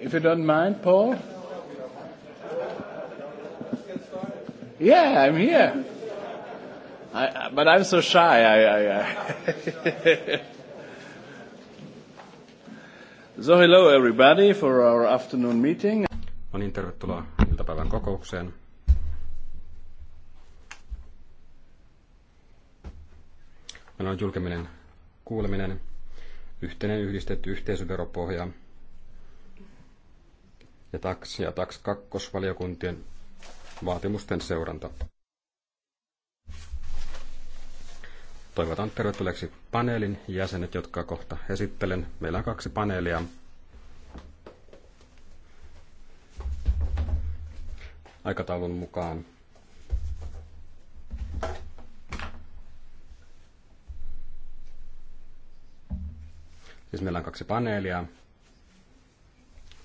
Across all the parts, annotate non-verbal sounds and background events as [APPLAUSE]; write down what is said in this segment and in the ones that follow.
If you don't mind, Paul? Yeah, I'm here. I, but I'm so shy. I, I, I [LAUGHS] so hello everybody for our afternoon meeting. No niin, tervetuloa iltapäivän kokoukseen. Meillä on julkeminen kuuleminen, yhteinen yhdistetty yhteisöveropohja, ja TAX ja TAX 2 valiokuntien vaatimusten seuranta. Toivotan tervetulleeksi paneelin jäsenet, jotka kohta esittelen. Meillä on kaksi paneelia. Aikataulun mukaan Siis meillä on kaksi paneelia.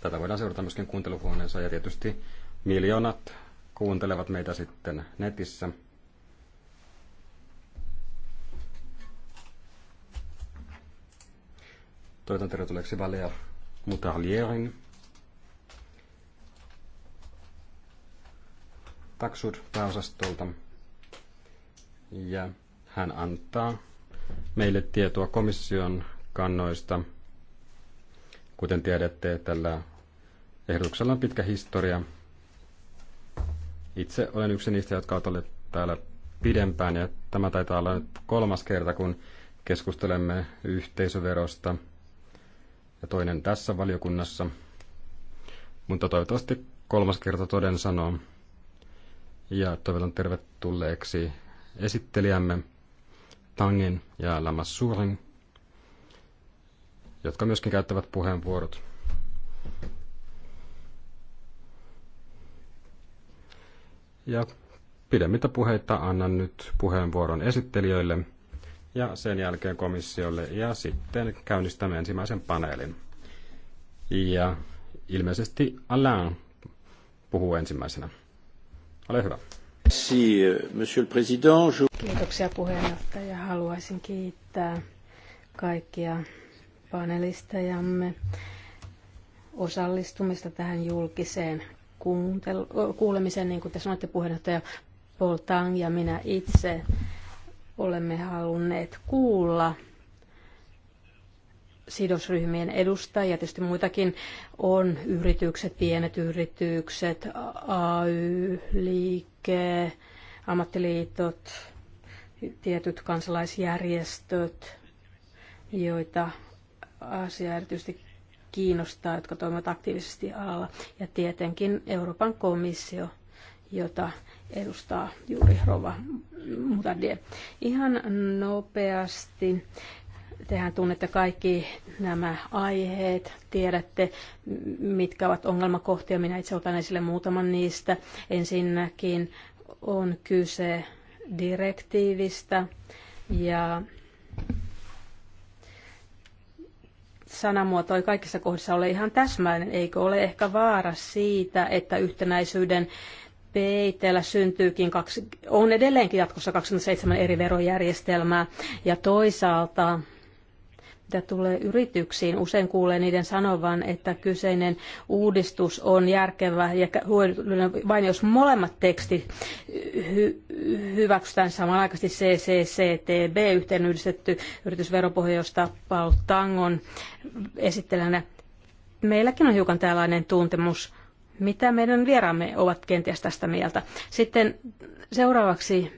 Tätä voidaan seurata myöskin kuunteluhuoneensa ja tietysti miljoonat kuuntelevat meitä sitten netissä. Toivotan tervetulleeksi Valer Mutarlierin. Taksud pääosastolta. Ja hän antaa meille tietoa komission kannoista. Kuten tiedätte, tällä Ehdotuksella on pitkä historia. Itse olen yksi niistä, jotka ovat olleet täällä pidempään, ja tämä taitaa olla nyt kolmas kerta, kun keskustelemme yhteisöverosta ja toinen tässä valiokunnassa. Mutta toivottavasti kolmas kerta toden sanoo. Ja toivotan tervetulleeksi esittelijämme Tangin ja Lamas Suurin, jotka myöskin käyttävät puheenvuorot. Ja pidemmittä puheita annan nyt puheenvuoron esittelijöille ja sen jälkeen komissiolle ja sitten käynnistämme ensimmäisen paneelin. Ja ilmeisesti Alain puhuu ensimmäisenä. Ole hyvä. Kiitoksia puheenjohtaja. Haluaisin kiittää kaikkia panelistajamme osallistumista tähän julkiseen kuuntel- kuulemisen, niin kuin te sanoitte puheenjohtaja Paul Tang ja minä itse olemme halunneet kuulla sidosryhmien edustajia, tietysti muitakin on yritykset, pienet yritykset, AY-liike, ammattiliitot, tietyt kansalaisjärjestöt, joita asia erityisesti kiinnostaa, jotka toimivat aktiivisesti alalla. Ja tietenkin Euroopan komissio, jota edustaa juuri Rova Mutadie. Ihan nopeasti tehän tunnette kaikki nämä aiheet, tiedätte, mitkä ovat ongelmakohtia. Minä itse otan esille muutaman niistä. Ensinnäkin on kyse direktiivistä ja sanamuoto ei kaikissa kohdissa ole ihan täsmäinen, eikö ole ehkä vaara siitä, että yhtenäisyyden peitellä syntyykin kaksi, on edelleenkin jatkossa 27 eri verojärjestelmää ja toisaalta mitä tulee yrityksiin, usein kuulee niiden sanovan, että kyseinen uudistus on järkevä ja vain jos molemmat tekstit hy- hyväksytään samanaikaisesti CCCTB, yhteen yhdistetty yritysveropohja, josta Paul Tangon esittelänä. Meilläkin on hiukan tällainen tuntemus, mitä meidän vieraamme ovat kenties tästä mieltä. Sitten seuraavaksi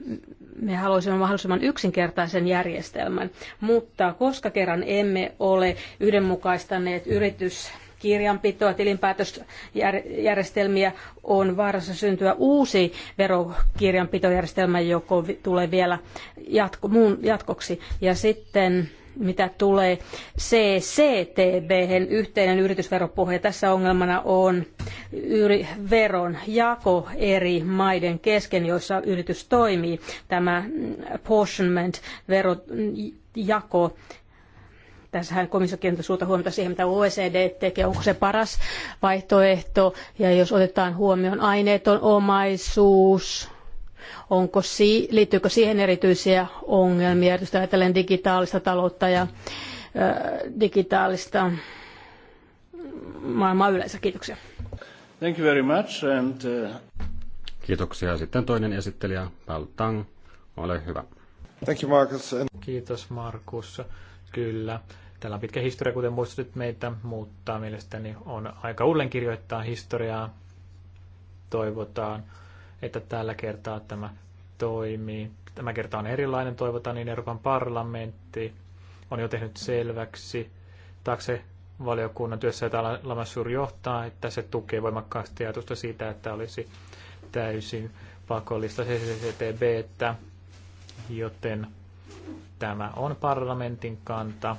me haluaisimme mahdollisimman yksinkertaisen järjestelmän, mutta koska kerran emme ole yhdenmukaistaneet yritys kirjanpitoa, tilinpäätösjärjestelmiä on vaarassa syntyä uusi verokirjanpitojärjestelmä, joka tulee vielä jatko, muun jatkoksi. Ja sitten mitä tulee CCTB, yhteinen yritysveropohja. Tässä ongelmana on veron jako eri maiden kesken, joissa yritys toimii. Tämä portionment, verojako, tässähän komissio kiinnittää suurta huomiota siihen, mitä OECD tekee, onko se paras vaihtoehto, ja jos otetaan huomioon aineeton omaisuus, Onko si- liittyykö siihen erityisiä ongelmia, jos ajatellen digitaalista taloutta ja digitaalista maailmaa yleensä? Kiitoksia. Thank you very much and, uh... Kiitoksia. Sitten toinen esittelijä, Pal Tang. Ole hyvä. Thank you, Markus. And... Kiitos, Markus. Kyllä. Tällä on pitkä historia, kuten muistutit meitä, mutta mielestäni on aika uudelleen kirjoittaa historiaa. Toivotaan että tällä kertaa tämä toimii. Tämä kerta on erilainen, toivotaan, niin Euroopan parlamentti on jo tehnyt selväksi taakse valiokunnan työssä, jota Lamassur johtaa, että se tukee voimakkaasti ajatusta siitä, että olisi täysin pakollista CCCTB, että joten tämä on parlamentin kanta,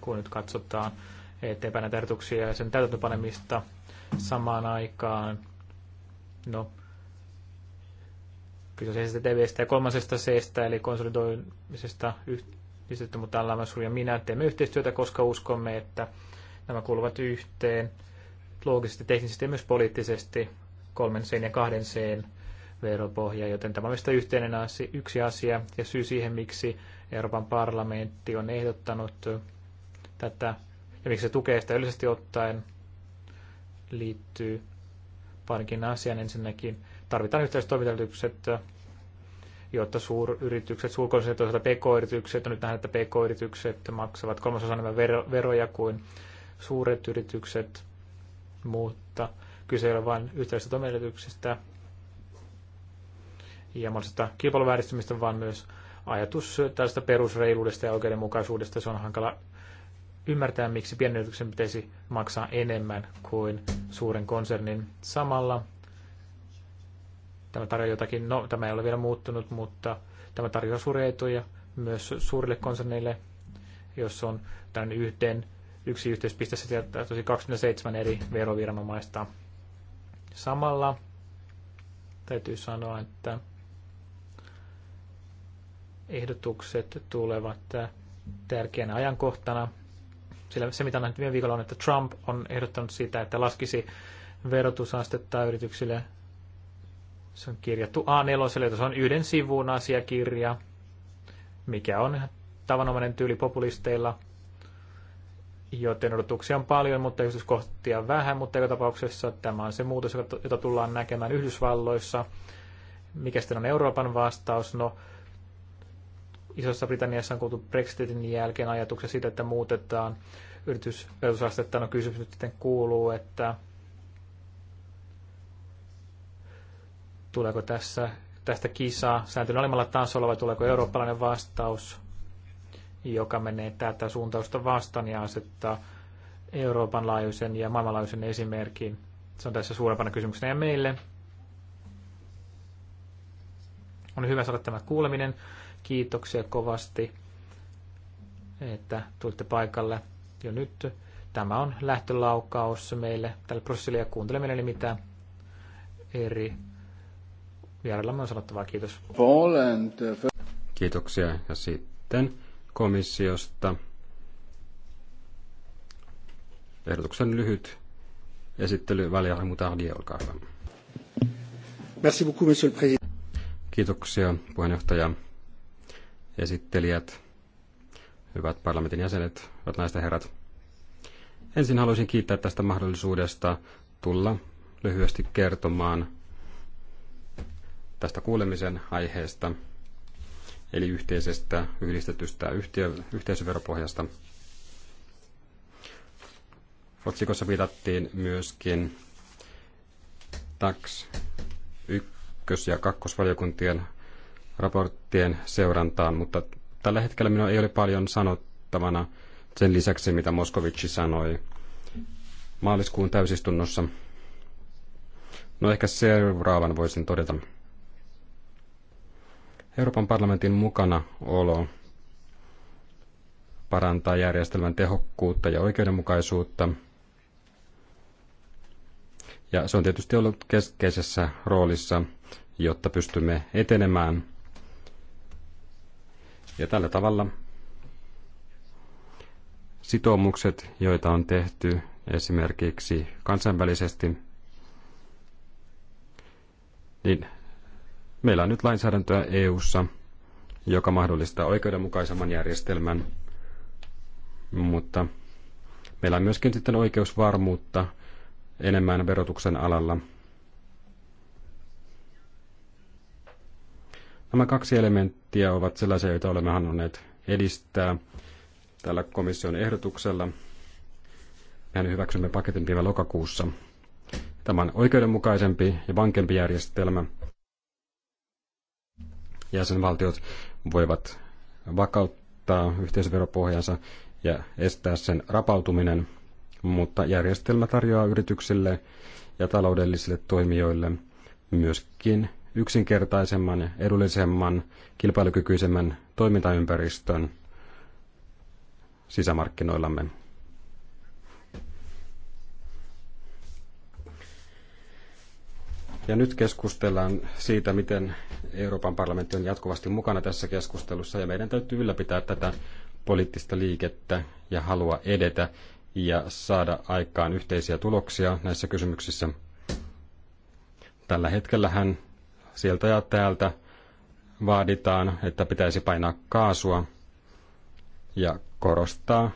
kun nyt katsotaan eteenpäin näitä ja sen täytäntöpanemista samaan aikaan. No, kyseisessä TVstä ja kolmasesta Cstä, eli konsolidoimisesta yhteistyötä, mutta on ja minä teemme yhteistyötä, koska uskomme, että nämä kuuluvat yhteen loogisesti, teknisesti ja myös poliittisesti kolmen C ja kahden C veropohja, joten tämä on meistä yhteinen asia, yksi asia ja syy siihen, miksi Euroopan parlamentti on ehdottanut tätä ja miksi se tukee sitä yleisesti ottaen liittyy parinkin asian Ensinnäkin Tarvitaan yhteiset toimintaedellytykset, jotta suuryritykset, suurkonsertit, toisaalta pk-yritykset, on nyt nähdään, että pk-yritykset maksavat kolmasosan enemmän vero, veroja kuin suuret yritykset, mutta kyse ei ole vain yhteisistä toimintaedellytyksistä ja monesta kilpailuvääristymistä, vaan myös ajatus tästä perusreiluudesta ja oikeudenmukaisuudesta. Se on hankala ymmärtää, miksi pienyrityksen pitäisi maksaa enemmän kuin suuren konsernin samalla. Tämä tarjoaa jotakin, no tämä ei ole vielä muuttunut, mutta tämä tarjoaa suuria etuja myös suurille konserneille, jos on tämän yhteen, yksi yhteispiste, se tosi 27 eri veroviranomaista. Samalla täytyy sanoa, että ehdotukset tulevat tärkeänä ajankohtana. Sillä se, mitä nähnyt viime viikolla on, että Trump on ehdottanut sitä, että laskisi verotusastetta yrityksille se on kirjattu A4, eli se on yhden sivun asiakirja, mikä on tavanomainen tyyli populisteilla. Joten odotuksia on paljon, mutta yksityiskohtia vähän, mutta joka tapauksessa tämä on se muutos, jota tullaan näkemään Yhdysvalloissa. Mikä sitten on Euroopan vastaus? No, Isossa Britanniassa on kuultu Brexitin jälkeen ajatuksia siitä, että muutetaan yritysverotusastetta. No kysymys nyt sitten kuuluu, että Tuleeko tässä, tästä kisaa sääntelyn alemmalla tasolla vai tuleeko eurooppalainen vastaus, joka menee tätä suuntausta vastaan ja asettaa Euroopan laajuisen ja maailmanlaajuisen esimerkin? Se on tässä suurempana kysymyksenä ja meille. On hyvä saada tämä kuuleminen. Kiitoksia kovasti, että tulitte paikalle jo nyt tämä on lähtölaukaus meille tälle prosessille ja kuuntelemme eli mitä eri Vierellämme on sanottava kiitos. Uh, Kiitoksia. Ja sitten komissiosta ehdotuksen lyhyt esittely. Valérie Moutardier, olkaa hyvä. Merci beaucoup, monsieur le président. Kiitoksia puheenjohtaja, esittelijät, hyvät parlamentin jäsenet, hyvät naiset ja herrat. Ensin haluaisin kiittää tästä mahdollisuudesta tulla lyhyesti kertomaan tästä kuulemisen aiheesta, eli yhteisestä yhdistetystä yhtiö, yhteisöveropohjasta. Otsikossa viitattiin myöskin TAX 1- ja 2-valiokuntien raporttien seurantaan, mutta tällä hetkellä minulla ei ole paljon sanottavana sen lisäksi, mitä Moskovitsi sanoi maaliskuun täysistunnossa. No ehkä seuraavan voisin todeta. Euroopan parlamentin mukana olo parantaa järjestelmän tehokkuutta ja oikeudenmukaisuutta. Ja se on tietysti ollut keskeisessä roolissa, jotta pystymme etenemään. Ja tällä tavalla sitoumukset, joita on tehty esimerkiksi kansainvälisesti, niin Meillä on nyt lainsäädäntöä EU:ssa, joka mahdollistaa oikeudenmukaisemman järjestelmän, mutta meillä on myöskin sitten oikeusvarmuutta enemmän verotuksen alalla. Nämä kaksi elementtiä ovat sellaisia, joita olemme halunneet edistää tällä komission ehdotuksella. Mehän hyväksymme paketin vielä lokakuussa. Tämä on oikeudenmukaisempi ja vankempi järjestelmä, jäsenvaltiot voivat vakauttaa yhteisöveropohjansa ja estää sen rapautuminen, mutta järjestelmä tarjoaa yrityksille ja taloudellisille toimijoille myöskin yksinkertaisemman, edullisemman, kilpailukykyisemmän toimintaympäristön sisämarkkinoillamme. Ja nyt keskustellaan siitä, miten Euroopan parlamentti on jatkuvasti mukana tässä keskustelussa ja meidän täytyy ylläpitää tätä poliittista liikettä ja halua edetä ja saada aikaan yhteisiä tuloksia näissä kysymyksissä. Tällä hetkellä hän sieltä ja täältä vaaditaan, että pitäisi painaa kaasua ja korostaa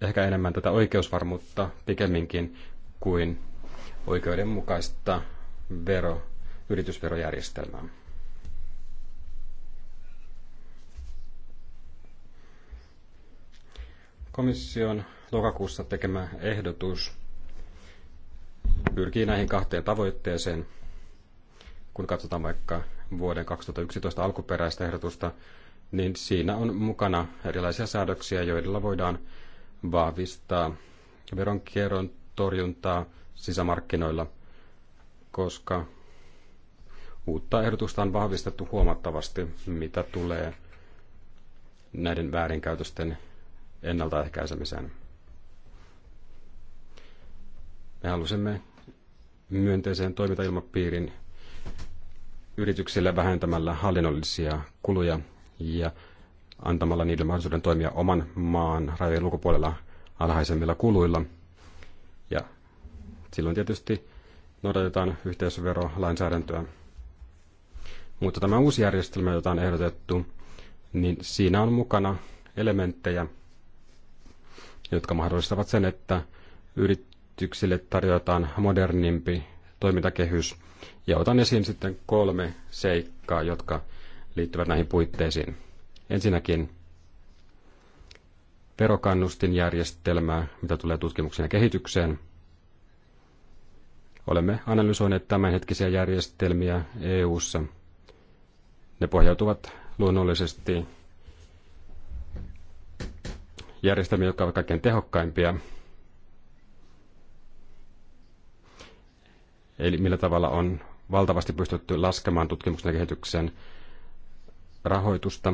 ehkä enemmän tätä oikeusvarmuutta pikemminkin kuin oikeudenmukaista vero, yritysverojärjestelmää. Komission lokakuussa tekemä ehdotus pyrkii näihin kahteen tavoitteeseen. Kun katsotaan vaikka vuoden 2011 alkuperäistä ehdotusta, niin siinä on mukana erilaisia säädöksiä, joilla voidaan vahvistaa veronkierron torjuntaa sisämarkkinoilla koska uutta ehdotusta on vahvistettu huomattavasti, mitä tulee näiden väärinkäytösten ennaltaehkäisemiseen. Me halusimme myönteiseen toimintailmapiirin yrityksille vähentämällä hallinnollisia kuluja ja antamalla niille mahdollisuuden toimia oman maan rajojen ulkopuolella alhaisemmilla kuluilla. Ja silloin tietysti noudatetaan yhteisöverolainsäädäntöä. Mutta tämä uusi järjestelmä, jota on ehdotettu, niin siinä on mukana elementtejä, jotka mahdollistavat sen, että yrityksille tarjotaan modernimpi toimintakehys. Ja otan esiin sitten kolme seikkaa, jotka liittyvät näihin puitteisiin. Ensinnäkin verokannustinjärjestelmää, mitä tulee tutkimukseen ja kehitykseen – Olemme analysoineet tämänhetkisiä järjestelmiä EU:ssa. Ne pohjautuvat luonnollisesti järjestelmiä, jotka ovat kaikkein tehokkaimpia. Eli millä tavalla on valtavasti pystytty laskemaan tutkimuksen ja kehityksen rahoitusta.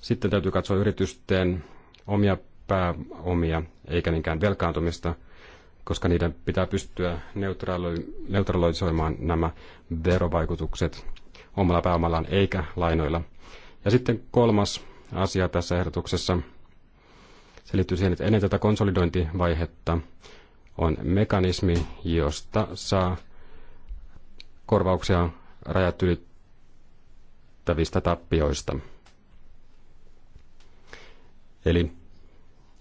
Sitten täytyy katsoa yritysten omia pääomia, eikä niinkään velkaantumista – koska niiden pitää pystyä neutralisoimaan nämä verovaikutukset omalla pääomallaan eikä lainoilla. Ja sitten kolmas asia tässä ehdotuksessa, se liittyy siihen, että ennen tätä konsolidointivaihetta on mekanismi, josta saa korvauksia rajat ylittävistä tappioista. Eli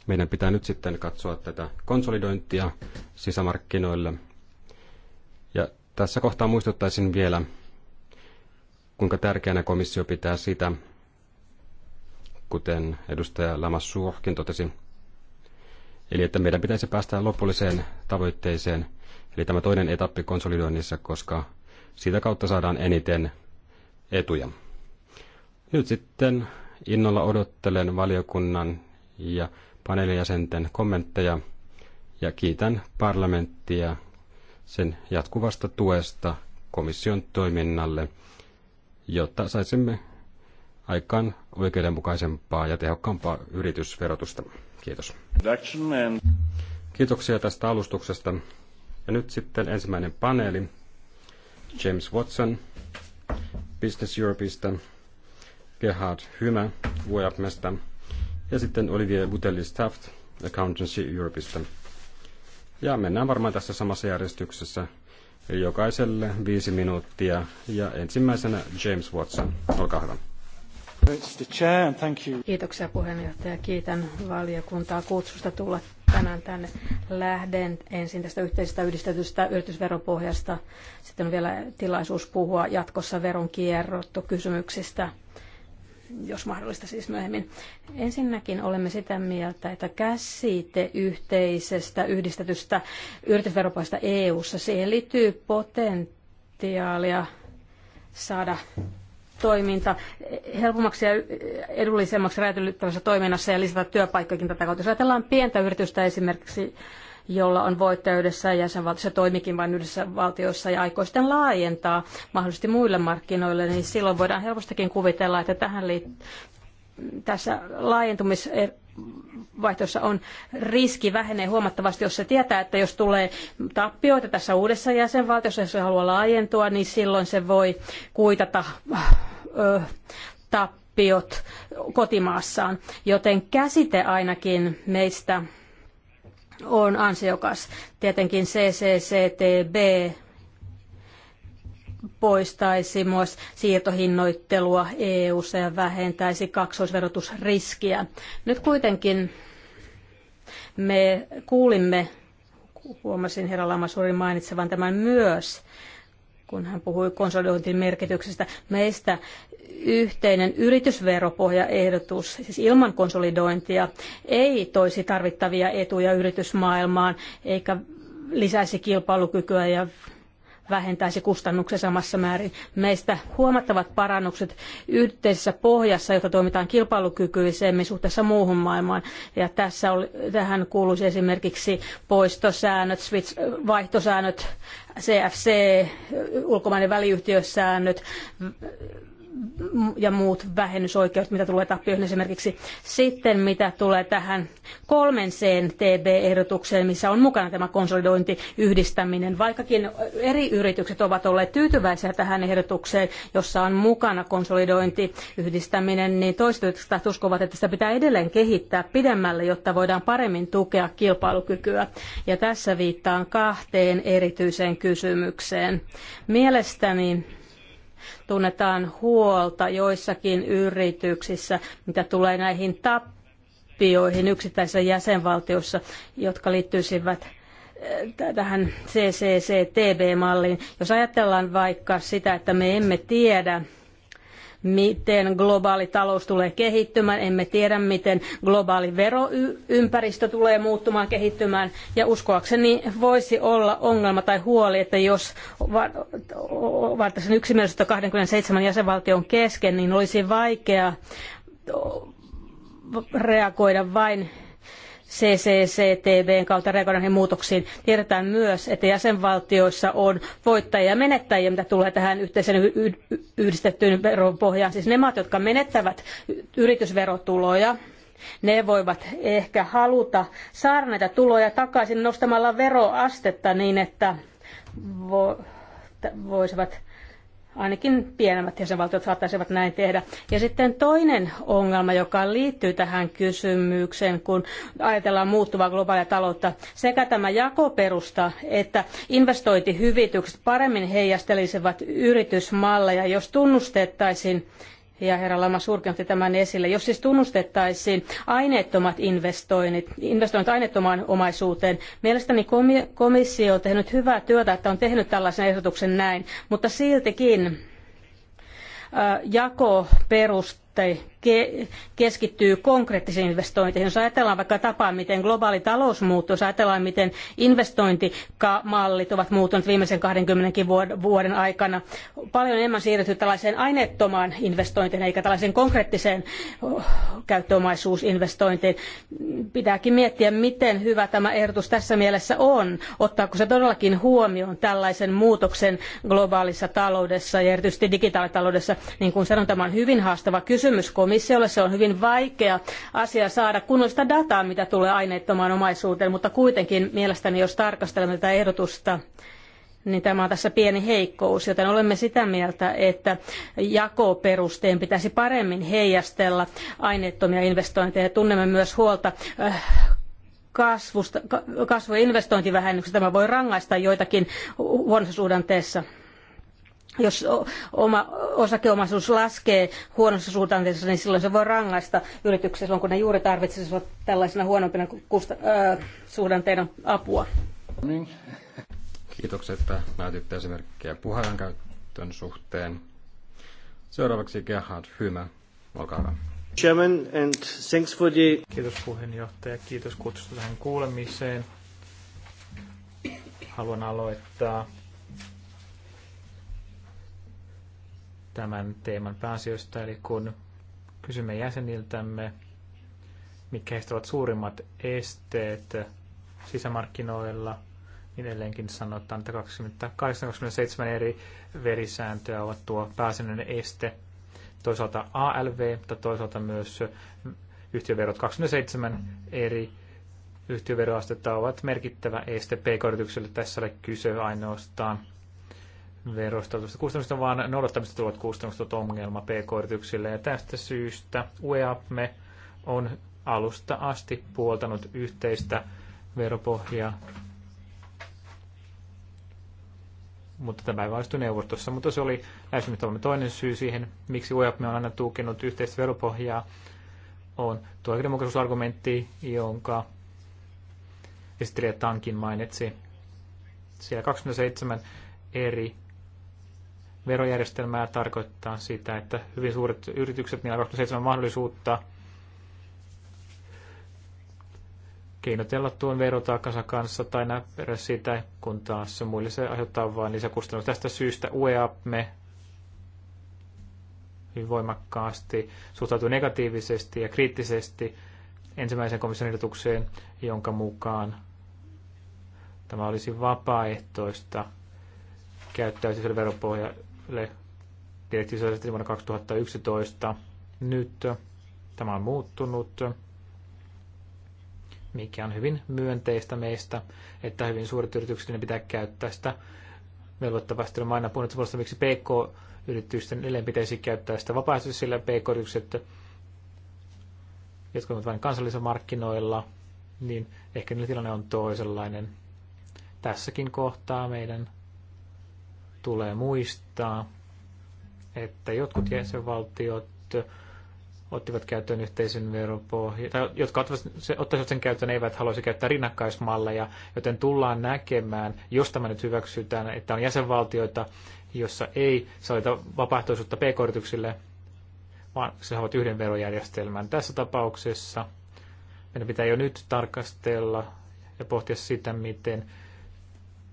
meidän pitää nyt sitten katsoa tätä konsolidointia sisämarkkinoille. Ja tässä kohtaa muistuttaisin vielä, kuinka tärkeänä komissio pitää sitä, kuten edustaja Lamassuohkin totesi, eli että meidän pitäisi päästä lopulliseen tavoitteeseen, eli tämä toinen etappi konsolidoinnissa, koska siitä kautta saadaan eniten etuja. Nyt sitten innolla odottelen valiokunnan ja paneelijäsenten kommentteja ja kiitän parlamenttia sen jatkuvasta tuesta komission toiminnalle, jotta saisimme aikaan oikeudenmukaisempaa ja tehokkaampaa yritysverotusta. Kiitos. Kiitoksia tästä alustuksesta. Ja nyt sitten ensimmäinen paneeli. James Watson Business Europeista, Gerhard Hymä Vuojapmesta ja sitten Olivier Butellis-Taft Accountancy Europeista. Ja mennään varmaan tässä samassa järjestyksessä. Jokaiselle viisi minuuttia. Ja ensimmäisenä James Watson. Olkaa hyvä. Kiitoksia puheenjohtaja. Kiitän valiokuntaa kutsusta tulla tänään tänne. Lähden ensin tästä yhteisestä yhdistetystä yritysveropohjasta. Sitten on vielä tilaisuus puhua jatkossa veronkierrottokysymyksistä. kysymyksistä jos mahdollista siis myöhemmin. Ensinnäkin olemme sitä mieltä, että käsite yhteisestä yhdistetystä yritysveropoista EU-ssa, siihen liittyy potentiaalia saada toiminta helpommaksi ja edullisemmaksi räätälöittävässä toiminnassa ja lisätä työpaikkojakin tätä kautta. Jos ajatellaan pientä yritystä esimerkiksi jolla on voittoyhdessä jäsenvaltiossa toimikin vain yhdessä valtiossa ja aikoo sitten laajentaa mahdollisesti muille markkinoille, niin silloin voidaan helpostikin kuvitella, että tähän liit- tässä laajentumis vaihtossa on riski vähenee huomattavasti, jos se tietää, että jos tulee tappioita tässä uudessa jäsenvaltiossa, jos se haluaa laajentua, niin silloin se voi kuitata ö, tappiot kotimaassaan. Joten käsite ainakin meistä on ansiokas. Tietenkin CCCTB poistaisi myös siirtohinnoittelua eu ja vähentäisi kaksoisverotusriskiä. Nyt kuitenkin me kuulimme, huomasin herra Lamasurin mainitsevan tämän myös, kun hän puhui konsolidointin merkityksestä. Meistä yhteinen yritysveropohjaehdotus, siis ilman konsolidointia, ei toisi tarvittavia etuja yritysmaailmaan eikä lisäisi kilpailukykyä ja vähentäisi kustannuksia samassa määrin. Meistä huomattavat parannukset yhteisessä pohjassa, jota toimitaan kilpailukykyisemmin suhteessa muuhun maailmaan. Ja tässä oli, tähän kuuluisi esimerkiksi poistosäännöt, switch, vaihtosäännöt, CFC, ulkomainen väliyhtiösäännöt, ja muut vähennysoikeudet, mitä tulee tappioihin esimerkiksi. Sitten mitä tulee tähän kolmenseen TB-ehdotukseen, missä on mukana tämä konsolidointi, yhdistäminen. Vaikkakin eri yritykset ovat olleet tyytyväisiä tähän ehdotukseen, jossa on mukana konsolidointi, yhdistäminen, niin toiset yritykset uskovat, että sitä pitää edelleen kehittää pidemmälle, jotta voidaan paremmin tukea kilpailukykyä. Ja tässä viittaan kahteen erityiseen kysymykseen. Mielestäni tunnetaan huolta joissakin yrityksissä, mitä tulee näihin tappioihin yksittäisissä jäsenvaltioissa, jotka liittyisivät eh, tähän CCCTB-malliin. Jos ajatellaan vaikka sitä, että me emme tiedä, miten globaali talous tulee kehittymään, emme tiedä, miten globaali veroympäristö tulee muuttumaan, kehittymään. Ja uskoakseni voisi olla ongelma tai huoli, että jos vartaisen yksimielisyyttä 27 jäsenvaltion kesken, niin olisi vaikea reagoida vain CCCTBn kautta reagoida näihin muutoksiin. Tiedetään myös, että jäsenvaltioissa on voittajia ja menettäjiä, mitä tulee tähän yhteiseen yhdistettyyn veropohjaan. Siis ne maat, jotka menettävät yritysverotuloja, ne voivat ehkä haluta saada näitä tuloja takaisin nostamalla veroastetta niin, että voisivat ainakin pienemmät jäsenvaltiot saattaisivat näin tehdä. Ja sitten toinen ongelma, joka liittyy tähän kysymykseen, kun ajatellaan muuttuvaa globaalia taloutta, sekä tämä jakoperusta että investointihyvitykset paremmin heijastelisivat yritysmalleja, jos tunnustettaisiin ja herra Lama Surkin otti tämän esille. Jos siis tunnustettaisiin aineettomat investoinnit, investoinnit aineettomaan omaisuuteen, mielestäni komissio on tehnyt hyvää työtä, että on tehnyt tällaisen ehdotuksen näin, mutta siltikin äh, jako perustuu tai keskittyy konkreettisiin investointeihin. Jos ajatellaan vaikka tapaa, miten globaali talous muuttuu, jos ajatellaan, miten investointimallit ovat muuttuneet viimeisen 20 vuoden aikana, paljon enemmän siirrytty tällaiseen aineettomaan investointiin eikä tällaiseen konkreettiseen oh, käyttöomaisuusinvestointiin. Pitääkin miettiä, miten hyvä tämä ehdotus tässä mielessä on, ottaako se todellakin huomioon tällaisen muutoksen globaalissa taloudessa ja erityisesti digitaalitaloudessa. Niin kuin sanoin, tämä on hyvin haastava kysymys kysymys komissiolle. Se on hyvin vaikea asia saada kunnollista dataa, mitä tulee aineettomaan omaisuuteen, mutta kuitenkin mielestäni, jos tarkastelemme tätä ehdotusta, niin tämä on tässä pieni heikkous, joten olemme sitä mieltä, että jakoperusteen pitäisi paremmin heijastella aineettomia investointeja. Tunnemme myös huolta äh, kasvusta, kasvu- ja Tämä voi rangaista joitakin huonossa suhdanteessa jos oma osakeomaisuus laskee huonossa suhdanteessa, niin silloin se voi rangaista yrityksiä silloin, kun ne juuri tarvitsisivat tällaisena huonompina kusta, äh, suhdanteina apua. Kiitokset, että näytitte esimerkkejä puheen käytön suhteen. Seuraavaksi Gerhard Hymä, olkaa hyvä. Chairman and thanks for the... Kiitos puheenjohtaja, kiitos kutsusta tähän kuulemiseen. Haluan aloittaa tämän teeman pääasioista, eli kun kysymme jäseniltämme, mitkä heistä ovat suurimmat esteet sisämarkkinoilla, niin edelleenkin sanotaan, että 28-27 eri verisääntöä ovat tuo pääsäännön este. Toisaalta ALV, mutta toisaalta myös yhtiöverot 27 eri yhtiöveroastetta ovat merkittävä este pk Tässä ei kyse ainoastaan verostautuista kustannusta, vaan noudattamista tulevat kustannukset ongelma pk-yrityksille. Ja tästä syystä UEAPME on alusta asti puoltanut yhteistä veropohjaa. Mutta tämä ei valistu neuvostossa, mutta se oli lähestymistapamme toinen syy siihen, miksi UEAPME on aina tukenut yhteistä veropohjaa, on tuo oikeudenmukaisuusargumentti, jonka esittelijä Tankin mainitsi. Siellä 27 eri verojärjestelmää tarkoittaa sitä, että hyvin suuret yritykset, niillä on 27 mahdollisuutta keinotella tuon verotaakansa kanssa tai näperä sitä, kun taas muille se aiheuttaa vain lisäkustannuksia. Tästä syystä UEAPME hyvin voimakkaasti suhtautuu negatiivisesti ja kriittisesti ensimmäisen komission ehdotukseen, jonka mukaan tämä olisi vapaaehtoista käyttäytyisellä veropohja direktiivi tehtiin vuonna 2011. Nyt tämä on muuttunut, mikä on hyvin myönteistä meistä, että hyvin suuret yritykset ne pitää käyttää sitä velvoittavasti. on aina puhunut puolesta, miksi PK-yritysten edelleen pitäisi käyttää sitä vapaaehtoisesti, sillä PK-yritykset, jotka ovat vain kansallisilla markkinoilla, niin ehkä niillä tilanne on toisenlainen. Tässäkin kohtaa meidän tulee muistaa, että jotkut jäsenvaltiot ottivat käyttöön yhteisen veropohjan, tai jotka ottaisivat sen käyttöön, eivät haluaisi käyttää rinnakkaismalleja, joten tullaan näkemään, jos tämä nyt hyväksytään, että on jäsenvaltioita, jossa ei saada vapaaehtoisuutta pk-yrityksille, vaan se ovat yhden verojärjestelmän. Tässä tapauksessa meidän pitää jo nyt tarkastella ja pohtia sitä, miten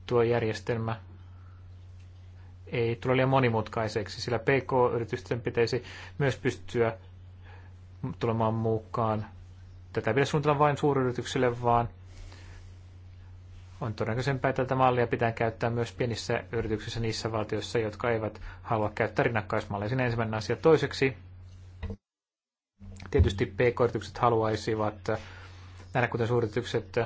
tuo järjestelmä ei tule liian monimutkaiseksi, sillä PK-yritysten pitäisi myös pystyä tulemaan mukaan. Tätä ei pidä suunnitella vain suuryrityksille, vaan on todennäköisempää, että tätä mallia pitää käyttää myös pienissä yrityksissä niissä valtioissa, jotka eivät halua käyttää rinnakkaismalleja. Siinä ensimmäinen asia. Toiseksi tietysti pk-yritykset haluaisivat nähdä, kuten suuryritykset,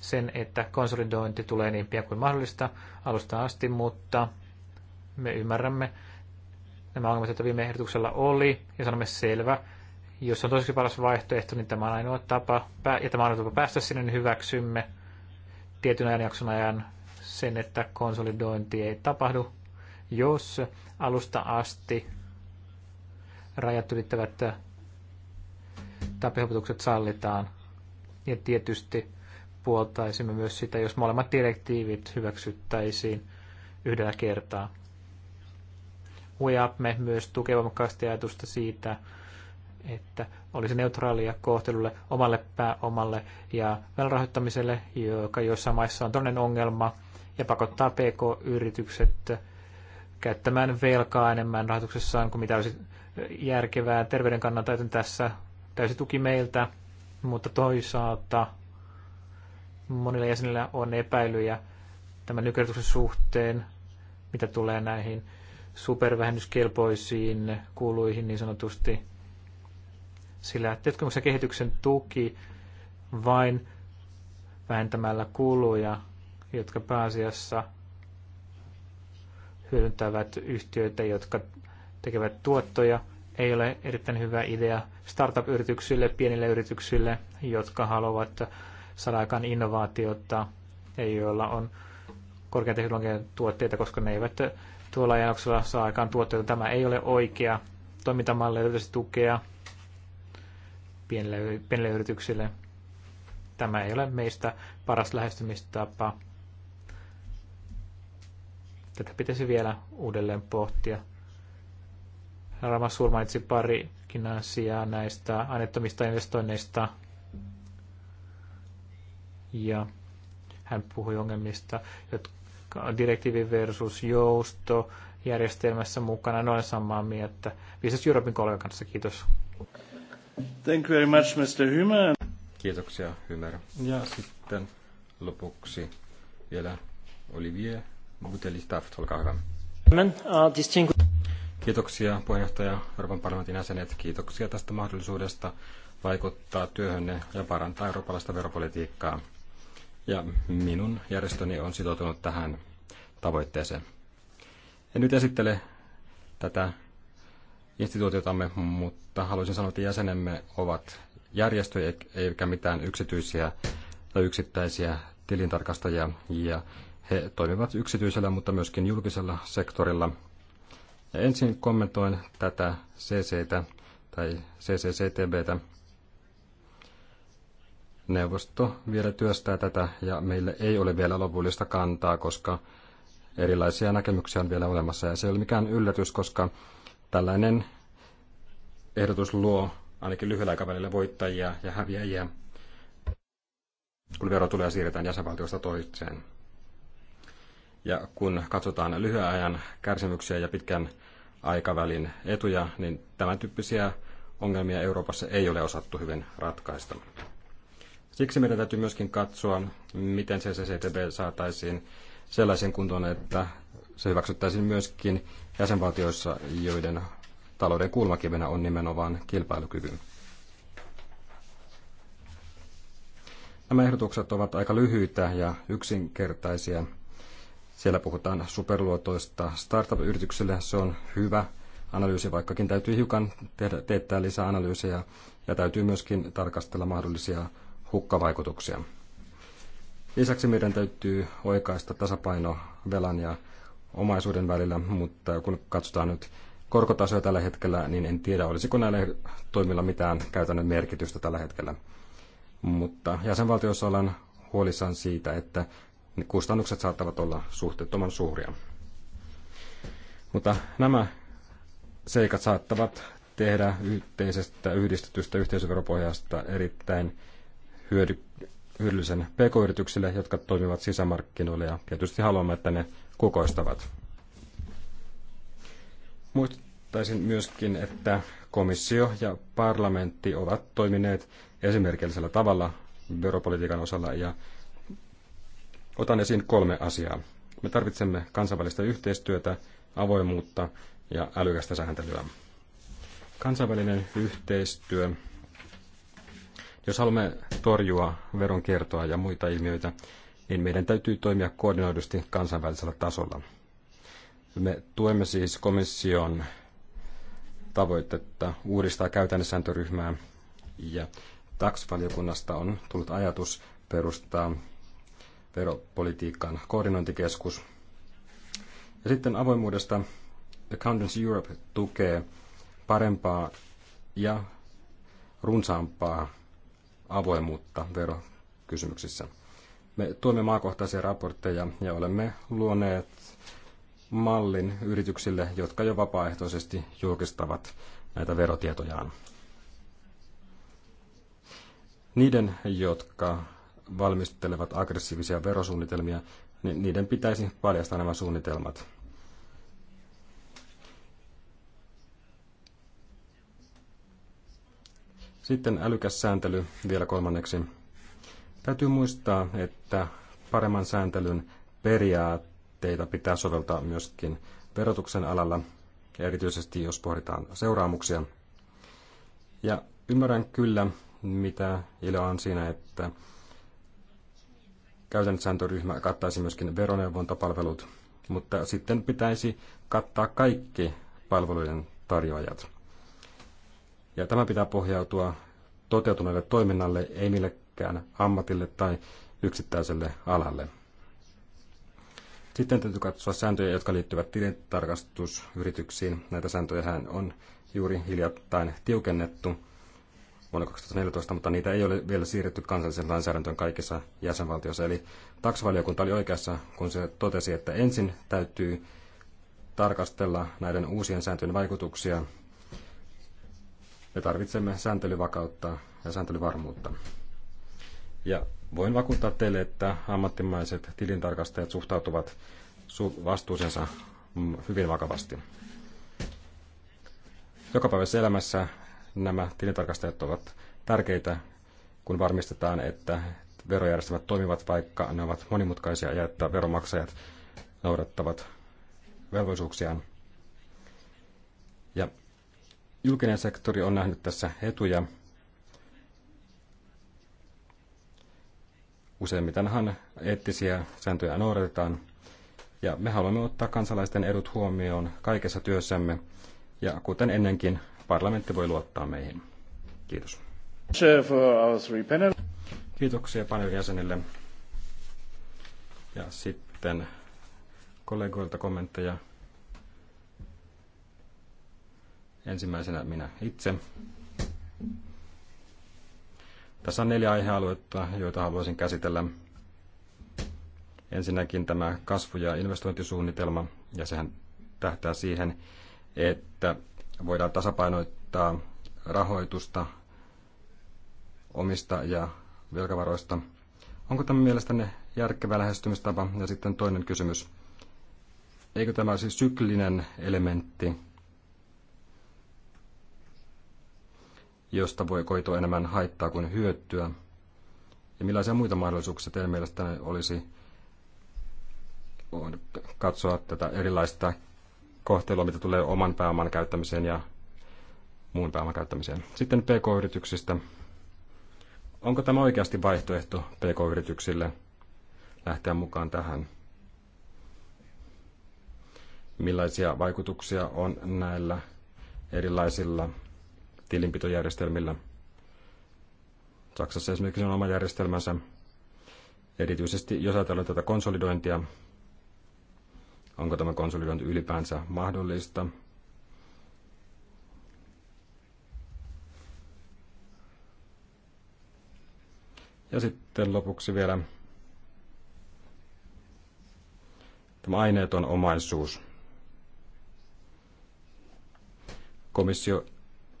sen, että konsolidointi tulee niin pian kuin mahdollista alusta asti, mutta me ymmärrämme nämä ongelmat, joita viime ehdotuksella oli, ja sanomme selvä, jos on toiseksi paras vaihtoehto, niin tämä on ainoa tapa, ja tämä on ainoa tapa päästä sinne, niin hyväksymme tietyn ajanjakson ajan sen, että konsolidointi ei tapahdu, jos alusta asti rajat ylittävät tapihopetukset sallitaan. Ja tietysti puoltaisimme myös sitä, jos molemmat direktiivit hyväksyttäisiin yhdellä kertaa. UEAPME myös tukee voimakkaasti ajatusta siitä, että olisi neutraalia kohtelulle omalle pääomalle ja velrahoittamiselle, joka joissain maissa on toinen ongelma, ja pakottaa PK-yritykset käyttämään velkaa enemmän rahoituksessaan kuin mitä olisi järkevää terveyden kannalta, joten tässä täysi tuki meiltä, mutta toisaalta monilla jäsenillä on epäilyjä tämän nykyrityksen suhteen, mitä tulee näihin supervähennyskelpoisiin kuluihin niin sanotusti, sillä tutkimuksen kehityksen tuki vain vähentämällä kuluja, jotka pääasiassa hyödyntävät yhtiöitä, jotka tekevät tuottoja, ei ole erittäin hyvä idea startup-yrityksille, pienille yrityksille, jotka haluavat saada aikaan innovaatiota ja joilla on korkean teknologian tuotteita, koska ne eivät tuolla ajanjaksolla saa aikaan tuotteita. Tämä ei ole oikea toimintamalli, löytyisi tukea pienille, pienille yrityksille. Tämä ei ole meistä paras lähestymistapa. Tätä pitäisi vielä uudelleen pohtia. Ramas Suur mainitsi parikin asiaa näistä annettomista investoinneista. Ja hän puhui ongelmista, jotka direktiivi versus jousto järjestelmässä mukana. Noin samaa mieltä. Viisas Europein kollegan kanssa. Kiitos. Thank you very much, Mr. Hymer. Kiitoksia, Hymer. Ja sitten lopuksi vielä Olivier Butelistaft, olkaa hyvä. Uh, Kiitoksia puheenjohtaja Euroopan parlamentin jäsenet. Kiitoksia tästä mahdollisuudesta vaikuttaa työhönne ja parantaa eurooppalaista veropolitiikkaa ja minun järjestöni on sitoutunut tähän tavoitteeseen. En nyt esittele tätä instituutiotamme, mutta haluaisin sanoa, että jäsenemme ovat järjestöjä eikä mitään yksityisiä tai yksittäisiä tilintarkastajia ja he toimivat yksityisellä, mutta myöskin julkisella sektorilla. Ja ensin kommentoin tätä CCtä tai CCCTBtä. Neuvosto vielä työstää tätä ja meillä ei ole vielä lopullista kantaa, koska erilaisia näkemyksiä on vielä olemassa. Ja se ei ole mikään yllätys, koska tällainen ehdotus luo ainakin lyhyellä aikavälillä voittajia ja häviäjiä, kun ja siirretään jäsenvaltiosta toiseen. Ja kun katsotaan lyhyen ajan kärsimyksiä ja pitkän aikavälin etuja, niin tämän tyyppisiä ongelmia Euroopassa ei ole osattu hyvin ratkaista. Siksi meidän täytyy myöskin katsoa, miten CCTB saataisiin sellaisen kuntoon, että se hyväksyttäisiin myöskin jäsenvaltioissa, joiden talouden kulmakivenä on nimenomaan kilpailukyky. Nämä ehdotukset ovat aika lyhyitä ja yksinkertaisia. Siellä puhutaan superluotoista startup-yrityksille. Se on hyvä analyysi, vaikkakin täytyy hiukan tehdä, teettää lisää analyysejä ja täytyy myöskin tarkastella mahdollisia hukkavaikutuksia. Lisäksi meidän täytyy oikaista tasapaino velan ja omaisuuden välillä, mutta kun katsotaan nyt korkotasoja tällä hetkellä, niin en tiedä, olisiko näillä toimilla mitään käytännön merkitystä tällä hetkellä. Mutta jäsenvaltioissa ollaan huolissaan siitä, että kustannukset saattavat olla suhteettoman suuria. Mutta nämä seikat saattavat tehdä yhteisestä yhdistetystä yhteisöveropohjasta erittäin hyödy, hyödyllisen pk-yrityksille, jotka toimivat sisämarkkinoilla ja tietysti haluamme, että ne kukoistavat. Muistaisin myöskin, että komissio ja parlamentti ovat toimineet esimerkillisellä tavalla veropolitiikan osalla ja otan esiin kolme asiaa. Me tarvitsemme kansainvälistä yhteistyötä, avoimuutta ja älykästä sääntelyä. Kansainvälinen yhteistyö jos haluamme torjua veronkiertoa ja muita ilmiöitä, niin meidän täytyy toimia koordinoidusti kansainvälisellä tasolla. Me tuemme siis komission tavoitetta uudistaa käytännössääntöryhmää ja TAX-valiokunnasta on tullut ajatus perustaa veropolitiikan koordinointikeskus. Ja sitten avoimuudesta Accountants Europe tukee parempaa ja runsaampaa avoimuutta verokysymyksissä. Me tuomme maakohtaisia raportteja ja olemme luoneet mallin yrityksille, jotka jo vapaaehtoisesti julkistavat näitä verotietojaan. Niiden, jotka valmistelevat aggressiivisia verosuunnitelmia, niin niiden pitäisi paljastaa nämä suunnitelmat. Sitten älykäs sääntely vielä kolmanneksi. Täytyy muistaa, että paremman sääntelyn periaatteita pitää soveltaa myöskin verotuksen alalla, ja erityisesti jos pohditaan seuraamuksia. Ja ymmärrän kyllä, mitä iloa on siinä, että käytännössääntöryhmä kattaisi myöskin veroneuvontapalvelut, mutta sitten pitäisi kattaa kaikki palvelujen tarjoajat. Ja tämä pitää pohjautua toteutuneelle toiminnalle, ei millekään ammatille tai yksittäiselle alalle. Sitten täytyy katsoa sääntöjä, jotka liittyvät tilintarkastusyrityksiin. Näitä sääntöjähän on juuri hiljattain tiukennettu vuonna 2014, mutta niitä ei ole vielä siirretty kansalliseen lainsäädäntöön kaikissa jäsenvaltioissa. Eli taksavaliokunta oli oikeassa, kun se totesi, että ensin täytyy tarkastella näiden uusien sääntöjen vaikutuksia me tarvitsemme sääntelyvakautta ja sääntelyvarmuutta. Ja voin vakuuttaa teille, että ammattimaiset tilintarkastajat suhtautuvat vastuusensa mm, hyvin vakavasti. Jokapäiväisessä elämässä nämä tilintarkastajat ovat tärkeitä, kun varmistetaan, että verojärjestelmät toimivat, vaikka ne ovat monimutkaisia ja että veromaksajat noudattavat velvollisuuksiaan. Ja julkinen sektori on nähnyt tässä etuja. Useimmitenhan eettisiä sääntöjä noudatetaan, ja me haluamme ottaa kansalaisten edut huomioon kaikessa työssämme, ja kuten ennenkin, parlamentti voi luottaa meihin. Kiitos. Kiitoksia paneelin jäsenille. Ja sitten kollegoilta kommentteja. Ensimmäisenä minä itse. Tässä on neljä aihealuetta, joita haluaisin käsitellä. Ensinnäkin tämä kasvu- ja investointisuunnitelma, ja sehän tähtää siihen, että voidaan tasapainoittaa rahoitusta omista ja velkavaroista. Onko tämä mielestäni järkevä lähestymistapa? Ja sitten toinen kysymys. Eikö tämä olisi syklinen elementti josta voi koitua enemmän haittaa kuin hyötyä? Ja millaisia muita mahdollisuuksia teidän mielestänne olisi katsoa tätä erilaista kohtelua, mitä tulee oman pääoman käyttämiseen ja muun pääoman käyttämiseen? Sitten PK-yrityksistä. Onko tämä oikeasti vaihtoehto PK-yrityksille lähteä mukaan tähän? Millaisia vaikutuksia on näillä erilaisilla tilinpitojärjestelmillä. Saksassa esimerkiksi on oma järjestelmänsä. Erityisesti jos ajatellaan tätä konsolidointia, onko tämä konsolidointi ylipäänsä mahdollista? Ja sitten lopuksi vielä tämä aineeton omaisuus. Komissio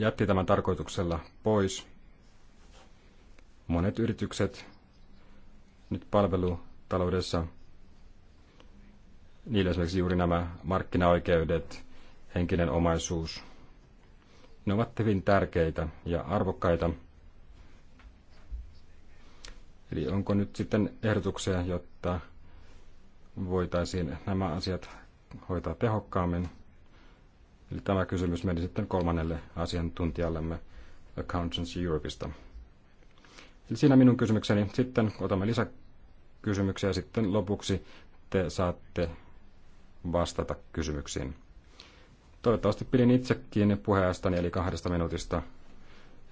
jätti tämän tarkoituksella pois. Monet yritykset nyt palvelutaloudessa, niillä esimerkiksi juuri nämä markkinaoikeudet, henkinen omaisuus, ne ovat hyvin tärkeitä ja arvokkaita. Eli onko nyt sitten ehdotuksia, jotta voitaisiin nämä asiat hoitaa tehokkaammin? Eli tämä kysymys meni sitten kolmannelle asiantuntijallemme Accountants Europeista. Eli siinä minun kysymykseni. Sitten otamme lisäkysymyksiä ja sitten lopuksi te saatte vastata kysymyksiin. Toivottavasti pidin itsekin puheestani eli kahdesta minuutista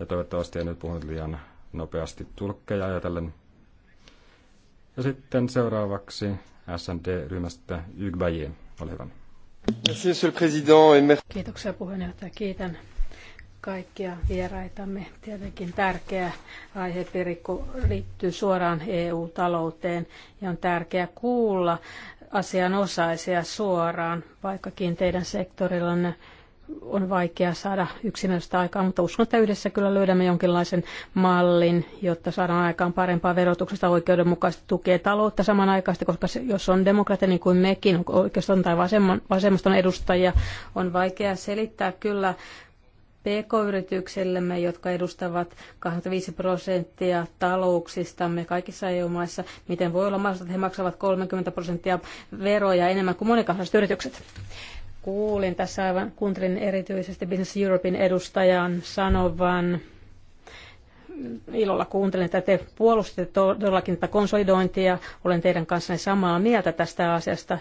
ja toivottavasti en nyt puhunut liian nopeasti tulkkeja ajatellen. Ja sitten seuraavaksi SND-ryhmästä Ygbäjiin. ole hyvä. Kiitoksia puheenjohtaja. Kiitän kaikkia vieraitamme. Tietenkin tärkeä aihepiiri liittyy suoraan EU-talouteen ja on tärkeää kuulla asianosaisia suoraan, vaikkakin teidän sektorillanne on vaikea saada yksinäistä aikaa, mutta uskon, että yhdessä kyllä löydämme jonkinlaisen mallin, jotta saadaan aikaan parempaa verotuksesta oikeudenmukaista tukea taloutta samanaikaisesti, koska se, jos on demokratia niin kuin mekin, oikeastaan tai vasemman, vasemmaston edustajia, on vaikea selittää kyllä PK-yrityksillemme, jotka edustavat 25 prosenttia talouksistamme kaikissa EU-maissa, miten voi olla mahdollista, että he maksavat 30 prosenttia veroja enemmän kuin monikansalliset yritykset kuulin tässä aivan, kuuntelin erityisesti Business Europein edustajan sanovan, ilolla kuuntelin, että te puolustitte todellakin tätä konsolidointia. Olen teidän kanssanne samaa mieltä tästä asiasta.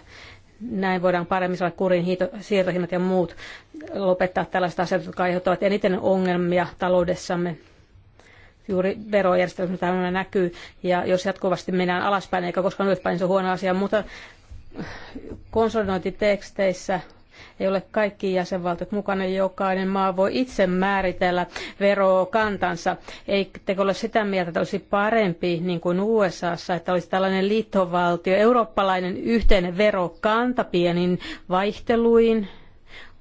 Näin voidaan paremmin saada kuriin siirtohinnat ja muut lopettaa tällaiset asiat, jotka aiheuttavat eniten ongelmia taloudessamme juuri verojärjestelmä tämä näkyy, ja jos jatkuvasti mennään alaspäin eikä koskaan ylöspäin, niin se on huono asia, mutta konsolidointiteksteissä ei ole kaikki jäsenvaltiot mukana. Jokainen maa voi itse määritellä verokantansa. Eikö ole sitä mieltä, että olisi parempi, niin kuin USAssa, että olisi tällainen liittovaltio, eurooppalainen yhteinen verokanta pienin vaihteluin?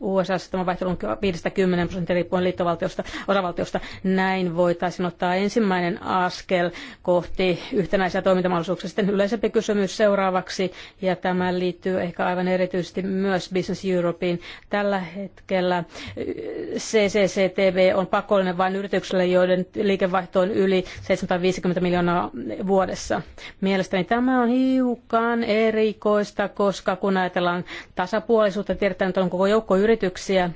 USA tämä vaihtelu on 50 prosenttia riippuen liittovaltiosta, osavaltiosta. Näin voitaisiin ottaa ensimmäinen askel kohti yhtenäisiä toimintamahdollisuuksia. Sitten yleisempi kysymys seuraavaksi, ja tämä liittyy ehkä aivan erityisesti myös Business Europeen. Tällä hetkellä CCCTV on pakollinen vain yrityksille, joiden liikevaihto on yli 750 miljoonaa vuodessa. Mielestäni tämä on hiukan erikoista, koska kun ajatellaan tasapuolisuutta, tiedetään, että on koko joukko yrityksiä,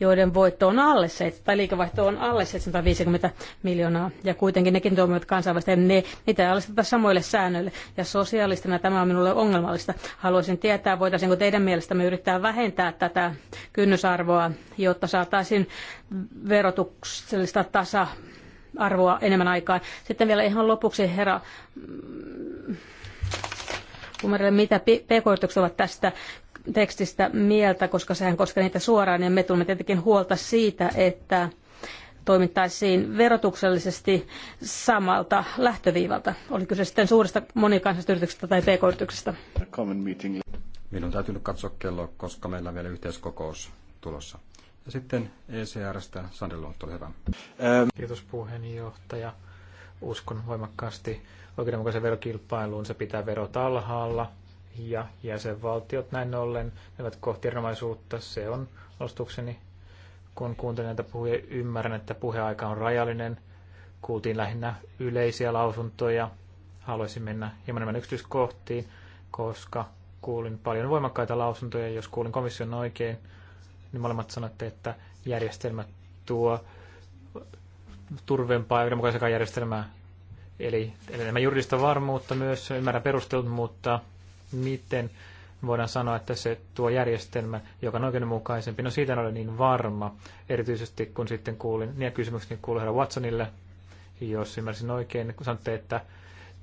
joiden voitto on alle, tai liikevaihto on alle 750 miljoonaa, ja kuitenkin nekin toimivat kansainvälisesti, ne, niitä ei alisteta samoille säännöille, ja sosialistina tämä on minulle ongelmallista. Haluaisin tietää, voitaisiinko teidän mielestämme yrittää vähentää tätä kynnysarvoa, jotta saataisiin verotuksellista tasa-arvoa enemmän aikaan. Sitten vielä ihan lopuksi, herra Kumarille, mm, mitä pk-yritykset ovat tästä tekstistä mieltä, koska sehän koskee niitä suoraan, ja me tulemme tietenkin huolta siitä, että toimittaisiin verotuksellisesti samalta lähtöviivalta. Oli kyse sitten suuresta monikansallisesta yrityksestä tai pk-yrityksestä. Minun täytyy nyt katsoa kello, koska meillä on vielä yhteiskokous tulossa. Ja sitten ECRstä Sandel Luotto, hyvä. Ähm. Kiitos puheenjohtaja. Uskon voimakkaasti oikeudenmukaisen verokilpailuun. Se pitää verot alhaalla ja jäsenvaltiot näin ollen menevät kohti erinomaisuutta. Se on ostukseni. Kun kuuntelen näitä puhuja, ymmärrän, että puheaika on rajallinen. Kuultiin lähinnä yleisiä lausuntoja. Haluaisin mennä hieman enemmän yksityiskohtiin, koska kuulin paljon voimakkaita lausuntoja. Jos kuulin komission oikein, niin molemmat sanotte, että järjestelmä tuo turvempaa ja yhdenmukaisempaa järjestelmää. Eli, eli enemmän juridista varmuutta myös, ymmärrän perustelut, mutta miten voidaan sanoa, että se tuo järjestelmä, joka on oikeudenmukaisempi. No siitä en ole niin varma, erityisesti kun sitten kuulin, niin kysymykset niin kuului herra Watsonille, jos ymmärsin oikein, kun sanotte, että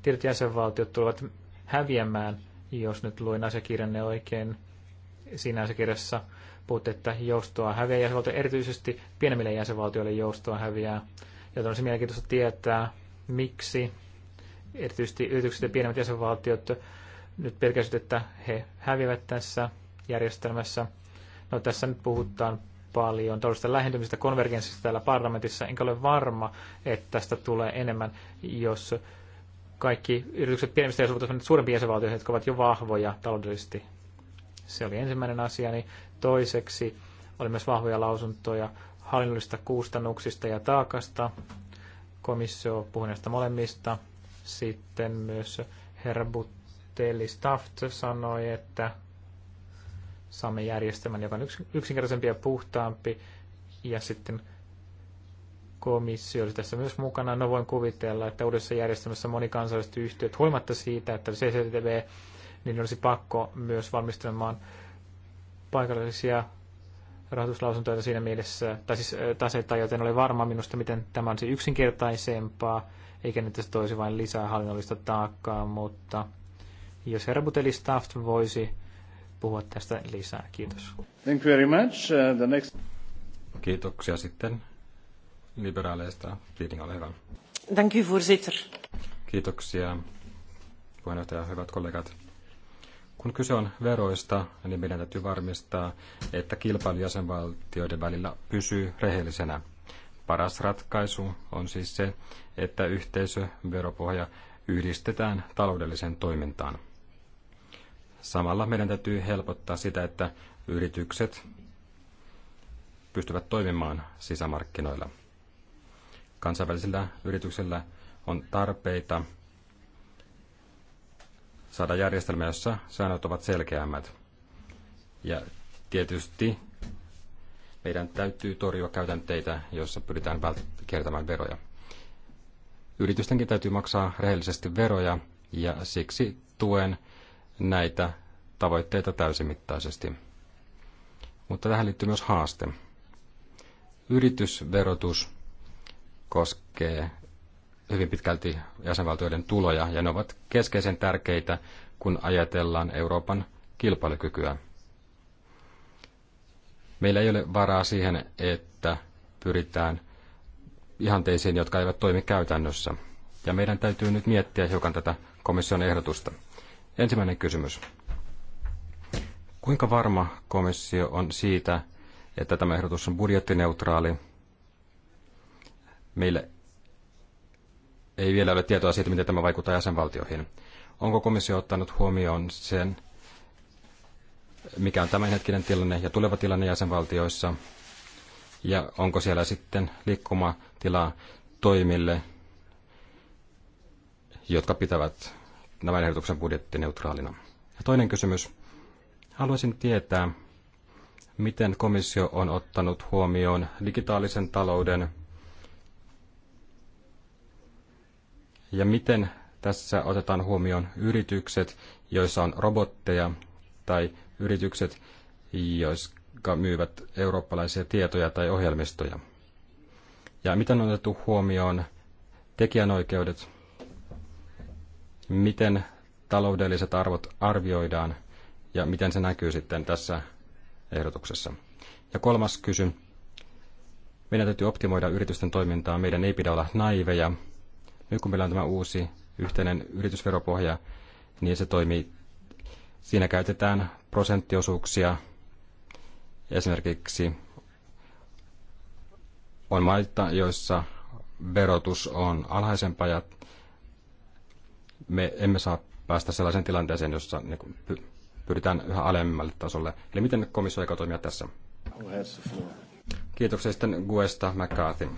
tietyt jäsenvaltiot tulevat häviämään, jos nyt luin asiakirjanne oikein. Siinä asiakirjassa puhutte, että joustoa häviää jäsenvaltio, erityisesti pienemmille jäsenvaltioille joustoa häviää. on se mielenkiintoista tietää, miksi erityisesti yritykset ja pienemmät jäsenvaltiot nyt pelkästään, että he häviävät tässä järjestelmässä. No tässä nyt puhutaan paljon tällaista lähentymistä konvergenssista täällä parlamentissa, enkä ole varma, että tästä tulee enemmän, jos kaikki yritykset pienemmistä ja menevät suurempiin jäsenvaltioihin, jotka ovat jo vahvoja taloudellisesti. Se oli ensimmäinen asia. Niin toiseksi oli myös vahvoja lausuntoja hallinnollista kustannuksista ja taakasta. Komissio puhui näistä molemmista. Sitten myös herra Butt Telly Staft sanoi, että saamme järjestelmän, joka on yksinkertaisempi ja puhtaampi. Ja sitten komissio oli tässä myös mukana. No voin kuvitella, että uudessa järjestelmässä monikansalliset yhtiöt, huolimatta siitä, että CCTV, niin olisi pakko myös valmistelemaan paikallisia rahoituslausuntoja siinä mielessä, tai siis taseita, joten oli varma minusta, miten tämä olisi yksinkertaisempaa, eikä nyt se toisi vain lisää hallinnollista taakkaa, mutta jos Herbuteli Staff voisi puhua tästä lisää. Kiitos. Thank you very much. Uh, the next... Kiitoksia sitten liberaaleista. Liiding, ole hyvä. Thank you, voorzitter. Kiitoksia, puheenjohtaja hyvät kollegat. Kun kyse on veroista, niin meidän täytyy varmistaa, että kilpailu jäsenvaltioiden välillä pysyy rehellisenä. Paras ratkaisu on siis se, että yhteisöveropohja yhdistetään taloudelliseen toimintaan. Samalla meidän täytyy helpottaa sitä, että yritykset pystyvät toimimaan sisämarkkinoilla. Kansainvälisillä yrityksillä on tarpeita saada järjestelmä, jossa säännöt ovat selkeämmät. Ja tietysti meidän täytyy torjua käytänteitä, joissa pyritään vält- kiertämään veroja. Yritystenkin täytyy maksaa rehellisesti veroja ja siksi tuen näitä tavoitteita täysimittaisesti. Mutta tähän liittyy myös haaste. Yritysverotus koskee hyvin pitkälti jäsenvaltioiden tuloja, ja ne ovat keskeisen tärkeitä, kun ajatellaan Euroopan kilpailukykyä. Meillä ei ole varaa siihen, että pyritään ihanteisiin, jotka eivät toimi käytännössä. Ja meidän täytyy nyt miettiä hiukan tätä komission ehdotusta. Ensimmäinen kysymys. Kuinka varma komissio on siitä, että tämä ehdotus on budjettineutraali? Meillä ei vielä ole tietoa siitä, miten tämä vaikuttaa jäsenvaltioihin. Onko komissio ottanut huomioon sen, mikä on tämänhetkinen tilanne ja tuleva tilanne jäsenvaltioissa, ja onko siellä sitten liikkumatilaa toimille, jotka pitävät tämän ehdotuksen budjettineutraalina. Ja toinen kysymys. Haluaisin tietää, miten komissio on ottanut huomioon digitaalisen talouden ja miten tässä otetaan huomioon yritykset, joissa on robotteja tai yritykset, jotka myyvät eurooppalaisia tietoja tai ohjelmistoja. Ja miten on otettu huomioon tekijänoikeudet miten taloudelliset arvot arvioidaan ja miten se näkyy sitten tässä ehdotuksessa. Ja kolmas kysy. Meidän täytyy optimoida yritysten toimintaa. Meidän ei pidä olla naiveja. Nyt kun meillä on tämä uusi yhteinen yritysveropohja, niin se toimii. Siinä käytetään prosenttiosuuksia. Esimerkiksi on maita, joissa verotus on alhaisempaa ja me emme saa päästä sellaiseen tilanteeseen, jossa niin kuin, pyritään yhä alemmalle tasolle. Eli miten komissio aikoo toimia tässä? Kiitoksia sitten Guesta McCarthy.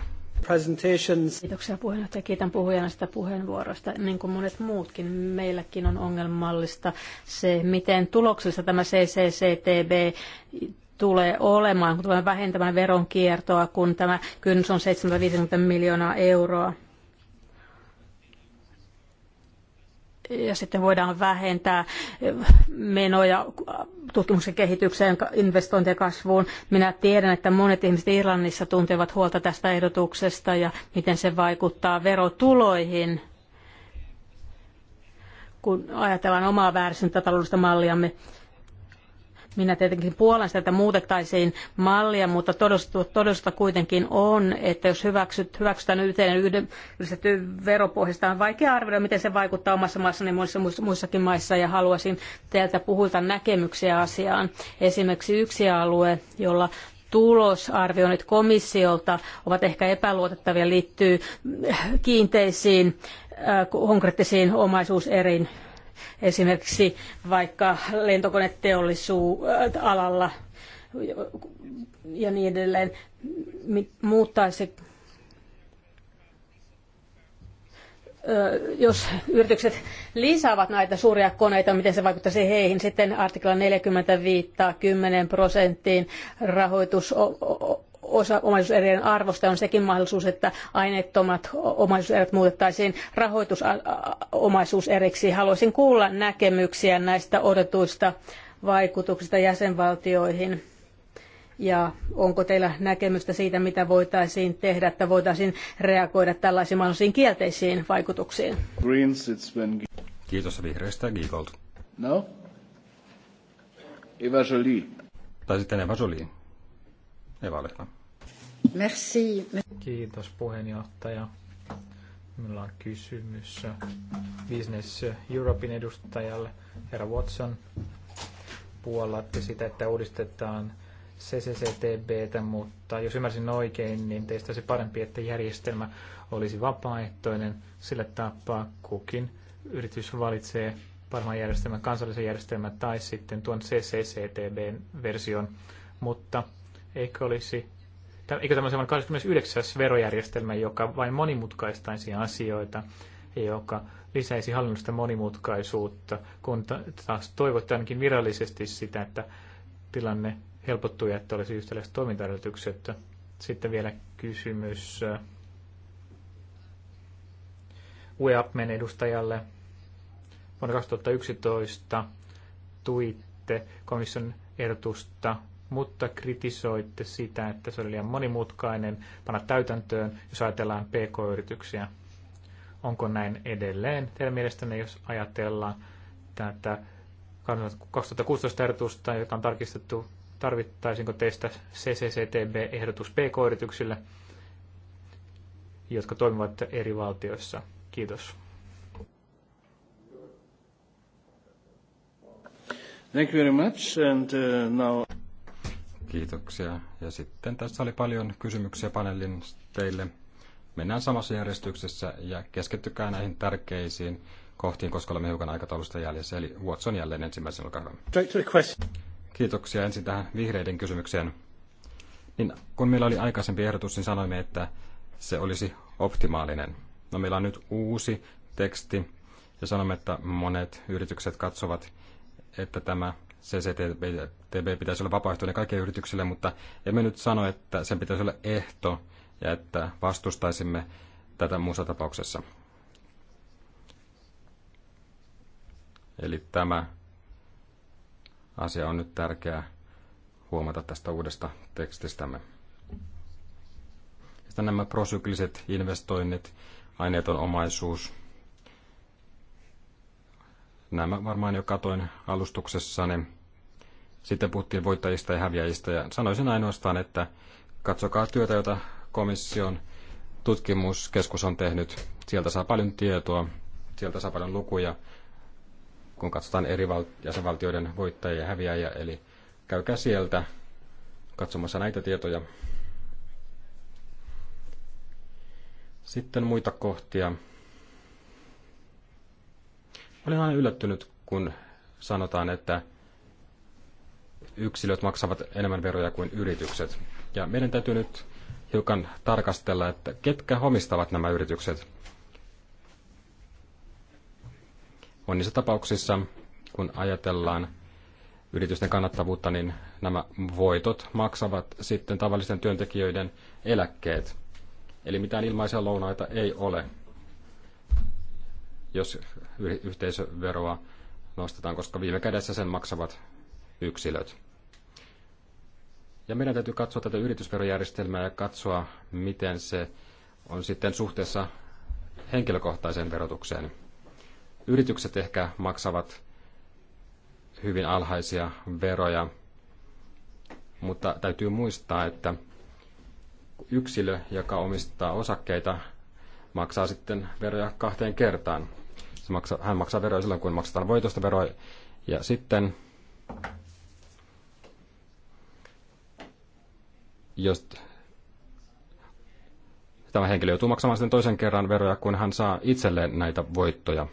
Kiitoksia puheenjohtaja. Kiitän puhujana sitä puheenvuorosta. Niin kuin monet muutkin, meilläkin on ongelmallista se, miten tuloksellista tämä CCCTB tulee olemaan, kun tulee vähentämään veronkiertoa, kun tämä kynnys on 750 miljoonaa euroa ja sitten voidaan vähentää eh, menoja tutkimuksen kehitykseen, investointien kasvuun. Minä tiedän, että monet ihmiset Irlannissa tuntevat huolta tästä ehdotuksesta ja miten se vaikuttaa verotuloihin, kun ajatellaan omaa väärisintä taloudellista malliamme. Minä tietenkin puolan sitä, että muutettaisiin mallia, mutta todosta kuitenkin on, että jos hyväksyt, hyväksytään yhteinen yhdistetty veropohjasta, on vaikea arvioida, miten se vaikuttaa omassa maassani ja muissakin maissa, ja haluaisin teiltä puhulta näkemyksiä asiaan. Esimerkiksi yksi alue, jolla tulosarvioinnit komissiolta ovat ehkä epäluotettavia, liittyy kiinteisiin äh, konkreettisiin omaisuuseriin Esimerkiksi vaikka lentokoneteollisuusalalla äh, ja niin edelleen muuttaisi äh, jos yritykset lisäävät näitä suuria koneita, miten se vaikuttaisi heihin. Sitten artikla 40 viittaa 10 prosenttiin rahoitus osa omaisuuserien arvosta on sekin mahdollisuus, että aineettomat omaisuuserät muutettaisiin rahoitusomaisuuseriksi. Haluaisin kuulla näkemyksiä näistä odotuista vaikutuksista jäsenvaltioihin. Ja onko teillä näkemystä siitä, mitä voitaisiin tehdä, että voitaisiin reagoida tällaisiin mahdollisiin kielteisiin vaikutuksiin? Greens, it's been... Kiitos vihreistä, Giegold. No? Eva Jolie. Tai sitten Eva Jolie. Eva, Lehmann. Merci. Kiitos puheenjohtaja. Minulla on kysymys Business Europein edustajalle, herra Watson. Puolatte sitä, että uudistetaan CCCTB, mutta jos ymmärsin oikein, niin teistä se parempi, että järjestelmä olisi vapaaehtoinen sillä tapaa kukin yritys valitsee parhaan järjestelmän, kansallisen järjestelmän tai sitten tuon CCCTBn version, mutta eikö olisi eikö tämä ole 29. verojärjestelmä, joka vain monimutkaistaisi asioita, joka lisäisi hallinnollista monimutkaisuutta, kun taas toivotte ainakin virallisesti sitä, että tilanne helpottuu ja että olisi yhtäläiset toimintaedellytykset. Sitten vielä kysymys UEAPMen äh, edustajalle. Vuonna 2011 tuitte komission ehdotusta mutta kritisoitte sitä, että se oli liian monimutkainen panna täytäntöön, jos ajatellaan pk-yrityksiä. Onko näin edelleen? Teidän mielestänne, jos ajatellaan tätä 2016 ehdotusta, joka on tarkistettu, tarvittaisinko teistä CCCTB-ehdotus pk-yrityksille, jotka toimivat eri valtioissa? Kiitos. Thank you very much. And, uh, now... Kiitoksia. Ja sitten tässä oli paljon kysymyksiä paneelin teille. Mennään samassa järjestyksessä ja keskittykää näihin tärkeisiin kohtiin, koska olemme hiukan aikataulusta jäljessä. Eli Watson jälleen ensimmäisen, olkaa hyvä. Kiitoksia ensin tähän vihreiden kysymykseen. Niin, kun meillä oli aikaisempi ehdotus, niin sanoimme, että se olisi optimaalinen. No meillä on nyt uusi teksti ja sanomme, että monet yritykset katsovat, että tämä CCTB pitäisi olla vapaaehtoinen kaikille yrityksille, mutta emme nyt sano, että sen pitäisi olla ehto ja että vastustaisimme tätä muussa tapauksessa. Eli tämä asia on nyt tärkeää huomata tästä uudesta tekstistämme. Sitten nämä prosykliset investoinnit, aineeton omaisuus. Nämä varmaan jo katoin alustuksessani. Sitten puhuttiin voittajista ja häviäjistä ja sanoisin ainoastaan, että katsokaa työtä, jota komission tutkimuskeskus on tehnyt. Sieltä saa paljon tietoa, sieltä saa paljon lukuja, kun katsotaan eri val- jäsenvaltioiden voittajia ja häviäjiä. Eli käykää sieltä katsomassa näitä tietoja. Sitten muita kohtia. Olin aina yllättynyt, kun sanotaan, että yksilöt maksavat enemmän veroja kuin yritykset. Ja meidän täytyy nyt hiukan tarkastella, että ketkä omistavat nämä yritykset. On niissä tapauksissa, kun ajatellaan yritysten kannattavuutta, niin nämä voitot maksavat sitten tavallisten työntekijöiden eläkkeet. Eli mitään ilmaisia lounaita ei ole, jos yhteisöveroa nostetaan, koska viime kädessä sen maksavat yksilöt. Ja meidän täytyy katsoa tätä yritysverojärjestelmää ja katsoa, miten se on sitten suhteessa henkilökohtaiseen verotukseen. Yritykset ehkä maksavat hyvin alhaisia veroja, mutta täytyy muistaa, että yksilö, joka omistaa osakkeita, maksaa sitten veroja kahteen kertaan. Se maksaa, hän maksaa veroja silloin, kun maksetaan voitosta veroja, ja sitten jos tämä henkilö joutuu maksamaan sitten toisen kerran veroja, kun hän saa itselleen näitä voittoja.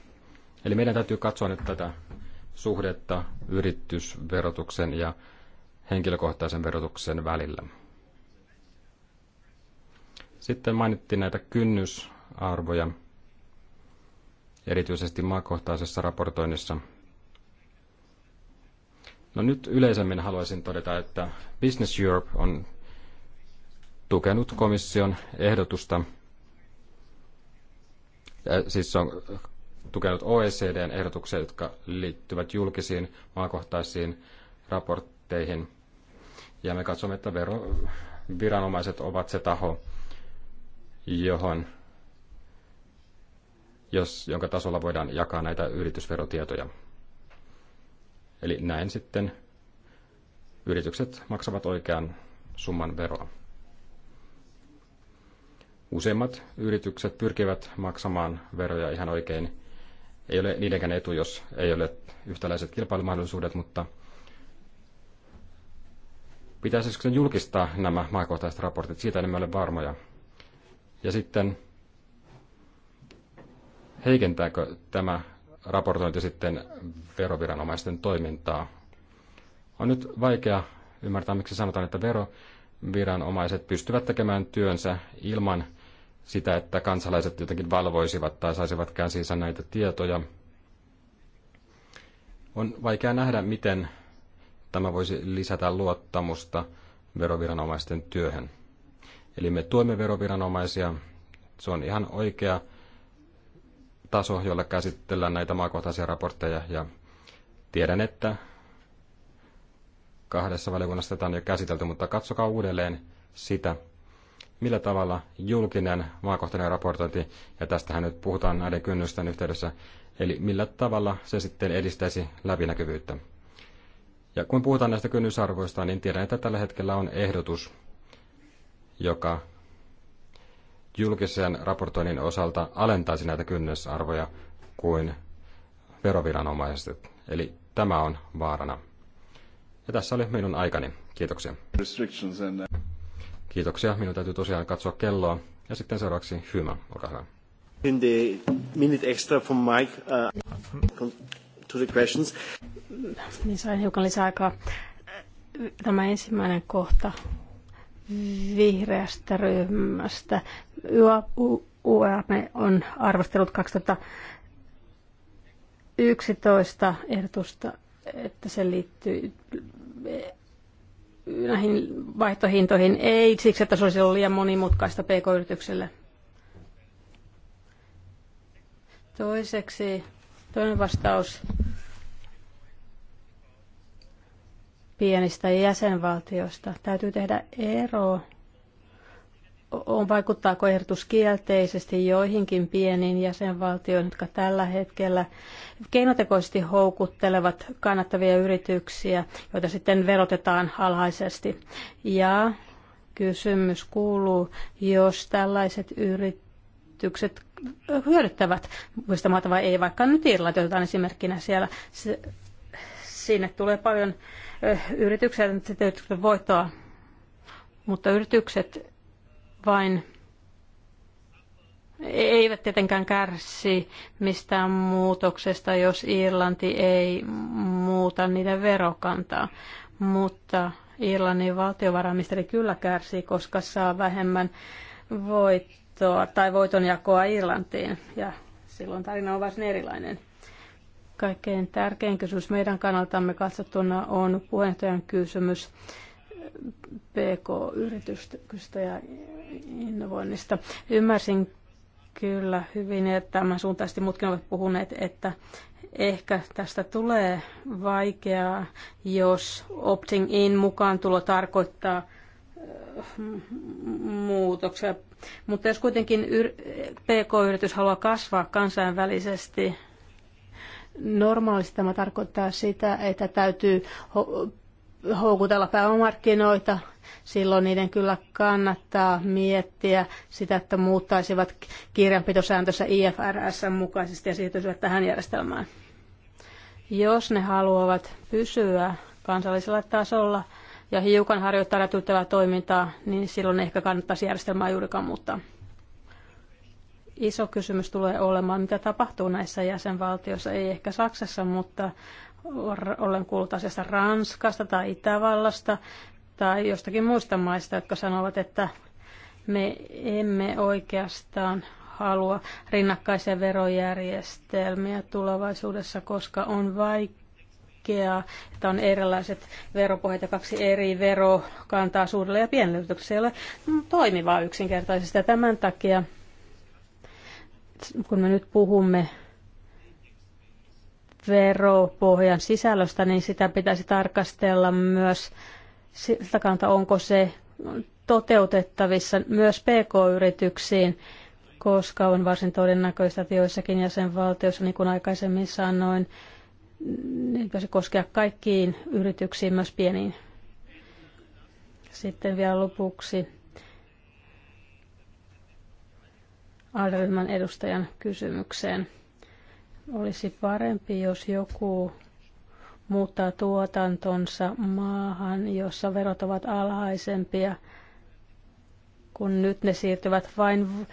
Eli meidän täytyy katsoa nyt tätä suhdetta yritysverotuksen ja henkilökohtaisen verotuksen välillä. Sitten mainittiin näitä kynnysarvoja, erityisesti maakohtaisessa raportoinnissa. No nyt yleisemmin haluaisin todeta, että Business Europe on tukenut komission ehdotusta, siis se on tukenut OECDn ehdotuksia, jotka liittyvät julkisiin maakohtaisiin raportteihin. Ja me katsomme, että veroviranomaiset ovat se taho, johon, jos, jonka tasolla voidaan jakaa näitä yritysverotietoja. Eli näin sitten yritykset maksavat oikean summan veroa. Useimmat yritykset pyrkivät maksamaan veroja ihan oikein. Ei ole niidenkään etu, jos ei ole yhtäläiset kilpailumahdollisuudet, mutta pitäisikö julkistaa nämä maakohtaiset raportit? Siitä emme ole varmoja. Ja sitten heikentääkö tämä raportointi sitten veroviranomaisten toimintaa? On nyt vaikea ymmärtää, miksi sanotaan, että veroviranomaiset pystyvät tekemään työnsä ilman, sitä, että kansalaiset jotenkin valvoisivat tai saisivat käsinsä näitä tietoja. On vaikea nähdä, miten tämä voisi lisätä luottamusta veroviranomaisten työhön. Eli me tuemme veroviranomaisia. Se on ihan oikea taso, jolla käsitellään näitä maakohtaisia raportteja. Ja tiedän, että kahdessa valiokunnassa tätä on jo käsitelty, mutta katsokaa uudelleen sitä, millä tavalla julkinen maakohtainen raportointi, ja tästähän nyt puhutaan näiden kynnysten yhteydessä, eli millä tavalla se sitten edistäisi läpinäkyvyyttä. Ja kun puhutaan näistä kynnysarvoista, niin tiedän, että tällä hetkellä on ehdotus, joka julkisen raportoinnin osalta alentaisi näitä kynnysarvoja kuin veroviranomaiset. Eli tämä on vaarana. Ja tässä oli minun aikani. Kiitoksia. Kiitoksia. Minun täytyy tosiaan katsoa kelloa. Ja sitten seuraavaksi Hyma, olkaa hyvä. In the minute extra from Mike uh, to the questions. Niin sain hiukan lisäaikaa. Tämä ensimmäinen kohta vihreästä ryhmästä. UAP e e on arvostellut 2011 ehdotusta, että se liittyy näihin vaihtohintoihin ei siksi, että se olisi ollut liian monimutkaista pk-yritykselle. Toiseksi, toinen vastaus pienistä jäsenvaltioista. Täytyy tehdä ero on, vaikuttaako ehdotus kielteisesti joihinkin pieniin jäsenvaltioihin, jotka tällä hetkellä keinotekoisesti houkuttelevat kannattavia yrityksiä, joita sitten verotetaan alhaisesti. Ja kysymys kuuluu, jos tällaiset yritykset hyödyttävät muista maata vai ei, vaikka nyt Irlanti otetaan esimerkkinä siellä. Se, sinne tulee paljon yrityksiä, voittoa, mutta yritykset vain e- eivät tietenkään kärsi mistään muutoksesta, jos Irlanti ei muuta niiden verokantaa. Mutta Irlannin valtiovarainministeri kyllä kärsii, koska saa vähemmän voittoa tai voitonjakoa Irlantiin. Ja silloin tarina on varsin erilainen. Kaikkein tärkein kysymys meidän kannaltamme katsottuna on puheenjohtajan kysymys PK-yritystä ja innovoinnista. Ymmärsin kyllä hyvin, ja tämän suuntaisesti muutkin ovat puhuneet, että ehkä tästä tulee vaikeaa, jos opting in mukaan tulo tarkoittaa äh, muutoksia. Mutta jos kuitenkin PK-yritys haluaa kasvaa kansainvälisesti, normaalisti tämä tarkoittaa sitä, että täytyy houkutella pääomamarkkinoita, silloin niiden kyllä kannattaa miettiä sitä, että muuttaisivat kirjanpitosääntössä IFRS mukaisesti ja siirtyisivät tähän järjestelmään. Jos ne haluavat pysyä kansallisella tasolla ja hiukan harjoittaa rätyttävää toimintaa, niin silloin ehkä kannattaisi järjestelmää juurikaan muuttaa. Iso kysymys tulee olemaan, mitä tapahtuu näissä jäsenvaltioissa, ei ehkä Saksassa, mutta olen kuullut asiasta Ranskasta tai Itävallasta tai jostakin muista maista, jotka sanovat, että me emme oikeastaan halua rinnakkaisia verojärjestelmiä tulevaisuudessa, koska on vaikeaa, että on erilaiset veropohjat ja kaksi eri verokantaa suurille ja pienille toimivaa yksinkertaisesti. Ja tämän takia, kun me nyt puhumme veropohjan sisällöstä, niin sitä pitäisi tarkastella myös siltä kannalta, onko se toteutettavissa myös PK-yrityksiin, koska on varsin todennäköistä, että joissakin jäsenvaltioissa, niin kuin aikaisemmin sanoin, niin pitäisi koskea kaikkiin yrityksiin, myös pieniin. Sitten vielä lopuksi Alderyhmän edustajan kysymykseen. Olisi parempi, jos joku muuttaa tuotantonsa maahan, jossa verot ovat alhaisempia, kun nyt ne siirtyvät vain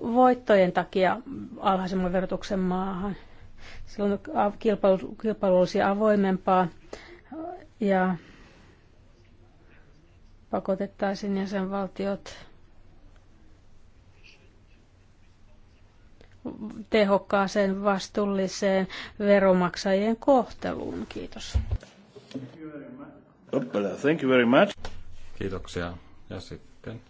voittojen takia alhaisemman verotuksen maahan. Silloin kilpailu, kilpailu olisi avoimempaa ja pakotettaisiin jäsenvaltiot tehokkaaseen vastuulliseen veromaksajien kohteluun. Kiitos. Thank you very much. Kiitoksia. Ja sitten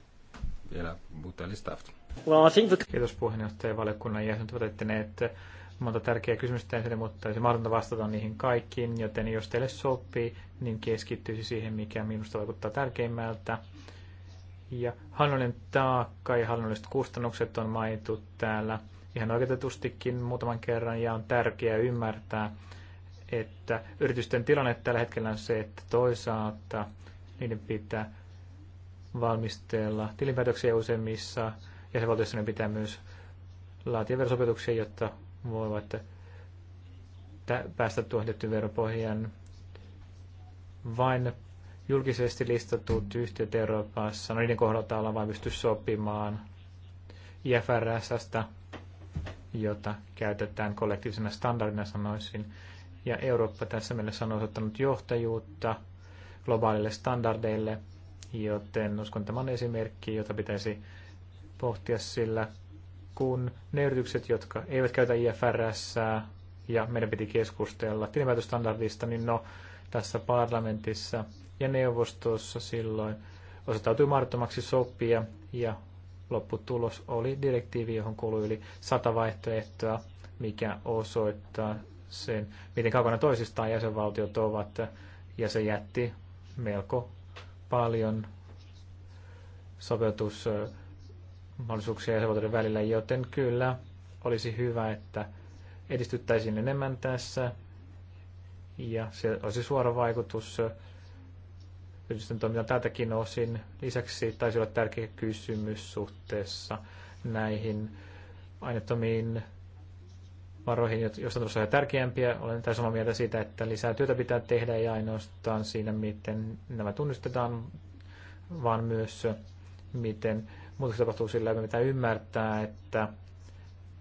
vielä Butelistaft. Well, I think the... Kiitos puheenjohtaja ja valiokunnan jäsenet ovat etteneet monta tärkeää kysymystä ensin, mutta olisi mahdollista vastata niihin kaikkiin, joten jos teille sopii, niin keskittyisi siihen, mikä minusta vaikuttaa tärkeimmältä. Ja hallinnollinen taakka ja hallinnolliset kustannukset on mainittu täällä ihan oikeutetustikin muutaman kerran ja on tärkeää ymmärtää, että yritysten tilanne tällä hetkellä on se, että toisaalta niiden pitää valmistella tilinpäätöksiä useimmissa jäsenvaltioissa ne pitää myös laatia verosopetuksia, jotta voivat päästä tuohon tiettyyn veropohjan. Vain julkisesti listatut yhtiöt Euroopassa, no niiden kohdalta ollaan vain pysty sopimaan IFRSstä, jota käytetään kollektiivisena standardina sanoisin. Ja Eurooppa tässä mielessä on osoittanut johtajuutta globaalille standardeille, joten uskon tämä on esimerkki, jota pitäisi pohtia sillä, kun ne yritykset, jotka eivät käytä IFRS ja meidän piti keskustella tilinpäätöstandardista, niin no tässä parlamentissa ja neuvostossa silloin osoittautui mahdottomaksi sopia ja lopputulos oli direktiivi, johon kuului yli sata vaihtoehtoa, mikä osoittaa sen, miten kaukana toisistaan jäsenvaltiot ovat, ja se jätti melko paljon sopeutusmahdollisuuksia jäsenvaltioiden välillä, joten kyllä olisi hyvä, että edistyttäisiin enemmän tässä, ja se olisi suora vaikutus yritysten toimintaan tältäkin osin. Lisäksi taisi olla tärkeä kysymys suhteessa näihin aineettomiin varoihin, joista on tärkeämpiä. Olen täysin samaa mieltä siitä, että lisää työtä pitää tehdä ja ainoastaan siinä, miten nämä tunnistetaan, vaan myös miten muutos tapahtuu sillä, että pitää ymmärtää, että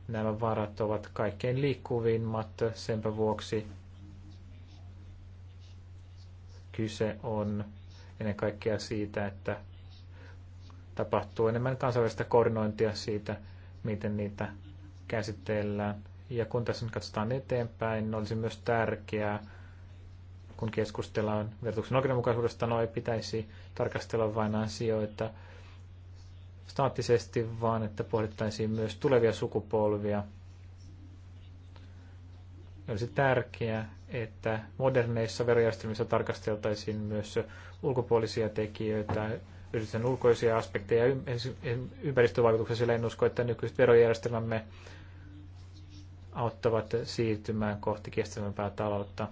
nämä varat ovat kaikkein liikkuvimmat senpä vuoksi kyse on ennen kaikkea siitä, että tapahtuu enemmän kansainvälistä koordinointia siitä, miten niitä käsitellään. Ja kun tässä nyt katsotaan niin eteenpäin, niin olisi myös tärkeää, kun keskustellaan verotuksen oikeudenmukaisuudesta, no ei pitäisi tarkastella vain asioita staattisesti, vaan että pohdittaisiin myös tulevia sukupolvia – olisi tärkeää, että moderneissa verojärjestelmissä tarkasteltaisiin myös ulkopuolisia tekijöitä, yritysten ulkoisia aspekteja ja ympäristövaikutuksia, sillä en usko, että nykyiset verojärjestelmämme auttavat siirtymään kohti kestävämpää taloutta.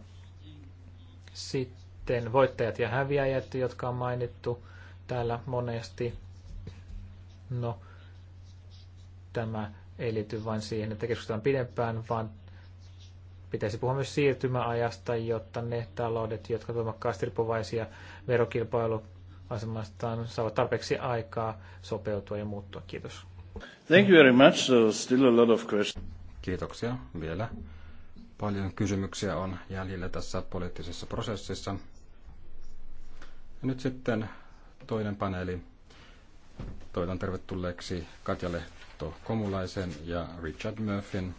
Sitten voittajat ja häviäjät, jotka on mainittu täällä monesti. No, tämä ei liity vain siihen, että keskustellaan pidempään, vaan Pitäisi puhua myös siirtymäajasta, jotta ne taloudet, jotka ovat voimakkaasti riippuvaisia verokilpailuasemastaan, saavat tarpeeksi aikaa sopeutua ja muuttua. Kiitos. Thank you very much. So still a lot of questions. Kiitoksia vielä. Paljon kysymyksiä on jäljellä tässä poliittisessa prosessissa. Ja nyt sitten toinen paneeli. Toivotan tervetulleeksi Katja Lehto Komulaisen ja Richard Murphyn.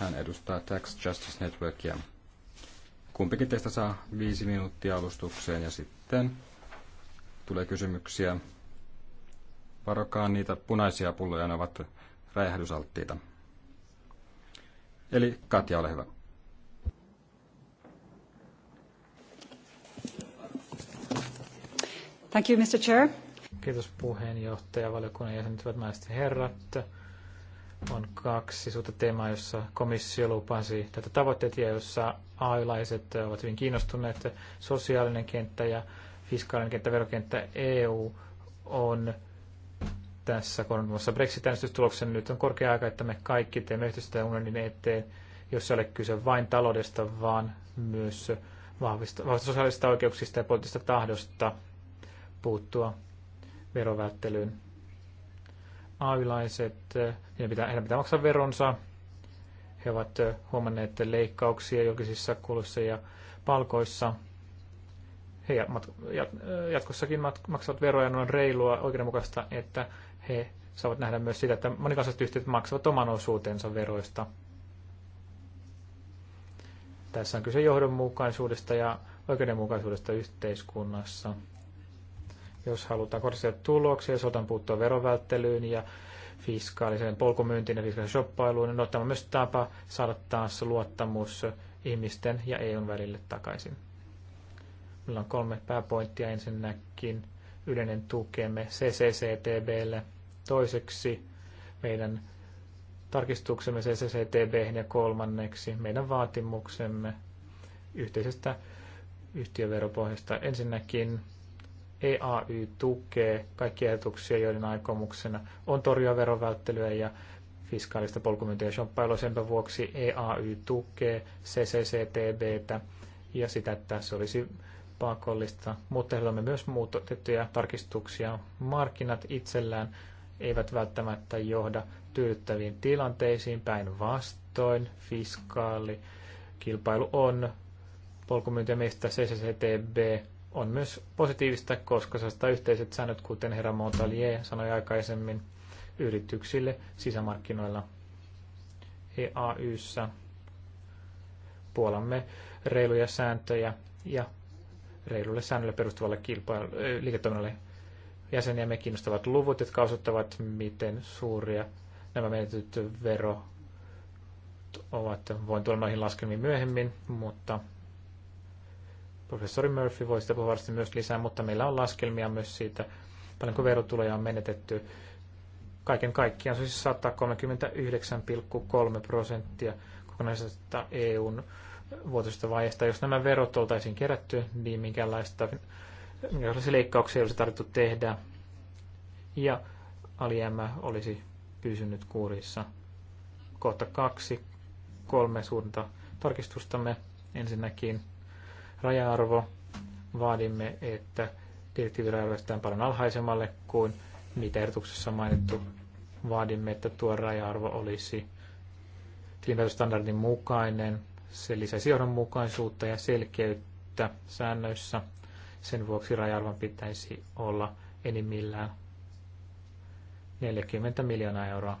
Hän edustaa Tax Justice Networkia. Kumpikin teistä saa viisi minuuttia alustukseen ja sitten tulee kysymyksiä. Varokaa niitä punaisia pulloja, ne ovat räjähdysalttiita. Eli Katja, ole hyvä. Thank you, Mr. Chair. Kiitos puheenjohtaja, valiokunnan jäsenet, hyvät naiset ja herrat on kaksi suurta teemaa, jossa komissio lupasi tätä tavoitteet ja jossa AI-laiset ovat hyvin kiinnostuneet. Sosiaalinen kenttä ja fiskaalinen kenttä, verokenttä EU on tässä koronavassa Brexit-äänestystuloksen. Nyt on korkea aika, että me kaikki teemme yhteistyötä unionin eteen, jos ei ole kyse vain taloudesta, vaan myös vahvista, vahvista sosiaalisista oikeuksista ja poliittisesta tahdosta puuttua verovälttelyyn aavilaiset, eh, heidän pitää, heidän pitää maksaa veronsa. He ovat eh, huomanneet leikkauksia julkisissa kuluissa ja palkoissa. He eh, jatkossakin maksavat veroja, on reilua oikeudenmukaista, että he saavat nähdä myös sitä, että monikansalliset yhtiöt maksavat oman osuutensa veroista. Tässä on kyse johdonmukaisuudesta ja oikeudenmukaisuudesta yhteiskunnassa jos halutaan korjata tuloksia, jos halutaan puuttua verovälttelyyn ja fiskaaliseen polkumyyntiin ja fiskaaliseen shoppailuun, niin no, tämä on myös tapa saada taas luottamus ihmisten ja EUn välille takaisin. Meillä on kolme pääpointtia ensinnäkin yleinen tukemme CCCTBlle, toiseksi meidän tarkistuksemme CCCTB ja kolmanneksi meidän vaatimuksemme yhteisestä yhtiöveropohjasta. Ensinnäkin EAY tukee kaikkia ehdotuksia, joiden aikomuksena on torjua verovälttelyä ja fiskaalista polkumyyntiä ja shoppailua. Senpä vuoksi EAY tukee CCCTBtä ja sitä, että se olisi pakollista, mutta ehdotamme myös muutettuja tarkistuksia. Markkinat itsellään eivät välttämättä johda tyydyttäviin tilanteisiin päinvastoin. Fiskaali kilpailu on polkumyyntiä meistä CCCTB on myös positiivista, koska se yhteiset säännöt, kuten herra Montalier sanoi aikaisemmin, yrityksille sisämarkkinoilla EAYssä. Puolamme reiluja sääntöjä ja reilulle säännölle perustuvalle liiketoiminnalle jäseniämme kiinnostavat luvut, jotka osoittavat, miten suuria nämä menetetyt vero ovat. Voin tulla noihin laskelmiin myöhemmin, mutta Professori Murphy voi sitä puhua myös lisää, mutta meillä on laskelmia myös siitä, paljonko verotuloja on menetetty. Kaiken kaikkiaan se on siis 139,3 prosenttia kokonaisesta EUn vuotuisesta vaiheesta. Jos nämä verot oltaisiin kerätty, niin minkälaista, minkälaisia leikkauksia olisi tarvittu tehdä. Ja alijäämä olisi pysynyt kuurissa. Kohta kaksi, kolme suurta tarkistustamme. Ensinnäkin raja-arvo. Vaadimme, että direktiivi rajoitetaan paljon alhaisemmalle kuin mitä ehdotuksessa mainittu. Vaadimme, että tuo raja-arvo olisi tilinpäätöstandardin mukainen. Se lisäisi johdonmukaisuutta ja selkeyttä säännöissä. Sen vuoksi raja-arvon pitäisi olla enimmillään 40 miljoonaa euroa.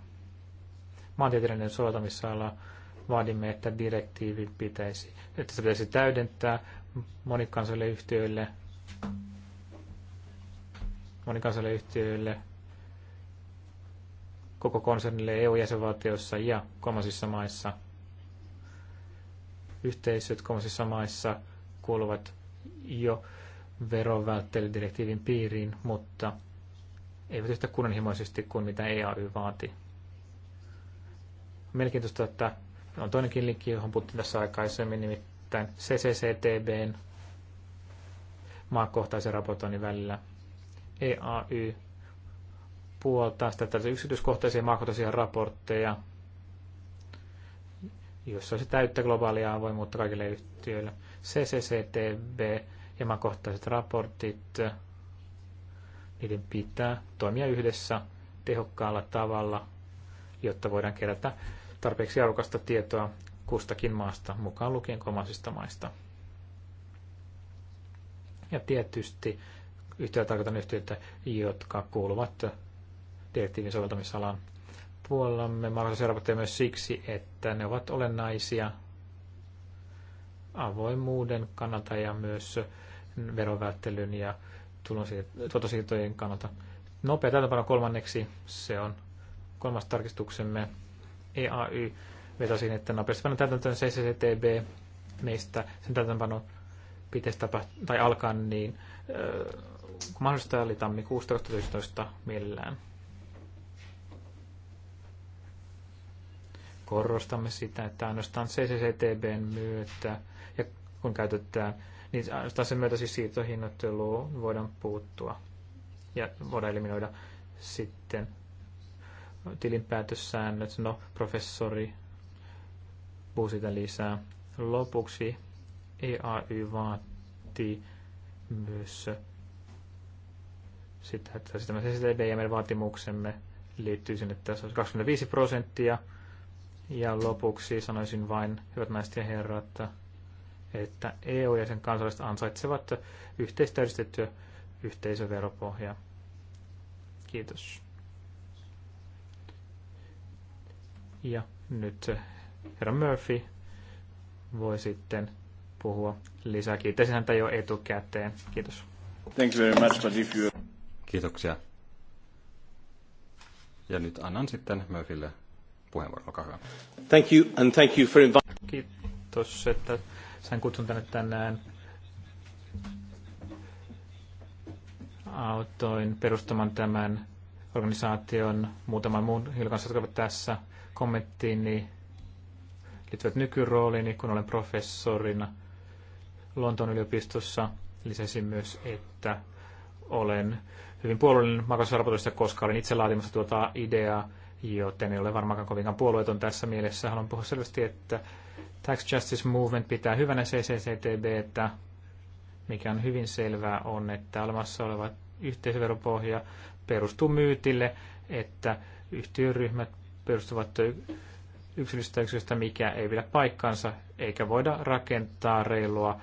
Maantieteellinen soveltamisala vaadimme, että direktiivi pitäisi, että se pitäisi täydentää monikansalle yhtiöille, monikansalle yhtiöille, koko konsernille EU-jäsenvaltioissa ja kolmansissa maissa. Yhteisöt kolmansissa maissa kuuluvat jo verovälttelydirektiivin piiriin, mutta eivät yhtä kunnianhimoisesti kuin mitä EAY vaati. Mielenkiintoista, että on toinenkin linkki, johon puhuttiin tässä aikaisemmin, nimittäin tämän CCCTBn maakohtaisen raportoinnin välillä. EAY puoltaa sitä tällaisia yksityiskohtaisia maakohtaisia raportteja, jossa se täyttää globaalia avoimuutta kaikille yhtiöille. CCCTB ja maakohtaiset raportit, niiden pitää toimia yhdessä tehokkaalla tavalla, jotta voidaan kerätä tarpeeksi arvokasta tietoa kustakin maasta, mukaan lukien kolmansista maista. Ja tietysti yhtiöllä tarkoitan yhtiöitä, jotka kuuluvat direktiivin soveltamisalan puolellamme mahdollisuusraportteja myös siksi, että ne ovat olennaisia avoimuuden kannalta ja myös verovälttelyn ja tuotosiirtojen kannalta. Nopea täytäntöpano kolmanneksi, se on kolmas tarkistuksemme EAY vetosin, että nopeasti panna täytäntöön CCTB, meistä sen täytäntöönpano pitäisi tapahtua, tai alkaa niin äh, mahdollista oli tammikuusta millään. Korostamme sitä, että ainoastaan CCCTBn myötä, ja kun käytetään, niin ainoastaan sen myötä siis siirtohinnoitteluun voidaan puuttua ja voidaan eliminoida sitten tilinpäätössäännöt. No, professori riippuu siitä lisää. Lopuksi EAY vaatii myös sitä, että sitä meidän vaatimuksemme liittyy sinne, että se olisi 25 prosenttia. Ja lopuksi sanoisin vain, hyvät naiset ja herrat, että EU ja sen kansalaiset ansaitsevat yhteistäydistettyä yhteisöveropohjaa. Kiitos. Ja nyt herra Murphy voi sitten puhua lisää. Kiitos häntä jo etukäteen. Kiitos. Thank you very much, but if you... Kiitoksia. Ja nyt annan sitten Murphylle puheenvuoron. Olkaa hyvä. Thank you and thank you for inviting. Kiitos, että sain kutsun tänne tänään. Autoin perustamaan tämän organisaation muutaman muun hilkansa, jotka ovat tässä kommenttiin, niin liittyvät nykyrooliini, niin kun olen professorina Lontoon yliopistossa. Lisäsin myös, että olen hyvin puolueellinen makrosaarpoitusta, koska olin itse laatimassa tuota ideaa, joten ei ole varmaankaan kovinkaan puolueeton tässä mielessä. Haluan puhua selvästi, että Tax Justice Movement pitää hyvänä että mikä on hyvin selvää on, että olemassa oleva yhteisöveropohja perustuu myytille, että yhtiöryhmät perustuvat yksityistäyksestä, mikä ei pidä paikkansa, eikä voida rakentaa reilua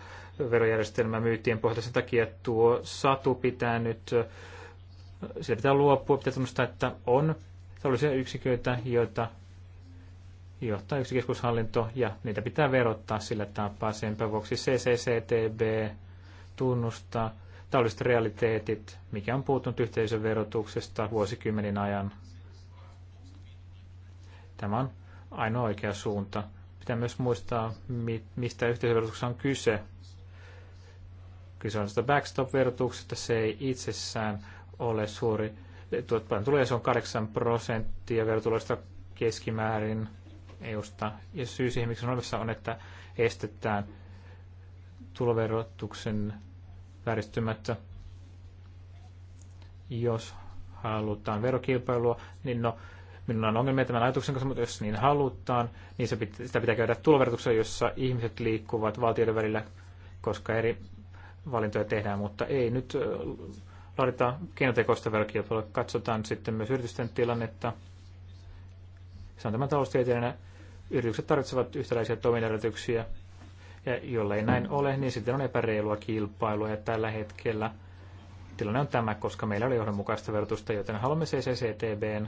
verojärjestelmää myyttien pohjalta. Sen takia että tuo satu pitää nyt, sieltä pitää luopua, pitää tunnustaa, että on tällaisia yksiköitä, joita johtaa yksi keskushallinto, ja niitä pitää verottaa sillä tapaa. sen vuoksi CCCTB tunnustaa tällaiset realiteetit, mikä on puuttunut yhteisöverotuksesta vuosikymmenin ajan. Tämä on ainoa oikea suunta. Pitää myös muistaa, mistä yhteisöverotuksessa on kyse. Kyse on sitä backstop-verotuksesta, se ei itsessään ole suuri. Tuotpain tulee, se on 8 prosenttia verotuloista keskimäärin EUsta. Ja syy siihen, miksi on olemassa, on, että estetään tuloverotuksen vääristymättä. Jos halutaan verokilpailua, niin no, Minulla on ongelmia tämän ajatuksen kanssa, mutta jos niin halutaan, niin se pit- sitä pitää käydä tuloverotuksessa, jossa ihmiset liikkuvat valtioiden välillä, koska eri valintoja tehdään, mutta ei nyt laadita keinotekoista verokilpailua. Katsotaan sitten myös yritysten tilannetta. Se on tämän taloustieteilijänä. Yritykset tarvitsevat yhtäläisiä toimintaedellytyksiä. Ja jollei näin ole, niin sitten on epäreilua kilpailua. Ja tällä hetkellä tilanne on tämä, koska meillä oli johdonmukaista verotusta, joten haluamme CCCTBn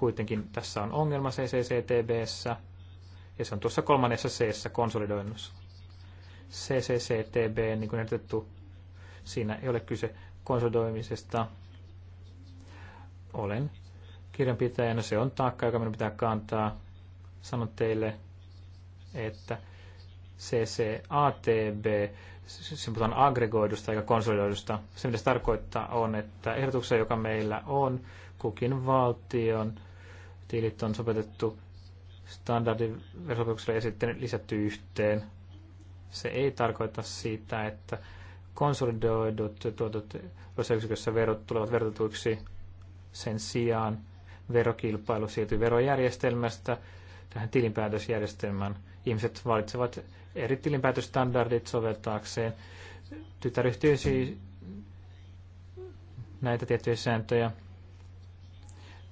Kuitenkin tässä on ongelma CCCTBssä ja se on tuossa kolmannessa c konsolidoinnussa. CCCTB, niin kuin ehdotettu, siinä ei ole kyse konsolidoimisesta. Olen kirjanpitäjänä, no se on taakka, joka minun pitää kantaa. Sanon teille, että CCATB, se puhutaan aggregoidusta eikä konsolidoidusta. Se, mitä se tarkoittaa, on, että ehdotuksessa, joka meillä on, kukin valtion tiilit on sopetettu standardiverotuksella ja sitten lisätty yhteen. Se ei tarkoita sitä, että konsolidoidut tuotot osayksikössä verot tulevat verotetuiksi sen sijaan verokilpailu siirtyy verojärjestelmästä tähän tilinpäätösjärjestelmään. Ihmiset valitsevat eri tilinpäätöstandardit soveltaakseen. tytäryhtiöisiin näitä tiettyjä sääntöjä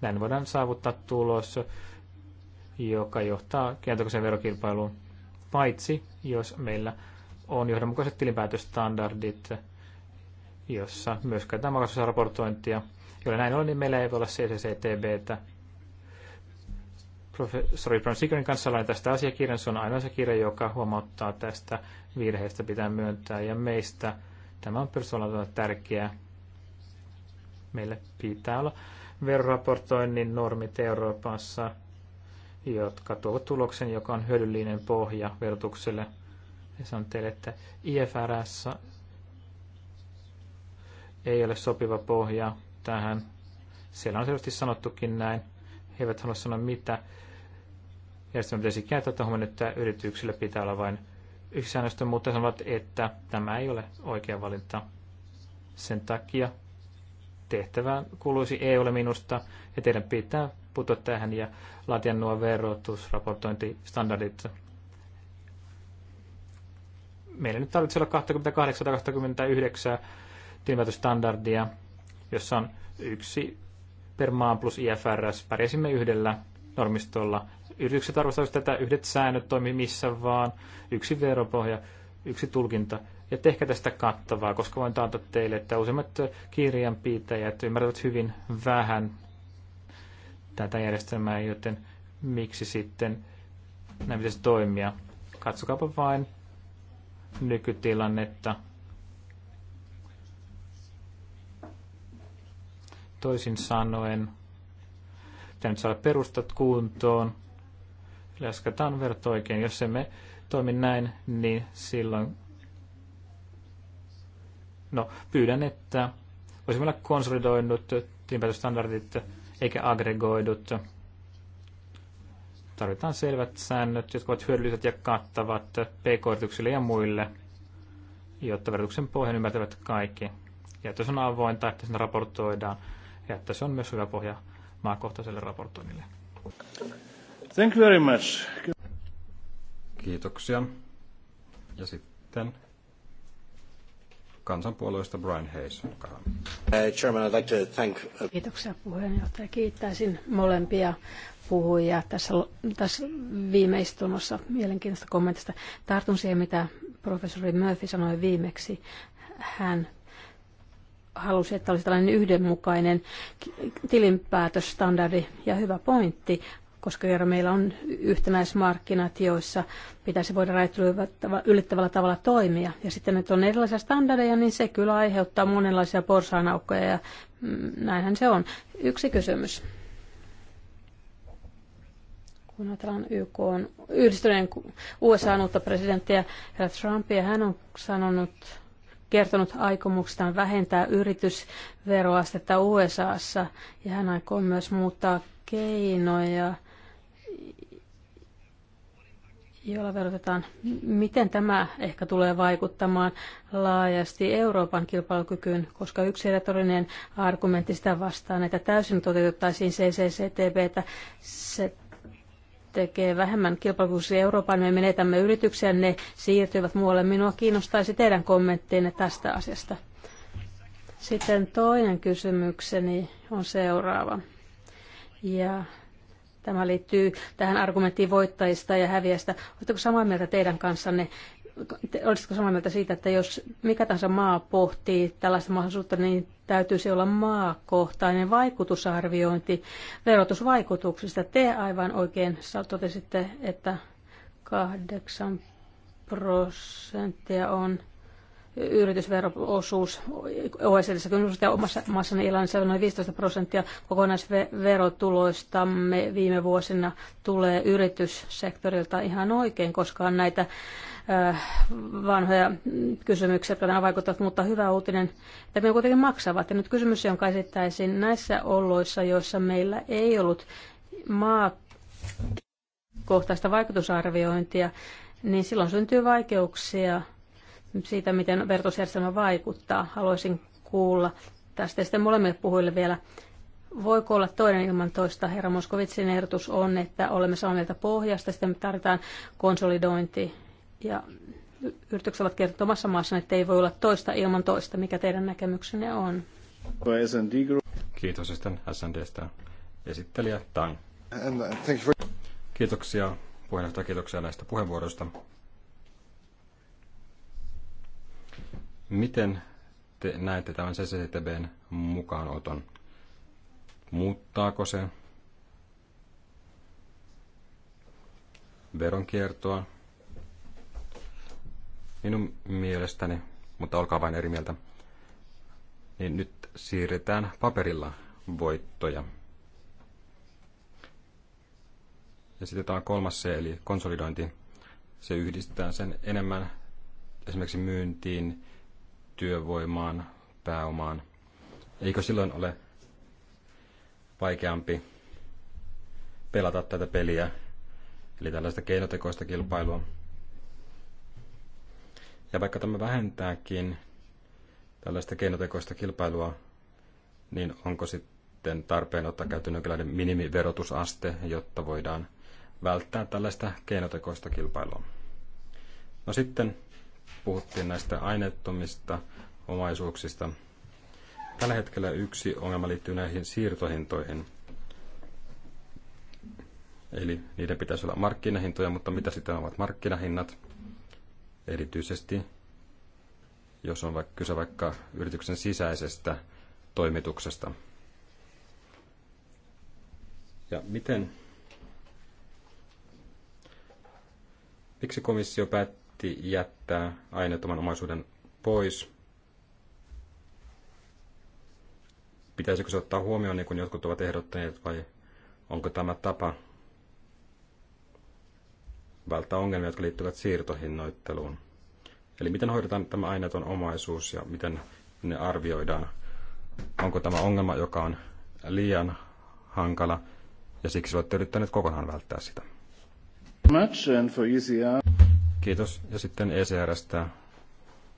näin voidaan saavuttaa tulos, joka johtaa kieltokoiseen verokilpailuun, paitsi jos meillä on johdonmukaiset tilinpäätöstandardit, jossa myös käytetään maksusraportointia. Jolle näin on, niin meillä ei voi olla CCCTBtä. Professori Brown Sigerin kanssa olen tästä asiakirjan. Se on ainoa se kirja, joka huomauttaa tästä virheestä pitää myöntää. Ja meistä tämä on persoonalta tärkeää. Meille pitää olla veroraportoinnin normit Euroopassa, jotka tuovat tuloksen, joka on hyödyllinen pohja verotukselle. Ja sanon teille, että IFRS ei ole sopiva pohja tähän. Siellä on selvästi sanottukin näin. He eivät halua sanoa mitä sitten pitäisi käyttää tuohon, että yrityksillä pitää olla vain yksi säännöstö, mutta sanovat, että tämä ei ole oikea valinta. Sen takia tehtävä kuuluisi EUlle minusta, ja teidän pitää putoa tähän ja laatia nuo verotusraportointistandardit. Meillä nyt tarvitsee olla 28-29 tilinpäätöstandardia, jossa on yksi per maan plus IFRS. Pärjäsimme yhdellä normistolla. Yritykset arvostavat tätä yhdet säännöt toimii missä vaan, yksi veropohja, yksi tulkinta ja tehkä tästä kattavaa, koska voin taata teille, että useimmat kirjanpitäjät ymmärtävät hyvin vähän tätä järjestelmää, joten miksi sitten näin pitäisi toimia. Katsokaapa vain nykytilannetta. Toisin sanoen, pitää nyt saada perustat kuntoon, läskataan verto oikein. Jos emme toimi näin, niin silloin No, pyydän, että voisimme olla konsolidoidut tilinpäätöstandardit eikä aggregoidut. Tarvitaan selvät säännöt, jotka ovat hyödylliset ja kattavat pk-yrityksille ja muille, jotta verotuksen pohjan ymmärtävät kaikki. Ja että se on avointa, että sen raportoidaan ja että se on myös hyvä pohja maakohtaiselle raportoinnille. Thank you very much. Kiitoksia. Ja sitten kansanpuolueesta Brian Hayes. Olkaa. Uh, Chairman, I'd like to thank... Uh, Kiitoksia puheenjohtaja. Kiittäisin molempia puhujia tässä, tässä viimeistunnossa mielenkiintoista kommentista. Tartun siihen, mitä professori Murphy sanoi viimeksi. Hän halusi, että olisi tällainen yhdenmukainen tilinpäätösstandardi ja hyvä pointti koska kerran meillä on yhtenäismarkkinat, joissa pitäisi voida rajat yllättävällä tavalla toimia. Ja sitten, että on erilaisia standardeja, niin se kyllä aiheuttaa monenlaisia porsaanaukkoja ja mm, näinhän se on. Yksi kysymys. Kun ajatellaan YK on yhdistyneen USA uutta presidenttiä herra Trumpia, hän on sanonut, kertonut aikomuksestaan vähentää yritysveroastetta USAssa ja hän aikoo myös muuttaa keinoja – jolla verotetaan. Miten tämä ehkä tulee vaikuttamaan laajasti Euroopan kilpailukykyyn, koska yksi retorinen argumentti sitä vastaan, että täysin toteutettaisiin että se tekee vähemmän kilpailukykyä Euroopan, me menetämme yrityksiä, ne siirtyvät muualle. Minua kiinnostaisi teidän kommenttinne tästä asiasta. Sitten toinen kysymykseni on seuraava. Ja Tämä liittyy tähän argumenttiin voittajista ja häviästä. Oletteko samaa mieltä teidän kanssanne? Olisitko samaa mieltä siitä, että jos mikä tahansa maa pohtii tällaista mahdollisuutta, niin täytyisi olla maakohtainen vaikutusarviointi verotusvaikutuksista. Te aivan oikein totesitte, että kahdeksan prosenttia on yritysveroosuus OECDssä ja omassa maassani Irlannissa noin 15 prosenttia kokonaisverotuloistamme viime vuosina tulee yrityssektorilta ihan oikein, koska on näitä äh, vanhoja kysymyksiä, jotka tänään vaikuttavat, mutta hyvä uutinen, että me kuitenkin maksavat. Ja nyt kysymys, jonka esittäisin näissä oloissa, joissa meillä ei ollut maakohtaista vaikutusarviointia, niin silloin syntyy vaikeuksia siitä, miten vertausjärjestelmä vaikuttaa. Haluaisin kuulla tästä. sitten molemmille puhuille vielä. Voiko olla toinen ilman toista? Herra Moskovitsin ehdotus on, että olemme saaneet pohjasta, sitten me tarvitaan konsolidointi. Ja yritykset ovat kertoneet omassa maassa, että ei voi olla toista ilman toista. Mikä teidän näkemyksenne on? Kiitos sitten SNDstä esittelijä Tang. Uh, kiitoksia puheenjohtaja, kiitoksia näistä puheenvuoroista. Miten te näette tämän CCTBn mukaanoton? Muuttaako se veronkiertoa? Minun mielestäni, mutta olkaa vain eri mieltä, niin nyt siirretään paperilla voittoja. Ja sitten tämä kolmas C, eli konsolidointi. Se yhdistää sen enemmän esimerkiksi myyntiin työvoimaan, pääomaan. Eikö silloin ole vaikeampi pelata tätä peliä, eli tällaista keinotekoista kilpailua? Ja vaikka tämä vähentääkin tällaista keinotekoista kilpailua, niin onko sitten tarpeen ottaa käyttöön jonkinlainen minimiverotusaste, jotta voidaan välttää tällaista keinotekoista kilpailua? No sitten puhuttiin näistä aineettomista omaisuuksista. Tällä hetkellä yksi ongelma liittyy näihin siirtohintoihin. Eli niiden pitäisi olla markkinahintoja, mutta mitä sitten ovat markkinahinnat? Erityisesti jos on vaikka kyse vaikka yrityksen sisäisestä toimituksesta. Ja miten, miksi komissio päätti päätti jättää aineettoman omaisuuden pois. Pitäisikö se ottaa huomioon, niin kuin jotkut ovat ehdottaneet, vai onko tämä tapa välttää ongelmia, jotka liittyvät siirtohinnoitteluun? Eli miten hoidetaan tämä aineeton omaisuus ja miten ne arvioidaan? Onko tämä ongelma, joka on liian hankala ja siksi olette yrittäneet kokonaan välttää sitä? Much and for ECR. Kiitos. Ja sitten ECRstä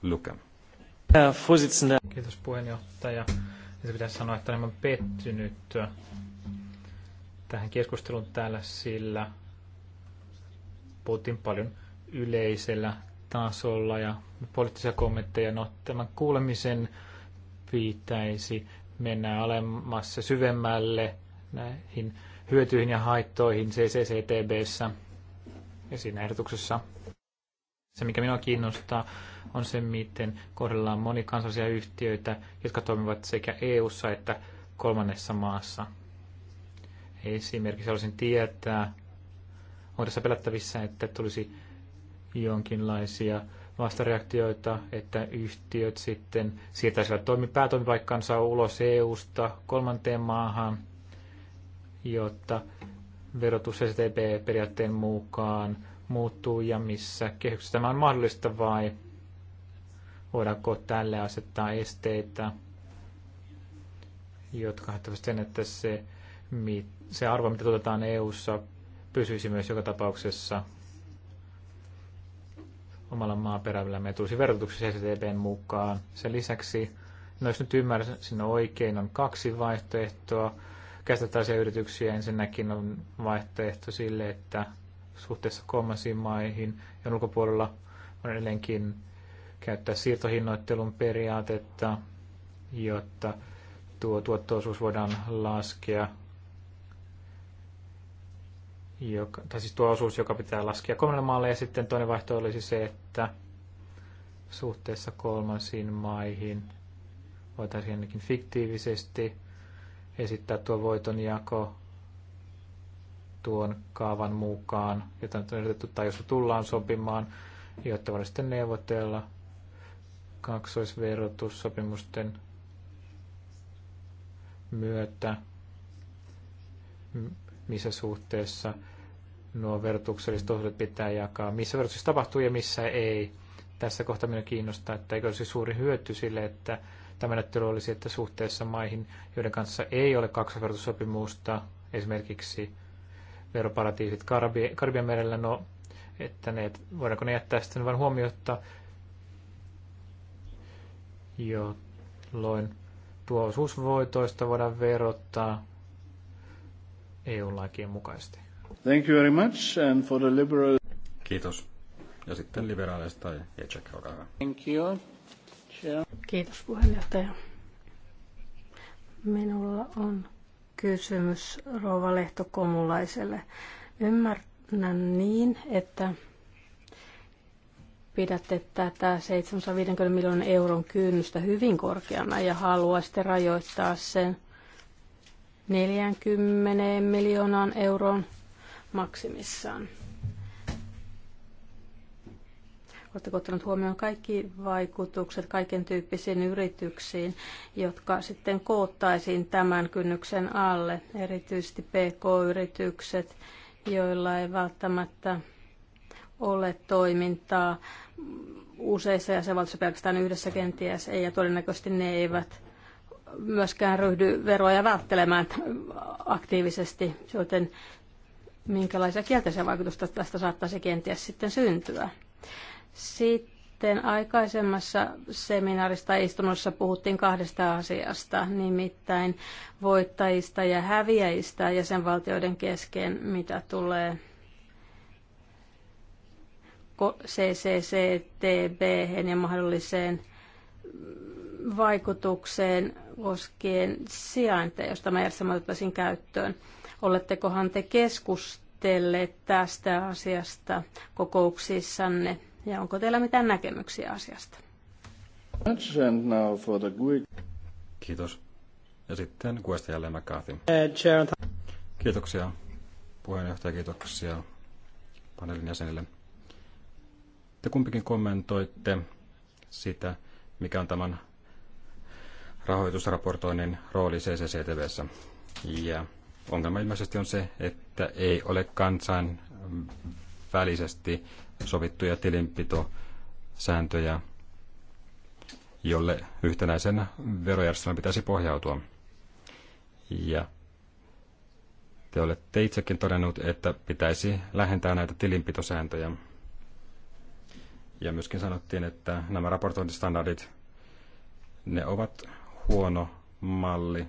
Luke. Kiitos puheenjohtaja. Se pitäisi sanoa, että olen pettynyt tähän keskusteluun täällä, sillä puhuttiin paljon yleisellä tasolla ja poliittisia kommentteja. No, tämän kuulemisen pitäisi mennä alemmassa syvemmälle näihin hyötyihin ja haittoihin CCCTBssä ja siinä ehdotuksessa se, mikä minua kiinnostaa, on se, miten kohdellaan monikansallisia yhtiöitä, jotka toimivat sekä EU-ssa että kolmannessa maassa. Esimerkiksi haluaisin tietää, on tässä pelättävissä, että tulisi jonkinlaisia vastareaktioita, että yhtiöt sitten siirtäisivät toimi, päätoimipaikkansa ulos EU-sta kolmanteen maahan, jotta verotus STP-periaatteen mukaan muuttuu ja missä kehyksessä tämä on mahdollista vai voidaanko tälle asettaa esteitä, jotka haittavat sen, että se, se arvo, mitä tuotetaan EU-ssa, pysyisi myös joka tapauksessa omalla maaperällä. Me tulisi verotuksessa STBn mukaan. Sen lisäksi, no jos nyt ymmärsin oikein, on kaksi vaihtoehtoa. Käsitettäisiä yrityksiä ensinnäkin on vaihtoehto sille, että suhteessa kolmansiin maihin, ja ulkopuolella on edelleenkin käyttää siirtohinnoittelun periaatetta, jotta tuo tuottoisuus voidaan laskea, joka, tai siis tuo osuus, joka pitää laskea kolmelle maalle, ja sitten toinen vaihtoehto olisi se, että suhteessa kolmansiin maihin voitaisiin ainakin fiktiivisesti esittää tuo voitonjako tuon kaavan mukaan, jota nyt on yritetty tai josta tullaan sopimaan, jotta voidaan sitten neuvotella kaksoisverotussopimusten myötä, missä suhteessa nuo verotukselliset osuudet pitää jakaa, missä verotus tapahtuu ja missä ei. Tässä kohtaa minua kiinnostaa, että eikö olisi suuri hyöty sille, että tämä näyttely olisi, että suhteessa maihin, joiden kanssa ei ole kaksoisverotussopimusta, esimerkiksi veroparatiisit Karabien, Karibian merellä, no, että ne, voidaanko ne jättää sitten vain huomiota, jolloin tuo osuus voitoista voidaan verottaa EU-lakien mukaisesti. Thank you very much and for the liberal... Kiitos. Ja sitten liberaaleista ja Jacek, olkaa hyvä. Thank you. Kiitos puheenjohtaja. Minulla on kysymys Rova Lehtokomulaiselle. Ymmärrän niin, että pidätte tätä 750 miljoonan euron kynnystä hyvin korkeana ja haluaisitte rajoittaa sen 40 miljoonaan euron maksimissaan. Oletteko ottanut huomioon kaikki vaikutukset kaiken tyyppisiin yrityksiin, jotka sitten koottaisiin tämän kynnyksen alle, erityisesti PK-yritykset, joilla ei välttämättä ole toimintaa useissa jäsenvaltioissa pelkästään yhdessä kenties ei, ja todennäköisesti ne eivät myöskään ryhdy veroja välttelemään aktiivisesti, joten minkälaisia kielteisiä vaikutusta tästä saattaisi kenties sitten syntyä. Sitten aikaisemmassa seminaarista istunnossa puhuttiin kahdesta asiasta, nimittäin voittajista ja häviäjistä jäsenvaltioiden kesken, mitä tulee CCCTB ja mahdolliseen vaikutukseen koskien sijainteja, josta mä järjestelmä otettaisiin käyttöön. Olettekohan te keskustelleet tästä asiasta kokouksissanne ja onko teillä mitään näkemyksiä asiasta? Kiitos. Ja sitten Kuesta jälleen McCarthy. Eh, kiitoksia puheenjohtaja, kiitoksia paneelin jäsenille. Te kumpikin kommentoitte sitä, mikä on tämän rahoitusraportoinnin rooli CCCTVssä. Ja ongelma ilmeisesti on se, että ei ole kansainvälisesti sovittuja tilinpitosääntöjä, jolle yhtenäisen verojärjestelmän pitäisi pohjautua. Ja te olette itsekin todennut, että pitäisi lähentää näitä tilinpitosääntöjä. Ja myöskin sanottiin, että nämä raportointistandardit, ne ovat huono malli,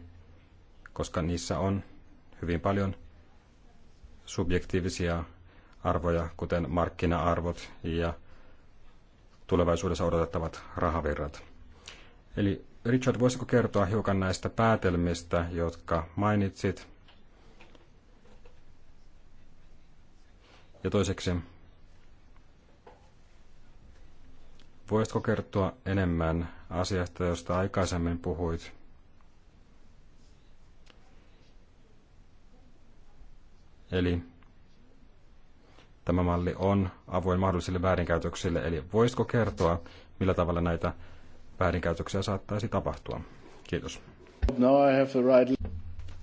koska niissä on hyvin paljon subjektiivisia arvoja, kuten markkina-arvot ja tulevaisuudessa odotettavat rahavirrat. Eli Richard, voisiko kertoa hiukan näistä päätelmistä, jotka mainitsit? Ja toiseksi, voisitko kertoa enemmän asiasta, josta aikaisemmin puhuit? Eli tämä malli on avoin mahdollisille väärinkäytöksille, eli voisiko kertoa, millä tavalla näitä väärinkäytöksiä saattaisi tapahtua? Kiitos. Now I have the right...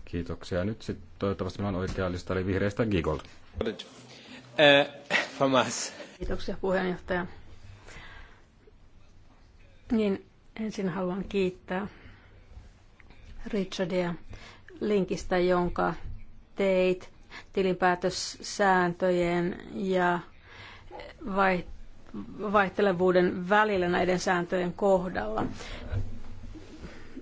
Kiitoksia. Nyt sitten toivottavasti minulla on oikea lista, eli vihreistä Gigold. Eh, Kiitoksia puheenjohtaja. Niin, ensin haluan kiittää Richardia linkistä, jonka teit tilinpäätössääntöjen ja vaihtelevuuden välillä näiden sääntöjen kohdalla.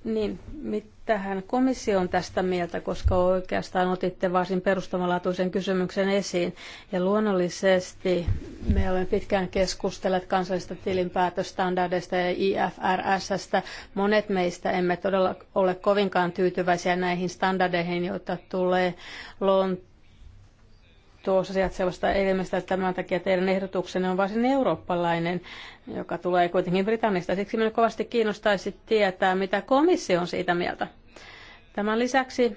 Niin, mitähän komissio on tästä mieltä, koska oikeastaan otitte varsin perustavanlaatuisen kysymyksen esiin. Ja luonnollisesti me olemme pitkään keskustelleet kansallisista tilinpäätöstandardeista ja IFRSstä. Monet meistä emme todella ole kovinkaan tyytyväisiä näihin standardeihin, joita tulee Lontoon tuossa sijaitsevasta että Tämän takia teidän ehdotuksenne on varsin eurooppalainen, joka tulee kuitenkin Britannista. Siksi minä kovasti kiinnostaisi tietää, mitä komissio on siitä mieltä. Tämän lisäksi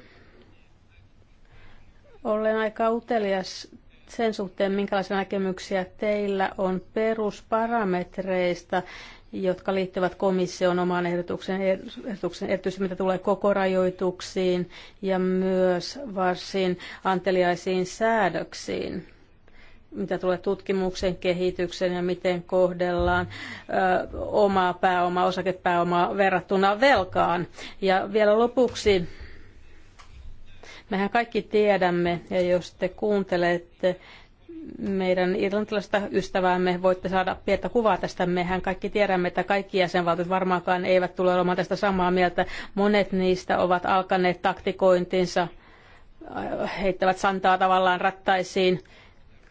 olen aika utelias sen suhteen, minkälaisia näkemyksiä teillä on perusparametreista, jotka liittyvät komission omaan ehdotukseen, ehdotukseen erityisesti mitä tulee kokorajoituksiin ja myös varsin anteliaisiin säädöksiin mitä tulee tutkimuksen kehitykseen ja miten kohdellaan ö, omaa pääomaa, osakepääomaa verrattuna velkaan. Ja vielä lopuksi, mehän kaikki tiedämme, ja jos te kuuntelette meidän irlantilaista ystäväämme voitte saada pientä kuvaa tästä. Mehän kaikki tiedämme, että kaikki jäsenvaltiot varmaankaan eivät tule olemaan tästä samaa mieltä. Monet niistä ovat alkaneet taktikointinsa, heittävät santaa tavallaan rattaisiin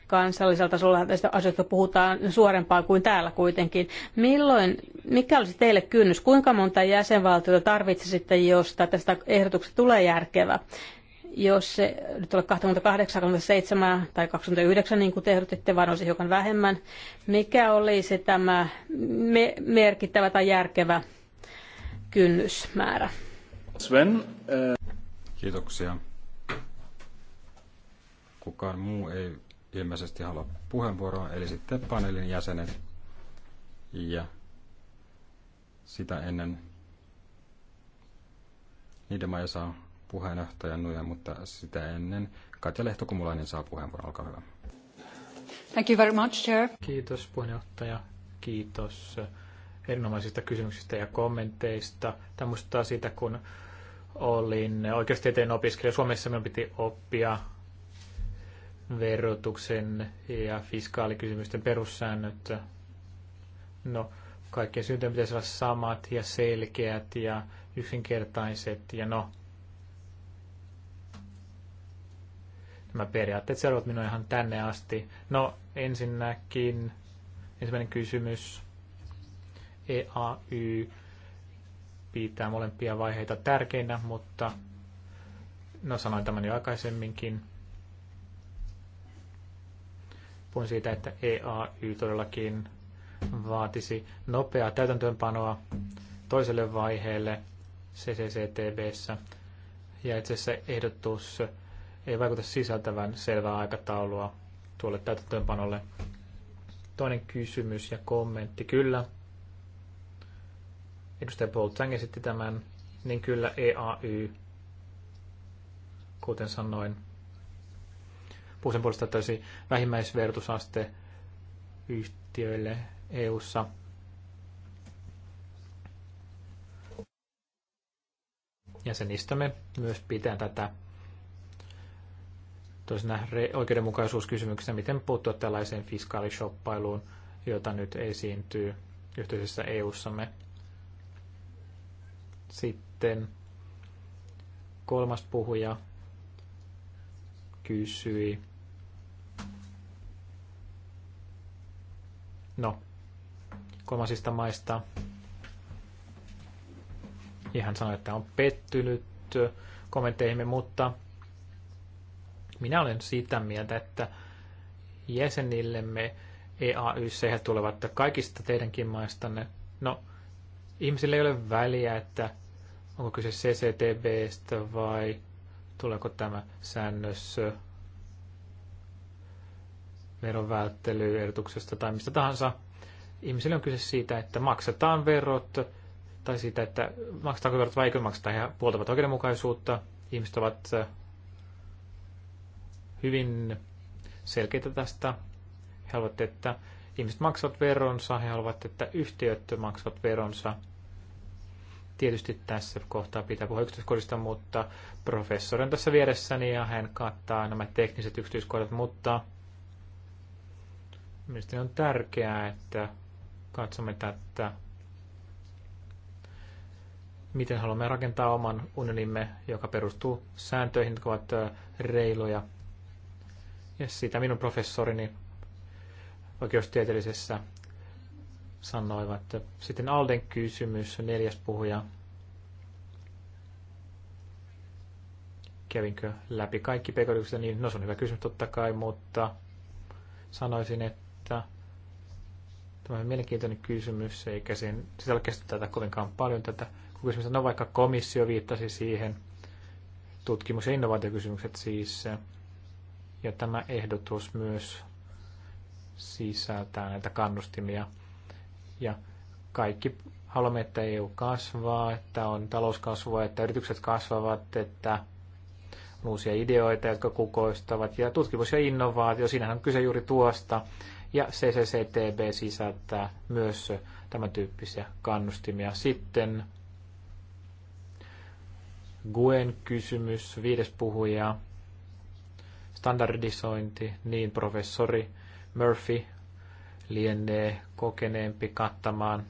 kansalliselta tasolla tästä asioista puhutaan suorempaa kuin täällä kuitenkin. Milloin, mikä olisi teille kynnys, kuinka monta jäsenvaltiota tarvitsisitte, josta tästä ehdotuksesta tulee järkevä? jos se nyt ole 28, 27 tai 2009, niin kuin te ehdotitte, vaan olisi hiukan vähemmän, mikä olisi tämä me- merkittävä tai järkevä kynnysmäärä? Sven. Äh... Kiitoksia. Kukaan muu ei ilmeisesti halua puheenvuoroa, eli sitten paneelin jäsenet. Ja sitä ennen Niidemaa saa puheenjohtajan Nuja, mutta sitä ennen Katja Lehtokumulainen saa puheenvuoron. Olkaa hyvä. Thank you very much, Chair. Kiitos puheenjohtaja. Kiitos erinomaisista kysymyksistä ja kommenteista. Tämä muistuttaa siitä, kun olin oikeustieteen opiskelija. Suomessa minun piti oppia verotuksen ja fiskaalikysymysten perussäännöt. No, kaikkien syntien pitäisi olla samat ja selkeät ja yksinkertaiset. Ja no, nämä periaatteet seuraavat minua ihan tänne asti. No ensinnäkin ensimmäinen kysymys. EAY pitää molempia vaiheita tärkeinä, mutta no sanoin tämän jo aikaisemminkin. Puhun siitä, että EAY todellakin vaatisi nopeaa täytäntöönpanoa toiselle vaiheelle CCCTBssä. Ja itse asiassa ehdotus ei vaikuta sisältävän selvää aikataulua tuolle täytäntöönpanolle. Toinen kysymys ja kommentti. Kyllä, edustaja Paul Tang esitti tämän, niin kyllä EAY, kuten sanoin, puhuisen puolesta täysi vähimmäisvertusaste yhtiöille EU-ssa. Ja sen istämme myös pitää tätä toisena oikeudenmukaisuuskysymyksenä, miten puuttua tällaiseen fiskaalishoppailuun, jota nyt esiintyy yhteisessä EU-samme. Sitten kolmas puhuja kysyi. No, kolmasista maista. ihan sanoi, että on pettynyt kommentteihimme, mutta minä olen sitä mieltä, että jäsenillemme EAYC tulevat kaikista teidänkin maistanne. No, ihmisille ei ole väliä, että onko kyse CCTBstä vai tuleeko tämä säännös verovälttelyehdotuksesta tai mistä tahansa. Ihmisille on kyse siitä, että maksetaan verot tai siitä, että maksetaanko verot vai eikö makseta. He puoltavat oikeudenmukaisuutta. Ihmiset ovat hyvin selkeitä tästä. He haluavat, että ihmiset maksavat veronsa, he haluavat, että yhtiöt maksavat veronsa. Tietysti tässä kohtaa pitää puhua yksityiskohdista, mutta professori on tässä vieressäni ja hän kattaa nämä tekniset yksityiskohdat, mutta mielestäni on tärkeää, että katsomme tätä, miten haluamme rakentaa oman unionimme, joka perustuu sääntöihin, jotka ovat reiluja ja sitä minun professorini oikeustieteellisessä sanoivat. Sitten Alden kysymys, neljäs puhuja. Kävinkö läpi kaikki pk Niin, no se on hyvä kysymys totta kai, mutta sanoisin, että tämä on mielenkiintoinen kysymys, eikä sen, sitä ole kestetty tätä kovinkaan paljon tätä kysymys, No vaikka komissio viittasi siihen, tutkimus- ja innovaatiokysymykset siis, ja tämä ehdotus myös sisältää näitä kannustimia. Ja kaikki haluamme, että EU kasvaa, että on talouskasvua, että yritykset kasvavat, että on uusia ideoita, jotka kukoistavat. Ja tutkimus ja innovaatio, siinähän on kyse juuri tuosta. Ja CCCTB sisältää myös tämän tyyppisiä kannustimia. Sitten Guen kysymys, viides puhuja standardisointi, niin professori Murphy lienee kokeneempi kattamaan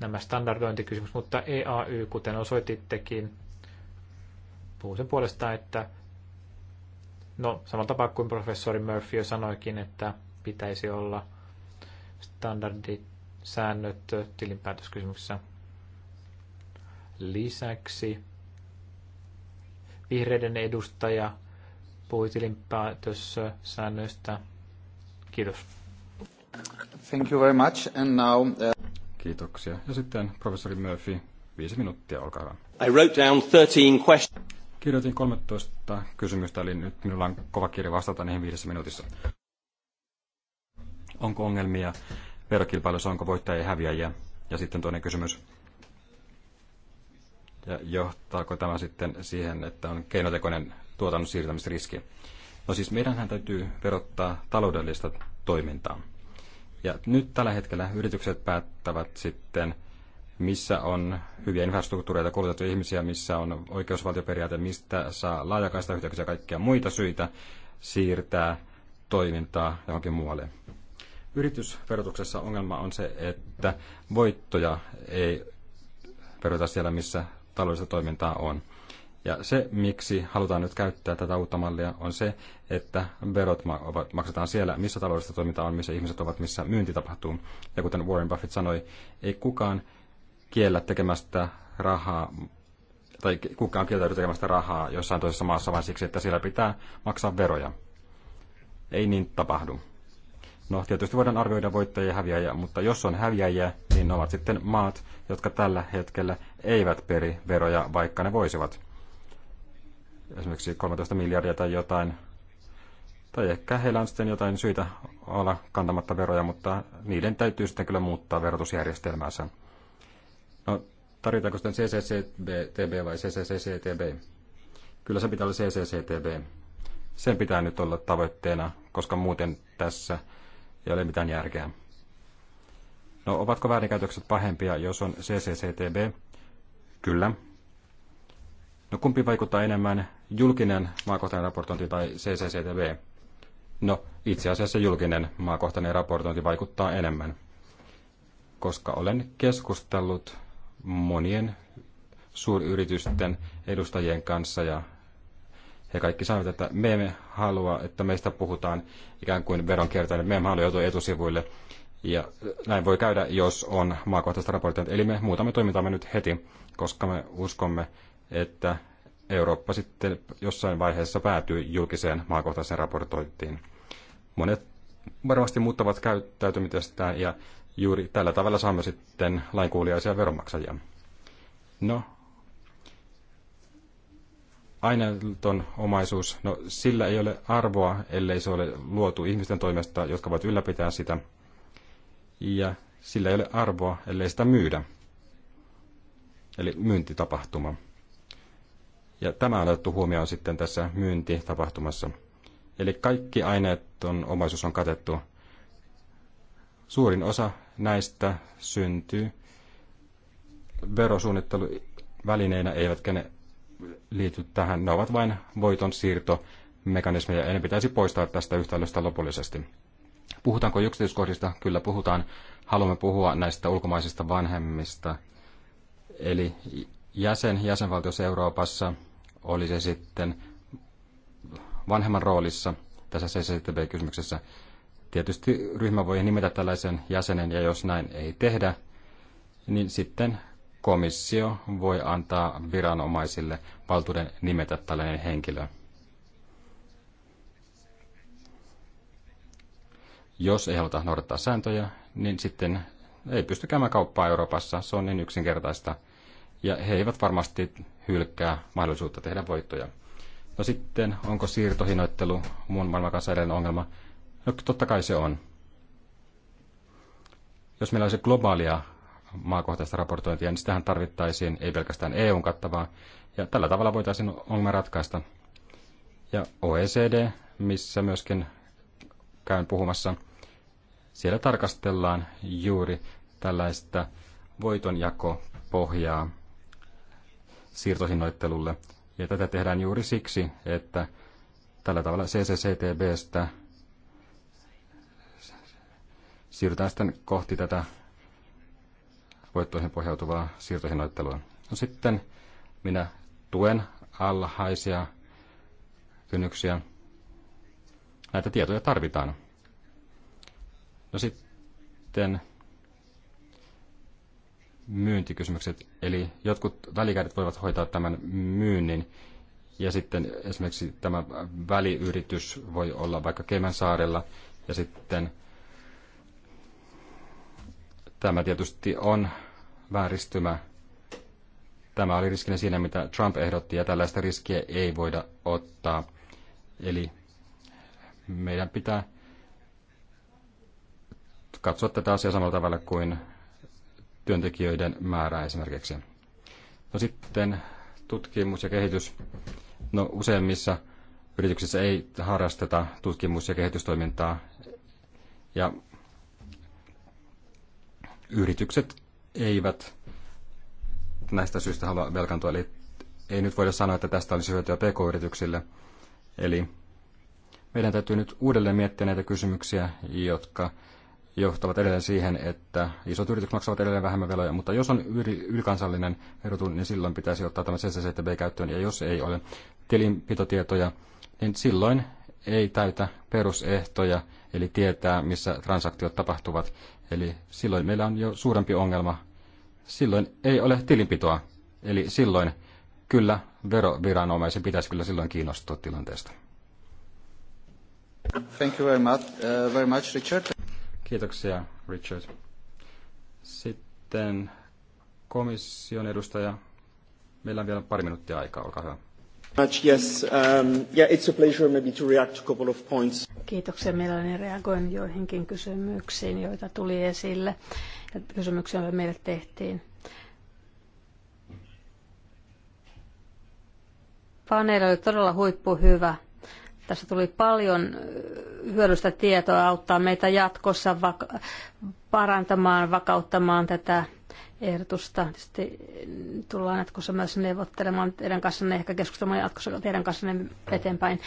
nämä standardointikysymykset, mutta EAY, kuten osoitittekin, puhuu sen puolesta, että no samalla tapaa kuin professori Murphy jo sanoikin, että pitäisi olla standardisäännöt tilinpäätöskysymyksessä. Lisäksi vihreiden edustaja tilinpäätössäännöistä. Kiitos. Thank you very much. And now, uh... Kiitoksia. Ja sitten professori Murphy, viisi minuuttia, olkaa hyvä. I wrote down 13 questions. Kirjoitin 13 kysymystä, eli nyt minulla on kova kirja vastata niihin viidessä minuutissa. Onko ongelmia verokilpailussa, onko voittajia ja häviäjiä? Ja sitten toinen kysymys. Ja johtaako tämä sitten siihen, että on keinotekoinen tuotannon siirtämisriski. No siis meidänhän täytyy verottaa taloudellista toimintaa. Ja nyt tällä hetkellä yritykset päättävät sitten, missä on hyviä infrastruktuureita, koulutettuja ihmisiä, missä on oikeusvaltioperiaate, mistä saa laajakaista yhteyksiä ja kaikkia muita syitä siirtää toimintaa johonkin muualle. Yritysverotuksessa ongelma on se, että voittoja ei veroteta siellä, missä taloudellista toimintaa on. Ja se, miksi halutaan nyt käyttää tätä uutta mallia, on se, että verot maksetaan siellä, missä taloudellista toimintaa on, missä ihmiset ovat, missä myynti tapahtuu. Ja kuten Warren Buffett sanoi, ei kukaan kiellä tekemästä rahaa tai kukaan kieltäydy tekemästä rahaa jossain toisessa maassa vain siksi, että siellä pitää maksaa veroja. Ei niin tapahdu. No, tietysti voidaan arvioida voittajia ja häviäjiä, mutta jos on häviäjiä, niin ne ovat sitten maat, jotka tällä hetkellä eivät peri veroja, vaikka ne voisivat esimerkiksi 13 miljardia tai jotain. Tai ehkä heillä on sitten jotain syitä olla kantamatta veroja, mutta niiden täytyy sitten kyllä muuttaa verotusjärjestelmäänsä. No, tarvitaanko sitten CCCTB vai CCCTB? Kyllä se pitää olla CCCTB. Sen pitää nyt olla tavoitteena, koska muuten tässä ei ole mitään järkeä. No, ovatko väärinkäytökset pahempia, jos on CCCTB? Kyllä, No kumpi vaikuttaa enemmän, julkinen maakohtainen raportointi tai CCCTV? No itse asiassa julkinen maakohtainen raportointi vaikuttaa enemmän, koska olen keskustellut monien suuryritysten edustajien kanssa ja he kaikki sanoivat, että me emme halua, että meistä puhutaan ikään kuin veronkiertäjille, me emme halua joutua etusivuille. Ja näin voi käydä, jos on maakohtaista raportointia. Eli me muutamme toimintaamme nyt heti, koska me uskomme, että Eurooppa sitten jossain vaiheessa päätyy julkiseen maakohtaiseen raportointiin. Monet varmasti muuttavat käyttäytymistään ja juuri tällä tavalla saamme sitten lainkuuliaisia veronmaksajia. No, aineeton omaisuus, no sillä ei ole arvoa, ellei se ole luotu ihmisten toimesta, jotka voivat ylläpitää sitä. Ja sillä ei ole arvoa, ellei sitä myydä. Eli myyntitapahtuma. Ja tämä on otettu huomioon sitten tässä myyntitapahtumassa. Eli kaikki aineeton omaisuus on katettu. Suurin osa näistä syntyy verosuunnitteluvälineinä, eivätkä ne liity tähän. Ne ovat vain voiton siirtomekanismeja, ja ne pitäisi poistaa tästä yhtälöstä lopullisesti. Puhutaanko yksityiskohdista? Kyllä puhutaan. Haluamme puhua näistä ulkomaisista vanhemmista. Eli jäsen jäsenvaltiossa Euroopassa – oli se sitten vanhemman roolissa tässä CCTV-kysymyksessä. Tietysti ryhmä voi nimetä tällaisen jäsenen, ja jos näin ei tehdä, niin sitten komissio voi antaa viranomaisille valtuuden nimetä tällainen henkilö. Jos ei haluta noudattaa sääntöjä, niin sitten ei pysty käymään kauppaa Euroopassa. Se on niin yksinkertaista – ja he eivät varmasti hylkää mahdollisuutta tehdä voittoja. No sitten, onko siirtohinoittelu muun maailman kanssa edelleen ongelma? No totta kai se on. Jos meillä olisi globaalia maakohtaista raportointia, niin sitähän tarvittaisiin ei pelkästään EUn kattavaa, ja tällä tavalla voitaisiin ongelma ratkaista. Ja OECD, missä myöskin käyn puhumassa, siellä tarkastellaan juuri tällaista voitonjakopohjaa siirtohinnoittelulle. Ja tätä tehdään juuri siksi, että tällä tavalla CCCTBstä siirrytään sitten kohti tätä voittoihin pohjautuvaa siirtohinnoittelua. No sitten minä tuen alhaisia kynnyksiä. Näitä tietoja tarvitaan. No sitten myyntikysymykset. Eli jotkut välikädet voivat hoitaa tämän myynnin ja sitten esimerkiksi tämä väliyritys voi olla vaikka Kemensaarella ja sitten tämä tietysti on vääristymä. Tämä oli riskinä siinä, mitä Trump ehdotti ja tällaista riskiä ei voida ottaa. Eli meidän pitää katsoa tätä asiaa samalla tavalla kuin työntekijöiden määrää esimerkiksi. No sitten tutkimus ja kehitys. No useimmissa yrityksissä ei harrasteta tutkimus- ja kehitystoimintaa. Ja yritykset eivät näistä syistä halua velkantua. Eli ei nyt voida sanoa, että tästä olisi hyötyä pk-yrityksille. Eli meidän täytyy nyt uudelleen miettiä näitä kysymyksiä, jotka johtavat edelleen siihen, että isot yritykset maksavat edelleen vähemmän veloja, mutta jos on yli, ylikansallinen verotu, niin silloin pitäisi ottaa tämä CCCTB käyttöön, ja jos ei ole tilinpitotietoja, niin silloin ei täytä perusehtoja, eli tietää, missä transaktiot tapahtuvat. Eli silloin meillä on jo suurempi ongelma. Silloin ei ole tilinpitoa, eli silloin kyllä veroviranomaisen pitäisi kyllä silloin kiinnostua tilanteesta. Thank you very much, uh, very much Richard. Kiitoksia, Richard. Sitten komission edustaja. Meillä on vielä pari minuuttia aikaa, olkaa hyvä. Um, Kiitoksia mielelläni reagoin joihinkin kysymyksiin, joita tuli esille ja kysymyksiä, joita meille tehtiin. Paneeli oli todella huippuhyvä. Tässä tuli paljon hyödyllistä tietoa auttaa meitä jatkossa vak- parantamaan, vakauttamaan tätä ehdotusta. Sitten tullaan jatkossa myös neuvottelemaan teidän kanssanne, ehkä keskustelemaan jatkossa teidän kanssanne eteenpäin.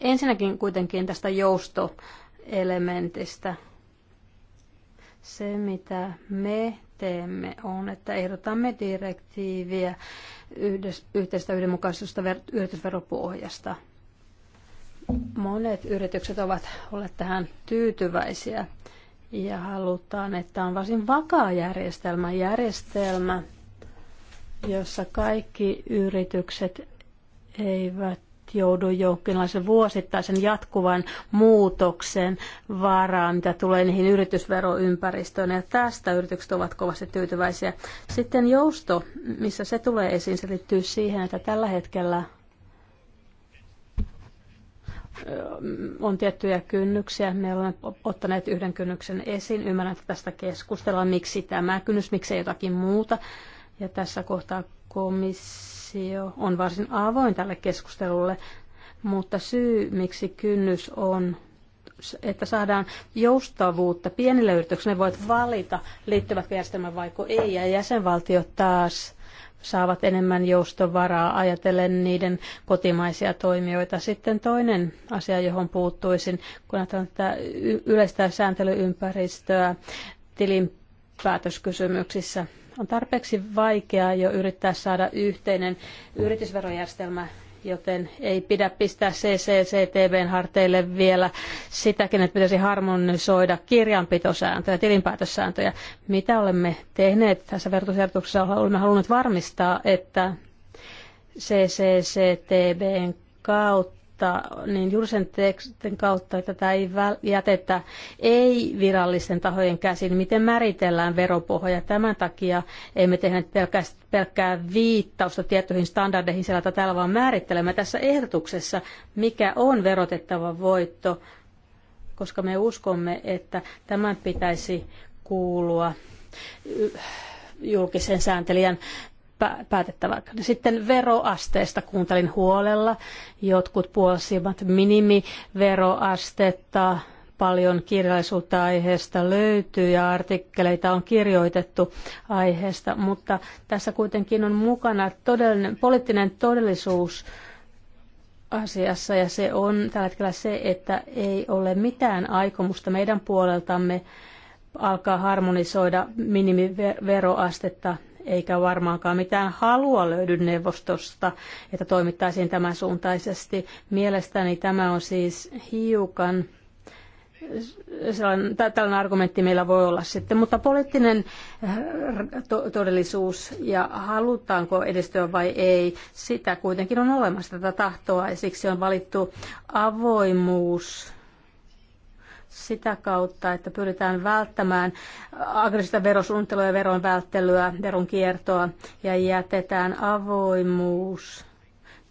Ensinnäkin kuitenkin tästä joustoelementistä. Se, mitä me teemme, on, että ehdotamme direktiiviä yhteistä yhdenmukaisesta yritysveropohjasta – Monet yritykset ovat olleet tähän tyytyväisiä ja halutaan, että on varsin vakaa järjestelmä, järjestelmä, jossa kaikki yritykset eivät joudu jonkinlaisen vuosittaisen jatkuvan muutoksen varaan, mitä tulee niihin yritysveroympäristöön, ja tästä yritykset ovat kovasti tyytyväisiä. Sitten jousto, missä se tulee esiin, se liittyy siihen, että tällä hetkellä on tiettyjä kynnyksiä. Me olemme ottaneet yhden kynnyksen esiin. Ymmärrän, että tästä keskustellaan, miksi tämä kynnys, miksei jotakin muuta. Ja tässä kohtaa komissio on varsin avoin tälle keskustelulle, mutta syy, miksi kynnys on että saadaan joustavuutta pienille yrityksille, ne voivat valita liittyvätkö järjestelmään vaiko ei, ja jäsenvaltiot taas saavat enemmän joustovaraa ajatellen niiden kotimaisia toimijoita. Sitten toinen asia, johon puuttuisin, kun ajatellaan tätä yleistä sääntelyympäristöä tilinpäätöskysymyksissä, on tarpeeksi vaikeaa jo yrittää saada yhteinen yritysverojärjestelmä joten ei pidä pistää CCCTVn harteille vielä sitäkin, että pitäisi harmonisoida kirjanpitosääntöjä, tilinpäätössääntöjä. Mitä olemme tehneet tässä vertausjärjestyksessä? Olemme halunneet varmistaa, että CCCTVn kautta mutta niin juuri sen tekstin kautta, että tätä ei jätetä ei-virallisten tahojen käsin miten määritellään veropohja. Tämän takia emme tehneet pelkkää viittausta tiettyihin standardeihin sieltä täällä, vaan määrittelemme tässä ehdotuksessa, mikä on verotettava voitto, koska me uskomme, että tämän pitäisi kuulua julkisen sääntelijän päätettävä. Sitten veroasteesta kuuntelin huolella. Jotkut puolsivat minimiveroastetta. Paljon kirjallisuutta aiheesta löytyy ja artikkeleita on kirjoitettu aiheesta, mutta tässä kuitenkin on mukana todellinen, poliittinen todellisuus asiassa ja se on tällä hetkellä se, että ei ole mitään aikomusta meidän puoleltamme alkaa harmonisoida minimiveroastetta eikä varmaankaan mitään halua löydy neuvostosta, että toimittaisiin tämän suuntaisesti. Mielestäni tämä on siis hiukan tällainen argumentti meillä voi olla sitten, mutta poliittinen äh, to- todellisuus ja halutaanko edistyä vai ei, sitä kuitenkin on olemassa tätä tahtoa ja siksi on valittu avoimuus sitä kautta, että pyritään välttämään aggressiivista verosuunnittelua ja veron välttelyä, veron kiertoa ja jätetään avoimuus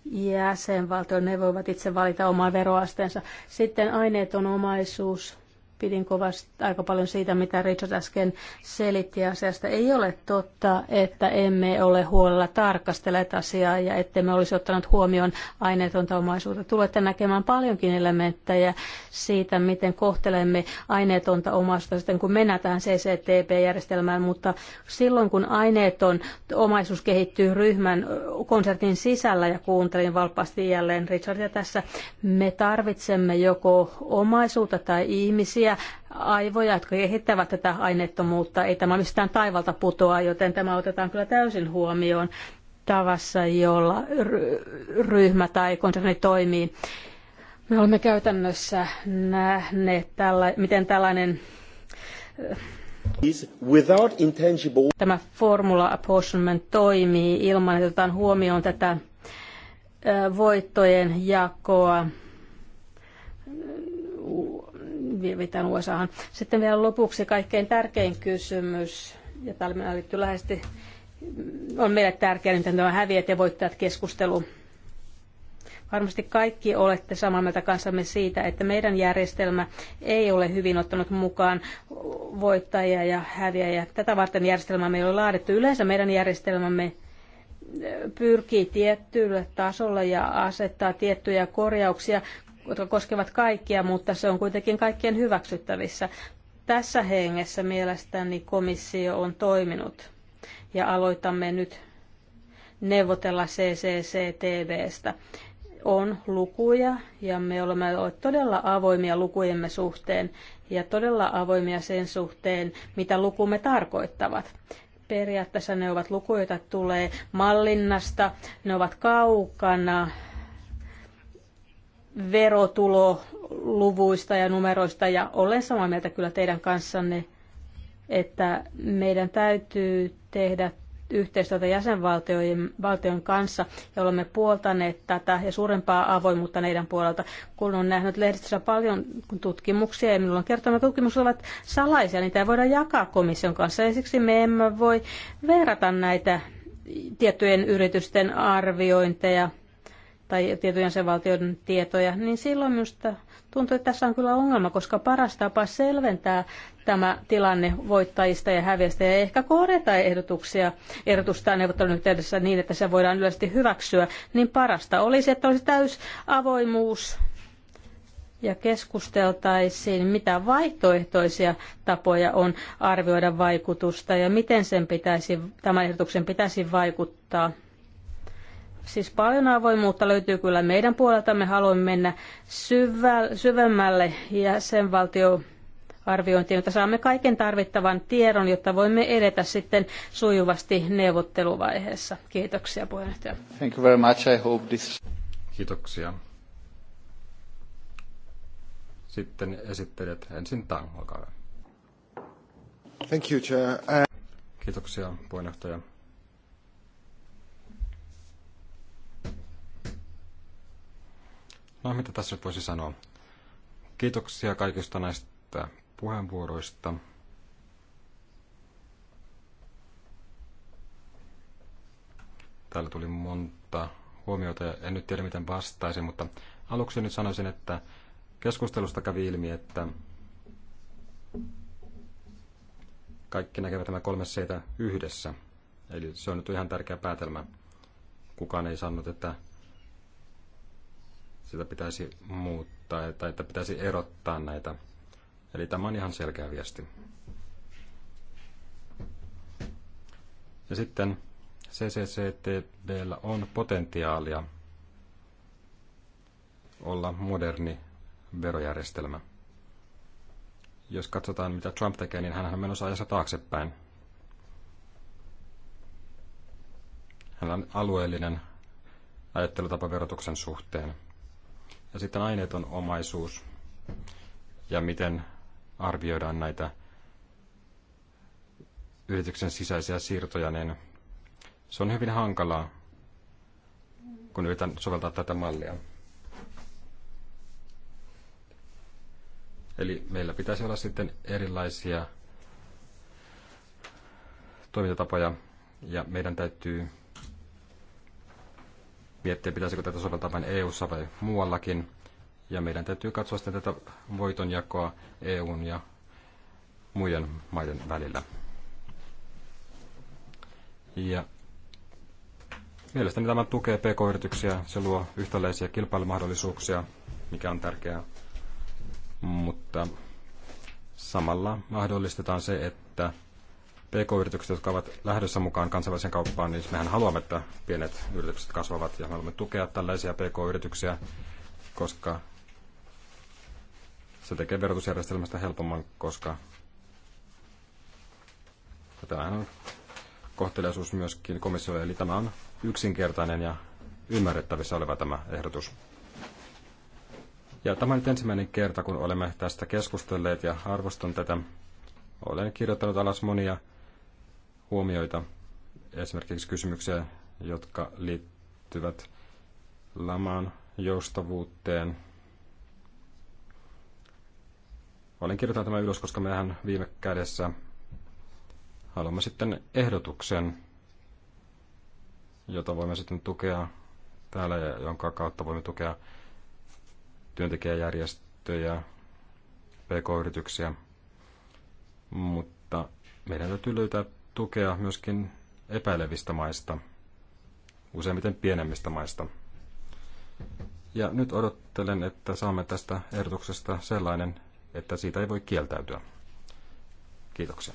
jäsenvaltioon. Ne voivat itse valita omaa veroasteensa. Sitten aineeton omaisuus Pidin kovasti aika paljon siitä, mitä Richard äsken selitti asiasta. Ei ole totta, että emme ole huolella tarkastelleet asiaa ja ettemme olisi ottanut huomioon aineetonta omaisuutta. Tulette näkemään paljonkin elementtejä siitä, miten kohtelemme aineetonta omaisuutta sitten, kun mennään CCTP-järjestelmään, mutta silloin, kun aineeton omaisuus kehittyy ryhmän konsertin sisällä ja kuuntelin valpaasti jälleen Richardia tässä, me tarvitsemme joko omaisuutta tai ihmisiä, sellaisia aivoja, jotka kehittävät tätä aineettomuutta. Ei tämä mistään taivalta putoa, joten tämä otetaan kyllä täysin huomioon tavassa, jolla ryhmä tai konserni toimii. Me olemme käytännössä nähneet, tällä, miten tällainen Tämä formula apportionment toimii ilman, että otetaan huomioon tätä voittojen jakoa viittaan USAhan. Sitten vielä lopuksi kaikkein tärkein kysymys, ja täällä liittyy läheisesti, on meille tärkeää että niin tämä häviät ja voittajat keskustelu. Varmasti kaikki olette samaa mieltä kanssamme siitä, että meidän järjestelmä ei ole hyvin ottanut mukaan voittajia ja häviäjiä. Tätä varten järjestelmää meillä on laadittu. Yleensä meidän järjestelmämme eh, pyrkii tiettylle tasolle ja asettaa tiettyjä korjauksia jotka koskevat kaikkia, mutta se on kuitenkin kaikkien hyväksyttävissä. Tässä hengessä mielestäni komissio on toiminut ja aloitamme nyt neuvotella CCCTBstä. On lukuja ja me olemme olleet todella avoimia lukujemme suhteen ja todella avoimia sen suhteen, mitä lukumme tarkoittavat. Periaatteessa ne ovat lukuja, joita tulee mallinnasta, ne ovat kaukana verotuloluvuista ja numeroista ja olen samaa mieltä kyllä teidän kanssanne, että meidän täytyy tehdä yhteistyötä jäsenvaltion kanssa ja olemme puoltaneet tätä ja suurempaa avoimuutta meidän puolelta. Kun on nähnyt lehdistössä paljon tutkimuksia ja minulla on kertonut, että tutkimukset ovat salaisia, niin tämä voidaan jakaa komission kanssa ja siksi me emme voi verrata näitä tiettyjen yritysten arviointeja tai tietojen valtioiden tietoja, niin silloin minusta tuntuu, että tässä on kyllä ongelma, koska paras tapa selventää tämä tilanne voittajista ja häviästä ja ehkä korjata ehdotuksia ehdotusta neuvottelun yhteydessä niin, että se voidaan yleisesti hyväksyä, niin parasta olisi, että olisi täys avoimuus ja keskusteltaisiin, mitä vaihtoehtoisia tapoja on arvioida vaikutusta ja miten sen pitäisi, tämän ehdotuksen pitäisi vaikuttaa Siis paljon avoimuutta löytyy kyllä meidän puolelta. Me haluamme mennä syvemmälle jäsenvaltioarviointiin, arviointiin, jotta saamme kaiken tarvittavan tiedon, jotta voimme edetä sitten sujuvasti neuvotteluvaiheessa. Kiitoksia puheenjohtaja. Thank you very much. I hope this... Kiitoksia. Sitten esittelijät ensin Tang, olkaa hyvä. Thank you, Chair. Uh, Kiitoksia puheenjohtaja. No mitä tässä nyt voisi sanoa? Kiitoksia kaikista näistä puheenvuoroista. Täällä tuli monta huomiota ja en nyt tiedä miten vastaisin, mutta aluksi nyt sanoisin, että keskustelusta kävi ilmi, että kaikki näkevät nämä kolme seitä yhdessä. Eli se on nyt ihan tärkeä päätelmä. Kukaan ei sanonut, että sitä pitäisi muuttaa tai että pitäisi erottaa näitä. Eli tämä on ihan selkeä viesti. Ja sitten CCCTBllä on potentiaalia olla moderni verojärjestelmä. Jos katsotaan, mitä Trump tekee, niin hän on menossa ajassa taaksepäin. hän on alueellinen ajattelutapa verotuksen suhteen. Ja sitten aineeton omaisuus ja miten arvioidaan näitä yrityksen sisäisiä siirtoja, niin se on hyvin hankalaa, kun yritän soveltaa tätä mallia. Eli meillä pitäisi olla sitten erilaisia toimintatapoja ja meidän täytyy miettiä, pitäisikö tätä soveltaa vain EU-ssa vai muuallakin. Ja meidän täytyy katsoa sitten tätä voitonjakoa EUn ja muiden maiden välillä. Ja mielestäni tämä tukee pk-yrityksiä, se luo yhtäläisiä kilpailumahdollisuuksia, mikä on tärkeää. Mutta samalla mahdollistetaan se, että PK-yritykset, jotka ovat lähdössä mukaan kansainväliseen kauppaan, niin mehän haluamme, että pienet yritykset kasvavat ja me haluamme tukea tällaisia PK-yrityksiä, koska se tekee verotusjärjestelmästä helpomman, koska tämä on kohteliaisuus myöskin komissiolle, eli tämä on yksinkertainen ja ymmärrettävissä oleva tämä ehdotus. Ja tämä on nyt ensimmäinen kerta, kun olemme tästä keskustelleet ja arvostan tätä. Olen kirjoittanut alas monia huomioita, esimerkiksi kysymyksiä, jotka liittyvät lamaan joustavuuteen. Olen kirjoittanut tämän ylös, koska mehän viime kädessä haluamme sitten ehdotuksen, jota voimme sitten tukea täällä ja jonka kautta voimme tukea työntekijäjärjestöjä, pk-yrityksiä, mutta meidän täytyy löytää tukea myöskin epäilevistä maista, useimmiten pienemmistä maista. Ja nyt odottelen, että saamme tästä ehdotuksesta sellainen, että siitä ei voi kieltäytyä. Kiitoksia.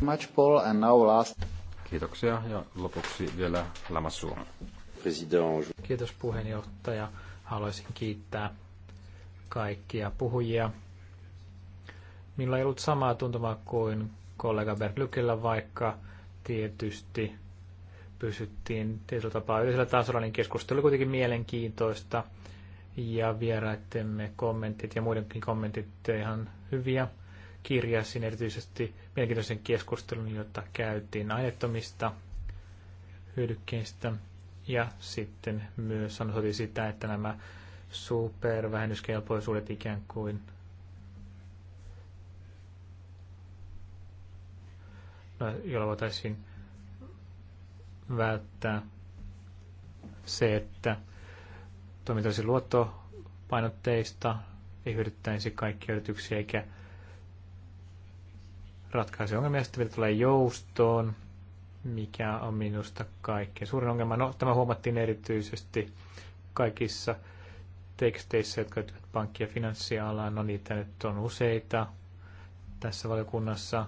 Much, Paul, and now last. Kiitoksia ja lopuksi vielä Lamassu. Kiitos puheenjohtaja. Haluaisin kiittää kaikkia puhujia. Minulla ei ollut samaa tuntumaa kuin kollega Berglykillä, vaikka tietysti pysyttiin tietyllä tapaa yleisellä tasolla, niin keskustelu oli kuitenkin mielenkiintoista ja vieraittemme kommentit ja muidenkin kommentit ihan hyviä. Kirjasin erityisesti mielenkiintoisen keskustelun, jota käytiin aineettomista hyödykkeistä ja sitten myös sanotaan sitä, että nämä supervähennyskelpoisuudet ikään kuin – Äh, jolla voitaisiin välttää se, että toimitaisi luottopainotteista, ei hyödyttäisi kaikkia yrityksiä eikä ratkaisi ongelmia. Sitten vielä tulee joustoon, mikä on minusta kaikkein suurin ongelma. No, tämä huomattiin erityisesti kaikissa teksteissä, jotka liittyvät pankki- ja finanssialaan. No niitä nyt on useita tässä valiokunnassa.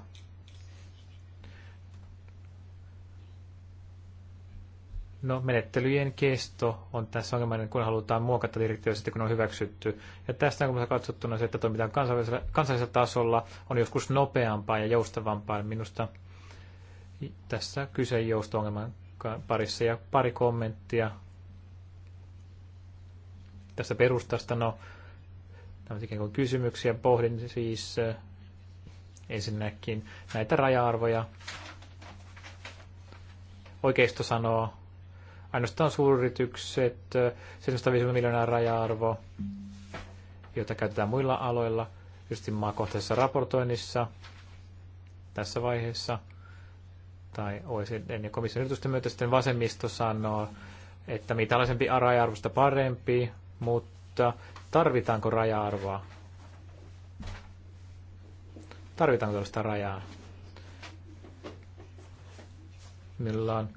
No, menettelyjen kesto on tässä ongelmainen, kun halutaan muokata direktiivistä sitten, kun on hyväksytty. Ja tästä on katsottuna se, että toimitaan kansallisella, kansallisella tasolla, on joskus nopeampaa ja joustavampaa. Minusta tässä kyse jousto-ongelman parissa ja pari kommenttia tästä perustasta. No, tämmöisiä kuin kysymyksiä pohdin siis ensinnäkin näitä raja-arvoja. Oikeisto sanoo, ainoastaan suuryritykset, 750 miljoonaa raja-arvo, jota käytetään muilla aloilla, just maakohtaisessa raportoinnissa tässä vaiheessa, tai OECD ja komission yritysten myötä sitten vasemmisto sanoo, että mitä alaisempi raja-arvosta parempi, mutta tarvitaanko raja-arvoa? Tarvitaanko tällaista rajaa? Meillä on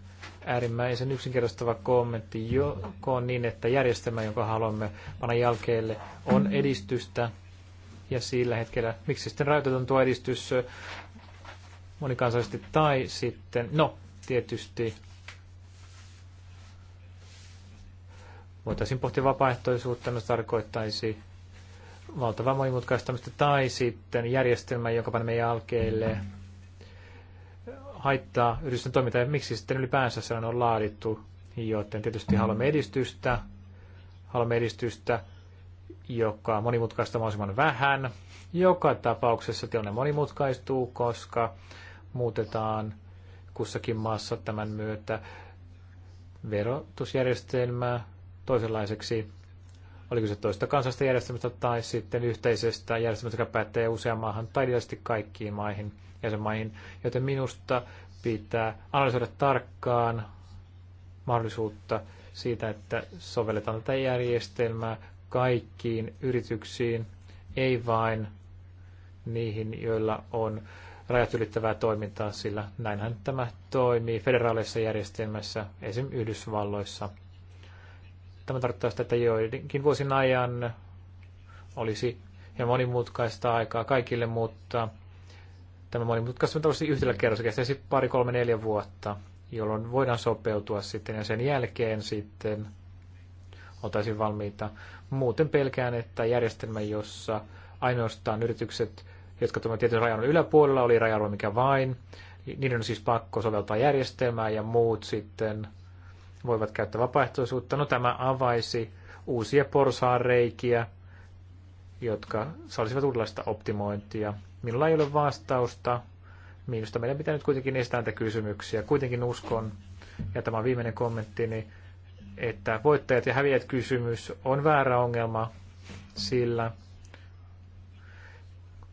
äärimmäisen yksinkertaistava kommentti, joko on niin, että järjestelmä, jonka haluamme panna jälkeelle, on edistystä, ja sillä hetkellä, miksi sitten rajoitetaan tuo edistys monikansallisesti, tai sitten, no, tietysti voitaisiin pohtia vapaaehtoisuutta, no se tarkoittaisi valtavaa monimutkaistamista, tai sitten järjestelmä, jonka panemme jälkeelle, haittaa yritysten toimintaa ja miksi sitten ylipäänsä sellainen on laadittu, joten tietysti haluamme mm. edistystä, haluamme edistystä, joka monimutkaista mahdollisimman vähän. Joka tapauksessa tilanne monimutkaistuu, koska muutetaan kussakin maassa tämän myötä verotusjärjestelmää toisenlaiseksi, oliko se toista kansallista järjestelmästä tai sitten yhteisestä järjestelmästä, joka päättää useammaahan tai kaikkiin maihin – jäsenmaihin, joten minusta pitää analysoida tarkkaan mahdollisuutta siitä, että sovelletaan tätä järjestelmää kaikkiin yrityksiin, ei vain niihin, joilla on rajat ylittävää toimintaa, sillä näinhän tämä toimii federaalisessa järjestelmässä, esim. Yhdysvalloissa. Tämä tarkoittaa sitä, että joidenkin vuosien ajan olisi ja monimutkaista aikaa kaikille, mutta tämä monimutkaistuminen tosi yhdellä kerralla, se kestäisi pari, kolme, neljä vuotta, jolloin voidaan sopeutua sitten ja sen jälkeen sitten oltaisiin valmiita. Muuten pelkään, että järjestelmä, jossa ainoastaan yritykset, jotka tuovat tietyn rajan yläpuolella, oli raja mikä vain, niiden on siis pakko soveltaa järjestelmää ja muut sitten voivat käyttää vapaaehtoisuutta. No tämä avaisi uusia porsaareikiä jotka sallisivat uudenlaista optimointia. Minulla ei ole vastausta. Minusta meidän pitää nyt kuitenkin estää näitä kysymyksiä. Kuitenkin uskon, ja tämä on viimeinen kommenttini, että voittajat ja häviäjät kysymys on väärä ongelma, sillä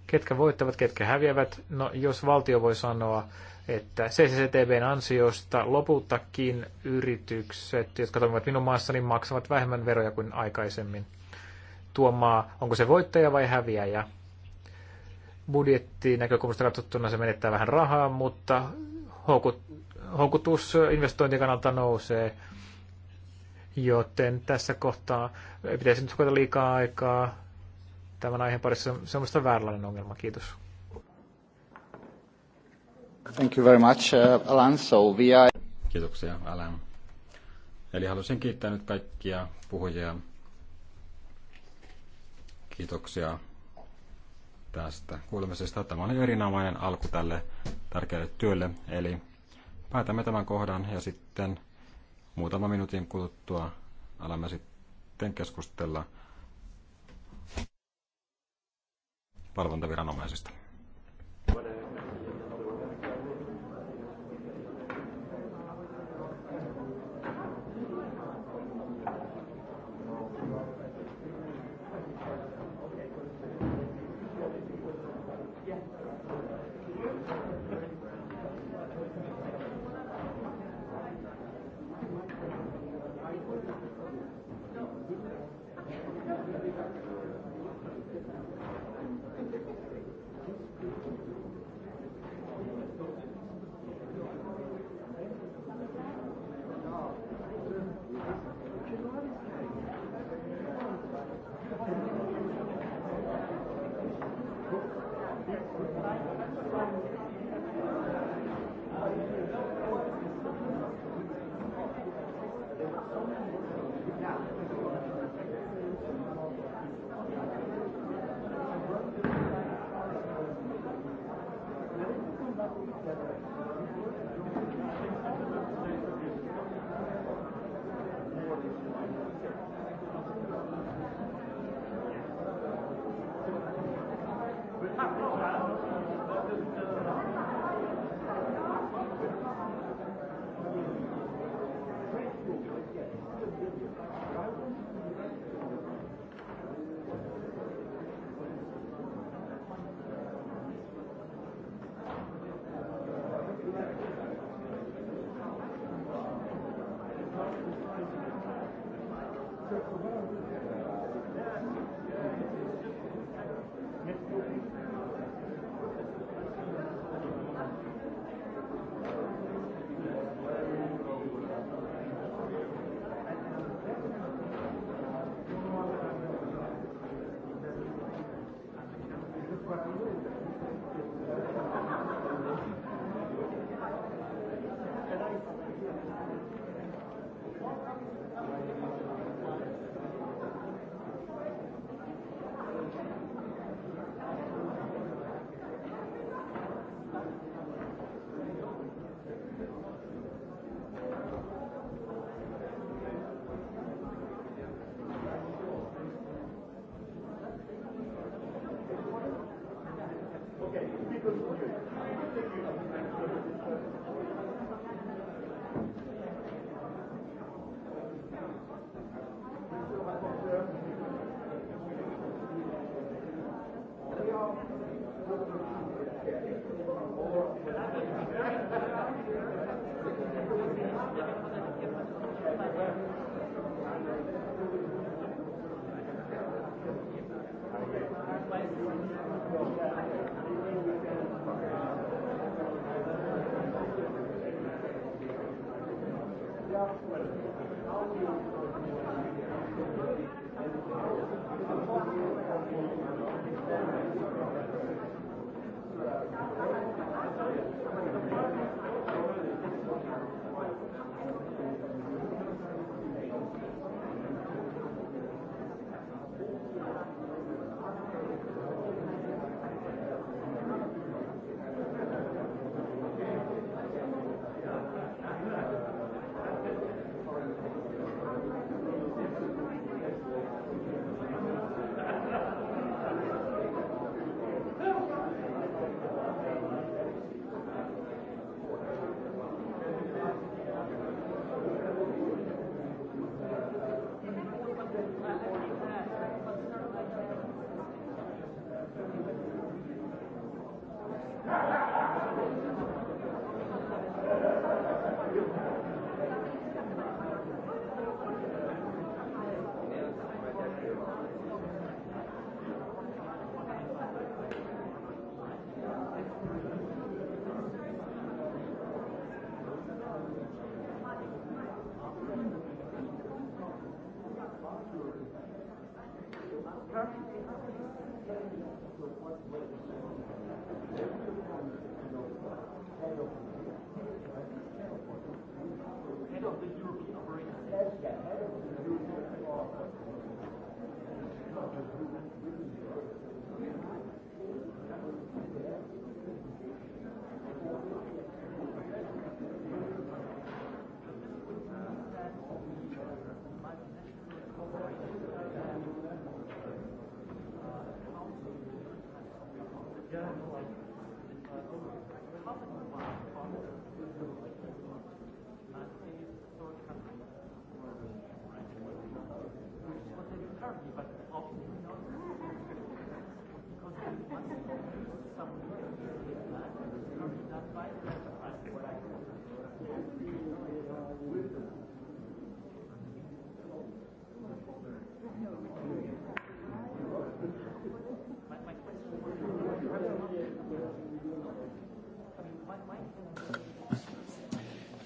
ketkä voittavat, ketkä häviävät. No, jos valtio voi sanoa, että CCTVn ansiosta loputtakin yritykset, jotka toimivat minun maassani, maksavat vähemmän veroja kuin aikaisemmin tuo maa, onko se voittaja vai häviäjä. Budjettiin näkökulmasta katsottuna se menettää vähän rahaa, mutta houkutus investointien kannalta nousee. Joten tässä kohtaa ei pitäisi nyt hukata liikaa aikaa tämän aiheen parissa. on semmoista vääränlainen ongelma. Kiitos. Thank you very much, uh, Alan. So are... Kiitoksia, Alan. Eli haluaisin kiittää nyt kaikkia puhujia Kiitoksia tästä kuulemisesta. Tämä oli erinomainen alku tälle tärkeälle työlle. Eli päätämme tämän kohdan ja sitten muutama minuutin kuluttua alamme sitten keskustella valvontaviranomaisista. Whatever.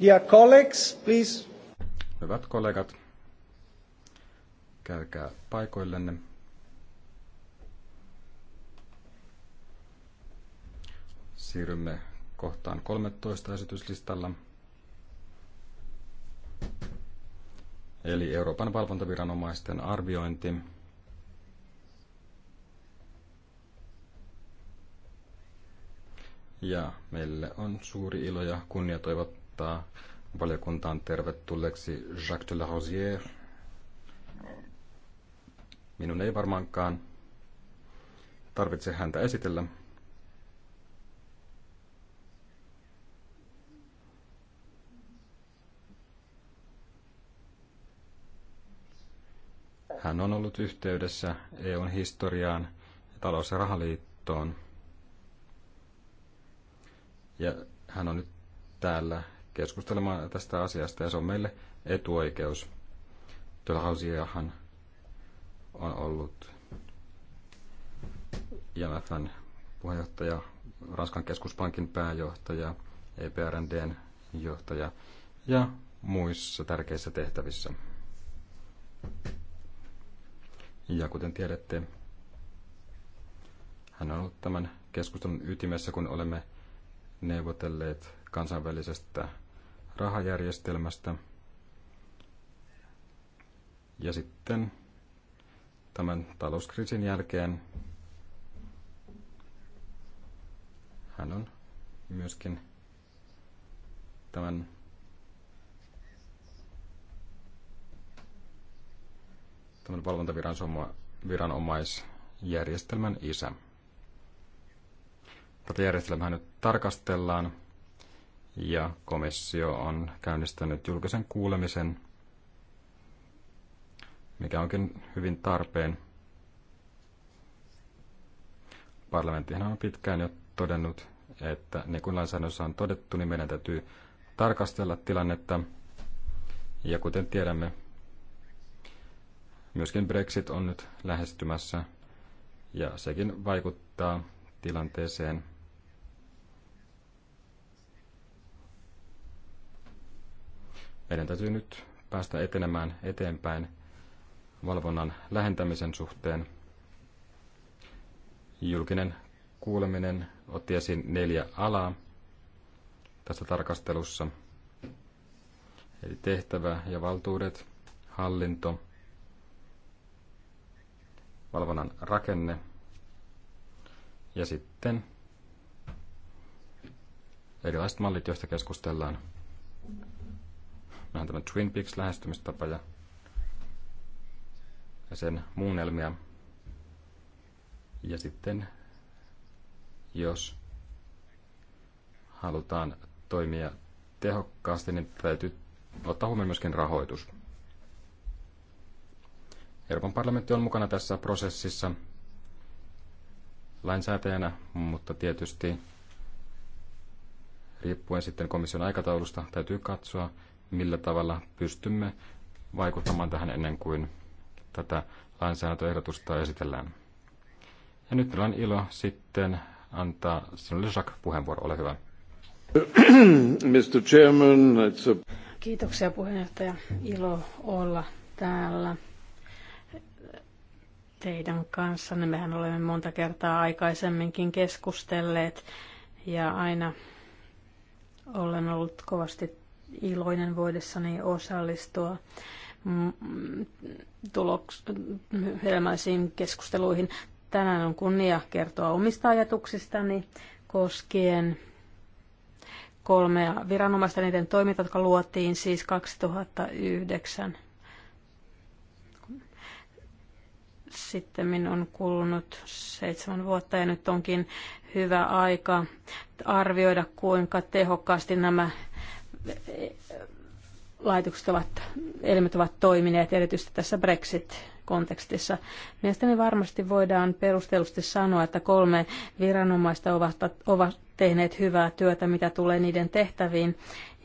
Dear colleagues, please. Hyvät kollegat, käykää paikoillenne. Siirrymme kohtaan 13 esityslistalla. Eli Euroopan valvontaviranomaisten arviointi. Ja meille on suuri ilo ja kunnia toivottaa toivottaa valiokuntaan tervetulleeksi Jacques de la Rosière. Minun ei varmaankaan tarvitse häntä esitellä. Hän on ollut yhteydessä EUn historiaan ja talous- ja rahaliittoon. Ja hän on nyt täällä keskustelemaan tästä asiasta ja se on meille etuoikeus. Tölhausiahan on ollut IMFn puheenjohtaja, Ranskan keskuspankin pääjohtaja, EPRNDn johtaja ja muissa tärkeissä tehtävissä. Ja kuten tiedätte, hän on ollut tämän keskustelun ytimessä, kun olemme neuvotelleet kansainvälisestä rahajärjestelmästä. Ja sitten tämän talouskriisin jälkeen hän on myöskin tämän tämän valvontaviranomaisjärjestelmän isä. Tätä järjestelmää nyt tarkastellaan ja komissio on käynnistänyt julkisen kuulemisen, mikä onkin hyvin tarpeen. Parlamenttihan on pitkään jo todennut, että niin kuin lainsäädännössä on todettu, niin meidän täytyy tarkastella tilannetta. Ja kuten tiedämme, myöskin Brexit on nyt lähestymässä ja sekin vaikuttaa tilanteeseen Meidän täytyy nyt päästä etenemään eteenpäin valvonnan lähentämisen suhteen. Julkinen kuuleminen otti esiin neljä alaa tässä tarkastelussa. Eli tehtävä ja valtuudet, hallinto, valvonnan rakenne ja sitten erilaiset mallit, joista keskustellaan vähän tämä Twin Peaks-lähestymistapa ja sen muunnelmia. Ja sitten, jos halutaan toimia tehokkaasti, niin täytyy ottaa huomioon myöskin rahoitus. Euroopan parlamentti on mukana tässä prosessissa lainsäätäjänä, mutta tietysti riippuen sitten komission aikataulusta täytyy katsoa, millä tavalla pystymme vaikuttamaan tähän ennen kuin tätä lainsäädäntöehdotusta esitellään. Ja nyt meillä on ilo sitten antaa sinulle Jacques puheenvuoro, ole hyvä. [CLEARS THROAT] Mr. Chairman, it's a... Kiitoksia puheenjohtaja. Ilo olla täällä teidän kanssanne. Mehän olemme monta kertaa aikaisemminkin keskustelleet ja aina olen ollut kovasti iloinen voidessani osallistua mm, tuloks, hedelmällisiin keskusteluihin. Tänään on kunnia kertoa omista ajatuksistani koskien kolmea viranomaista niiden toimintaa, jotka luotiin siis 2009. Sitten minun on kulunut seitsemän vuotta ja nyt onkin hyvä aika arvioida, kuinka tehokkaasti nämä laitokset ovat, elimet ovat toimineet, erityisesti tässä Brexit-kontekstissa. Mielestäni varmasti voidaan perustellusti sanoa, että kolme viranomaista ovat, ovat tehneet hyvää työtä, mitä tulee niiden tehtäviin,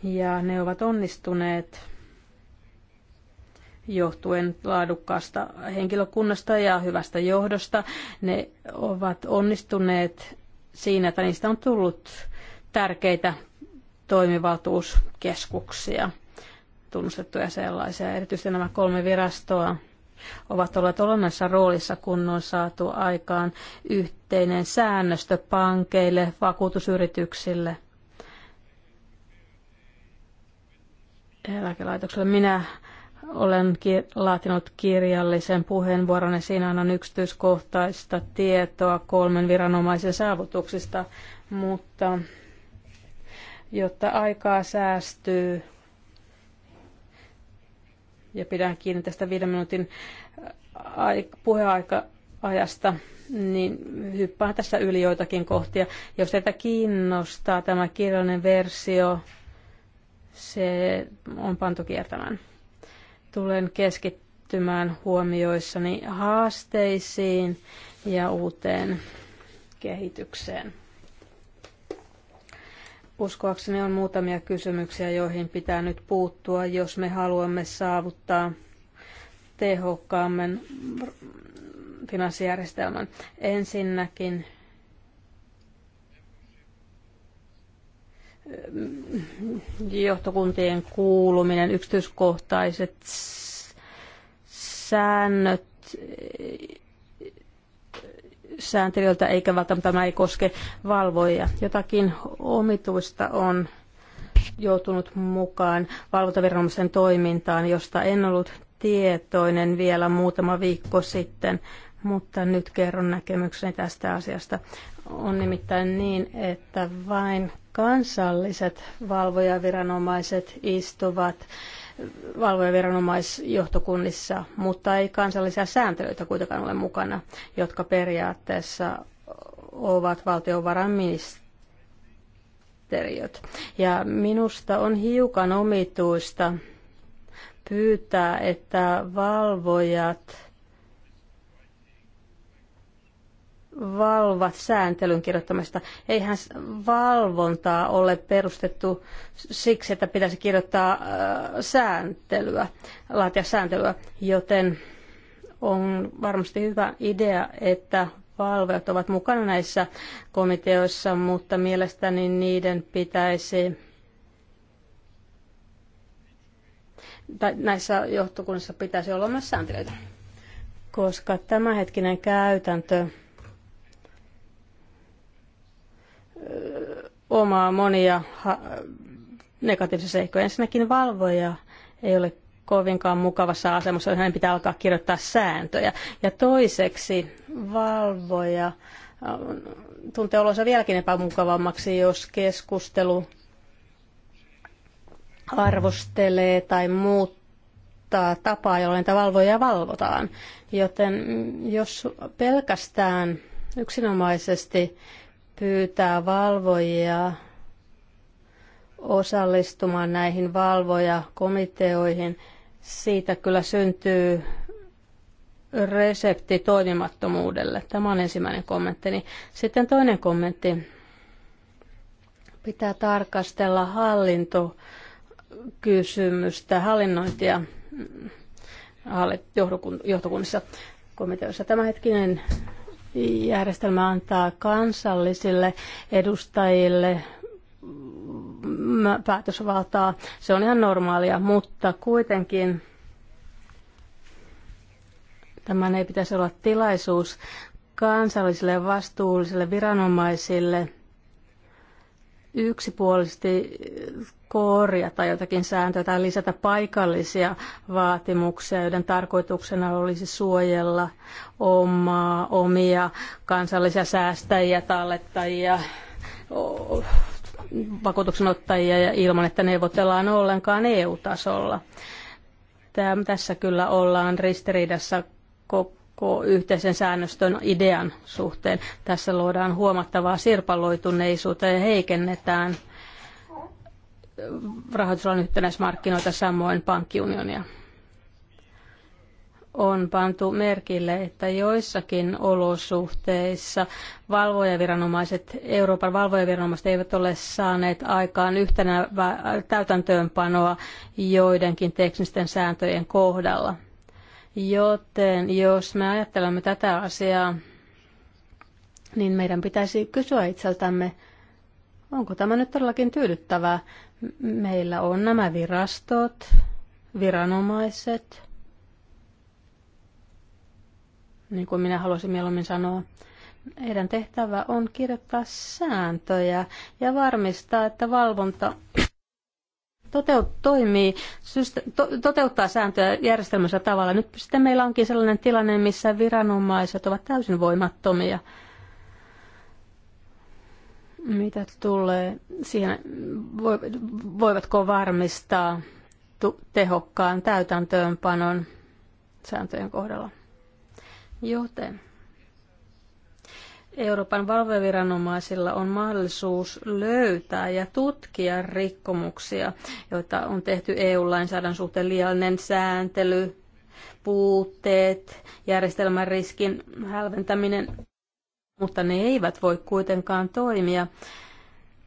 ja ne ovat onnistuneet johtuen laadukkaasta henkilökunnasta ja hyvästä johdosta. Ne ovat onnistuneet siinä, että niistä on tullut tärkeitä toimivaltuuskeskuksia, tunnustettuja sellaisia. Erityisesti nämä kolme virastoa ovat olleet olennaisessa roolissa, kun on saatu aikaan yhteinen säännöstö pankeille, vakuutusyrityksille, eläkelaitokselle. Minä olen laatinut kirjallisen puheenvuoron ja siinä annan yksityiskohtaista tietoa kolmen viranomaisen saavutuksista, mutta jotta aikaa säästyy. Ja pidän kiinni tästä viiden minuutin äh, puheaika ajasta, niin hyppään tässä yli joitakin kohtia. Jos teitä kiinnostaa tämä kirjallinen versio, se on pantu kiertämään. Tulen keskittymään huomioissani haasteisiin ja uuteen kehitykseen. Uskoakseni on muutamia kysymyksiä, joihin pitää nyt puuttua, jos me haluamme saavuttaa tehokkaamman finanssijärjestelmän. Ensinnäkin johtokuntien kuuluminen, yksityiskohtaiset säännöt sääntelijöiltä, eikä välttämättä tämä ei koske valvojia. Jotakin omituista on joutunut mukaan valvontaviranomaisen toimintaan, josta en ollut tietoinen vielä muutama viikko sitten, mutta nyt kerron näkemykseni tästä asiasta. On nimittäin niin, että vain kansalliset valvojaviranomaiset istuvat valvojaviranomaisjohtokunnissa, mutta ei kansallisia sääntelyitä kuitenkaan ole mukana, jotka periaatteessa ovat valtiovarainministeriöt. Ja minusta on hiukan omituista pyytää, että valvojat – valvat sääntelyn kirjoittamista. Eihän valvontaa ole perustettu siksi, että pitäisi kirjoittaa äh, sääntelyä, laatia sääntelyä, joten on varmasti hyvä idea, että valvojat ovat mukana näissä komiteoissa, mutta mielestäni niiden pitäisi tai näissä johtokunnissa pitäisi olla myös sääntelyitä, koska tämänhetkinen käytäntö omaa monia negatiivisia seikkoja. Ensinnäkin valvoja ei ole kovinkaan mukavassa asemassa, hänen pitää alkaa kirjoittaa sääntöjä. Ja toiseksi valvoja tuntee olonsa vieläkin epämukavammaksi, jos keskustelu arvostelee tai muuttaa tapaa, jolla niitä valvoja valvotaan. Joten jos pelkästään yksinomaisesti pyytää valvojia osallistumaan näihin valvojakomiteoihin. Siitä kyllä syntyy resepti toimimattomuudelle. Tämä on ensimmäinen kommentti. Sitten toinen kommentti. Pitää tarkastella hallintokysymystä, hallinnointia johtokunnissa komiteoissa. hetkinen järjestelmä antaa kansallisille edustajille mm, päätösvaltaa. Se on ihan normaalia, mutta kuitenkin tämän ei pitäisi olla tilaisuus kansallisille vastuullisille viranomaisille yksipuolisesti korjata jotakin sääntöä tai lisätä paikallisia vaatimuksia, joiden tarkoituksena olisi suojella omaa, omia kansallisia säästäjiä, tallettajia, vakuutuksenottajia ja ilman, että neuvotellaan ollenkaan EU-tasolla. Tässä kyllä ollaan ristiriidassa yhteisen säännöstön idean suhteen. Tässä luodaan huomattavaa sirpaloituneisuutta ja heikennetään rahoitusalan yhtenäismarkkinoita samoin pankkiunionia. On pantu merkille, että joissakin olosuhteissa valvojaviranomaiset, Euroopan valvojaviranomaiset eivät ole saaneet aikaan yhtenä täytäntöönpanoa joidenkin teknisten sääntöjen kohdalla Joten jos me ajattelemme tätä asiaa, niin meidän pitäisi kysyä itseltämme, onko tämä nyt todellakin tyydyttävää. Meillä on nämä virastot, viranomaiset, niin kuin minä haluaisin mieluummin sanoa, heidän tehtävä on kirjoittaa sääntöjä ja varmistaa, että valvonta toteut, toimii, syste, to, toteuttaa sääntöjä järjestelmässä tavalla. Nyt sitten meillä onkin sellainen tilanne, missä viranomaiset ovat täysin voimattomia. Mitä tulee siihen, voivatko varmistaa tehokkaan täytäntöönpanon sääntöjen kohdalla? Joten Euroopan valvoviranomaisilla on mahdollisuus löytää ja tutkia rikkomuksia, joita on tehty EU-lainsäädännön suhteen liiallinen sääntely, puutteet, järjestelmän riskin hälventäminen, mutta ne eivät voi kuitenkaan toimia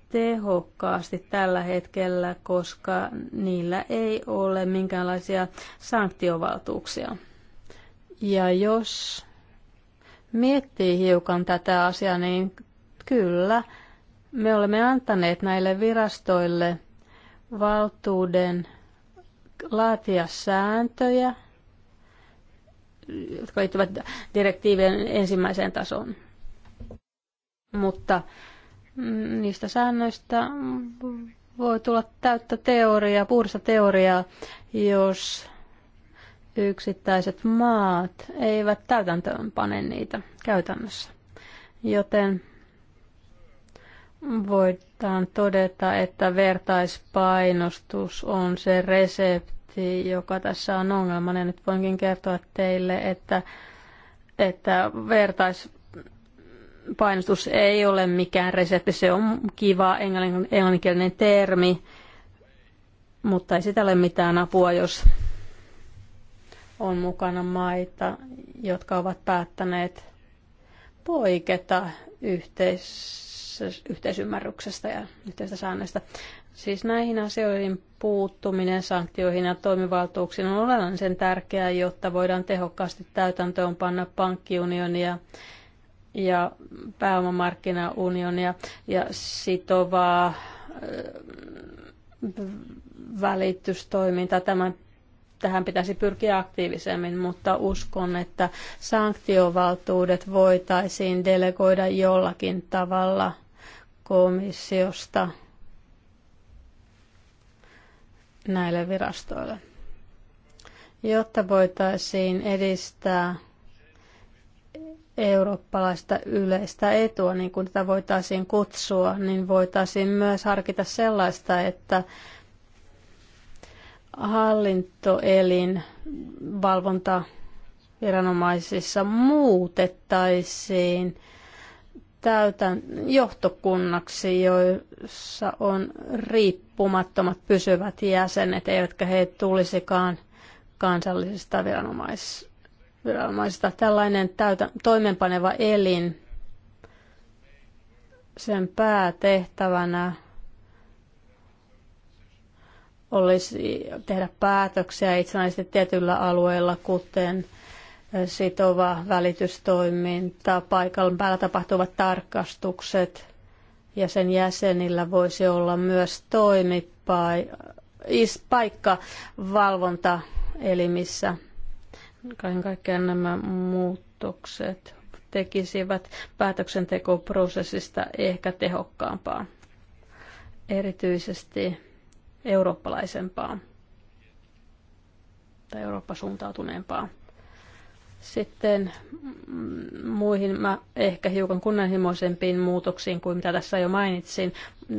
tehokkaasti tällä hetkellä, koska niillä ei ole minkäänlaisia sanktiovaltuuksia. Ja jos miettii hiukan tätä asiaa, niin kyllä me olemme antaneet näille virastoille valtuuden laatia sääntöjä, jotka liittyvät direktiivien ensimmäiseen tasoon. Mutta mm, niistä säännöistä voi tulla täyttä teoriaa, puhdasta teoriaa, jos yksittäiset maat eivät pane niitä käytännössä. Joten voidaan todeta, että vertaispainostus on se resepti, joka tässä on ongelma. Ja nyt voinkin kertoa teille, että, että vertaispainostus ei ole mikään resepti. Se on kiva englanninkielinen termi, mutta ei sitä ole mitään apua, jos on mukana maita, jotka ovat päättäneet poiketa yhteis- yhteisymmärryksestä ja yhteistä säännöistä. Siis näihin asioihin puuttuminen sanktioihin ja toimivaltuuksiin on olennaisen tärkeää, jotta voidaan tehokkaasti täytäntöön panna pankkiunionia ja pääomamarkkinaunionia ja sitovaa välitystoimintaa. Tämän tähän pitäisi pyrkiä aktiivisemmin, mutta uskon, että sanktiovaltuudet voitaisiin delegoida jollakin tavalla komissiosta näille virastoille, jotta voitaisiin edistää eurooppalaista yleistä etua, niin kuin tätä voitaisiin kutsua, niin voitaisiin myös harkita sellaista, että hallintoelin valvontaviranomaisissa muutettaisiin täytän johtokunnaksi, joissa on riippumattomat pysyvät jäsenet, eivätkä he tulisikaan kansallisista viranomais, viranomaisista. Tällainen täytä, toimenpaneva elin, sen päätehtävänä olisi tehdä päätöksiä itsenäisesti tietyillä alueilla, kuten sitova välitystoiminta, paikan päällä tapahtuvat tarkastukset ja sen jäsenillä voisi olla myös toimipaikka valvontaelimissä. Kaiken kaikkiaan nämä muutokset tekisivät päätöksentekoprosessista ehkä tehokkaampaa. Erityisesti eurooppalaisempaa tai Eurooppa-suuntautuneempaa. Sitten mm, muihin mä ehkä hiukan kunnianhimoisempiin muutoksiin kuin mitä tässä jo mainitsin.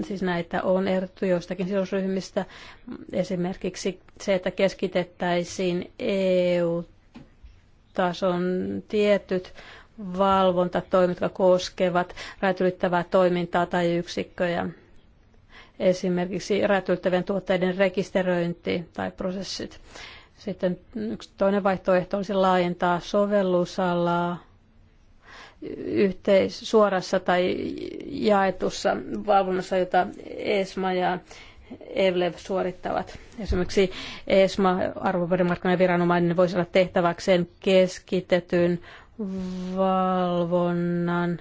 Siis näitä on ehdotettu joistakin sidosryhmistä. Esimerkiksi se, että keskitettäisiin EU-tason tietyt valvontatoimet, jotka koskevat räätylittävää toimintaa tai yksikköjä esimerkiksi räätyltävien tuotteiden rekisteröinti tai prosessit. Sitten yksi toinen vaihtoehto olisi laajentaa sovellusalaa yhteis- suorassa tai jaetussa valvonnassa, jota ESMA ja EVLEV suorittavat. Esimerkiksi ESMA, arvopaperimarkkinoiden viranomainen, voisi olla tehtäväkseen keskitetyn valvonnan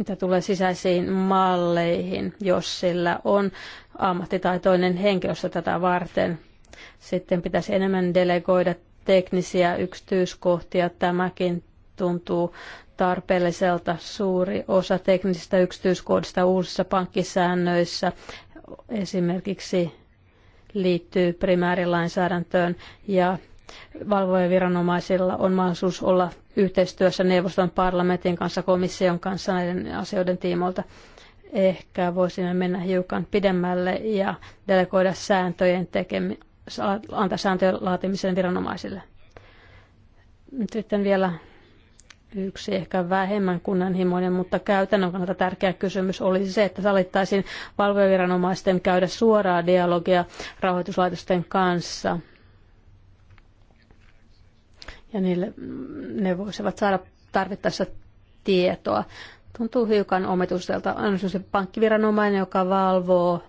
mitä tulee sisäisiin malleihin, jos sillä on ammattitaitoinen henkilöstö tätä varten. Sitten pitäisi enemmän delegoida teknisiä yksityiskohtia. Tämäkin tuntuu tarpeelliselta. Suuri osa teknisistä yksityiskohdista uusissa pankkisäännöissä esimerkiksi liittyy primäärilainsäädäntöön ja valvojaviranomaisilla on mahdollisuus olla yhteistyössä neuvoston parlamentin kanssa, komission kanssa näiden asioiden tiimoilta. Ehkä voisimme mennä hiukan pidemmälle ja delegoida sääntöjen tekemi- antaa sääntöjen laatimisen viranomaisille. Nyt sitten vielä yksi ehkä vähemmän kunnianhimoinen, mutta käytännön kannalta tärkeä kysymys olisi se, että sallittaisiin valvojaviranomaisten käydä suoraa dialogia rahoituslaitosten kanssa ja niille, ne voisivat saada tarvittaessa tietoa. Tuntuu hiukan omituiselta. On se pankkiviranomainen, joka valvoo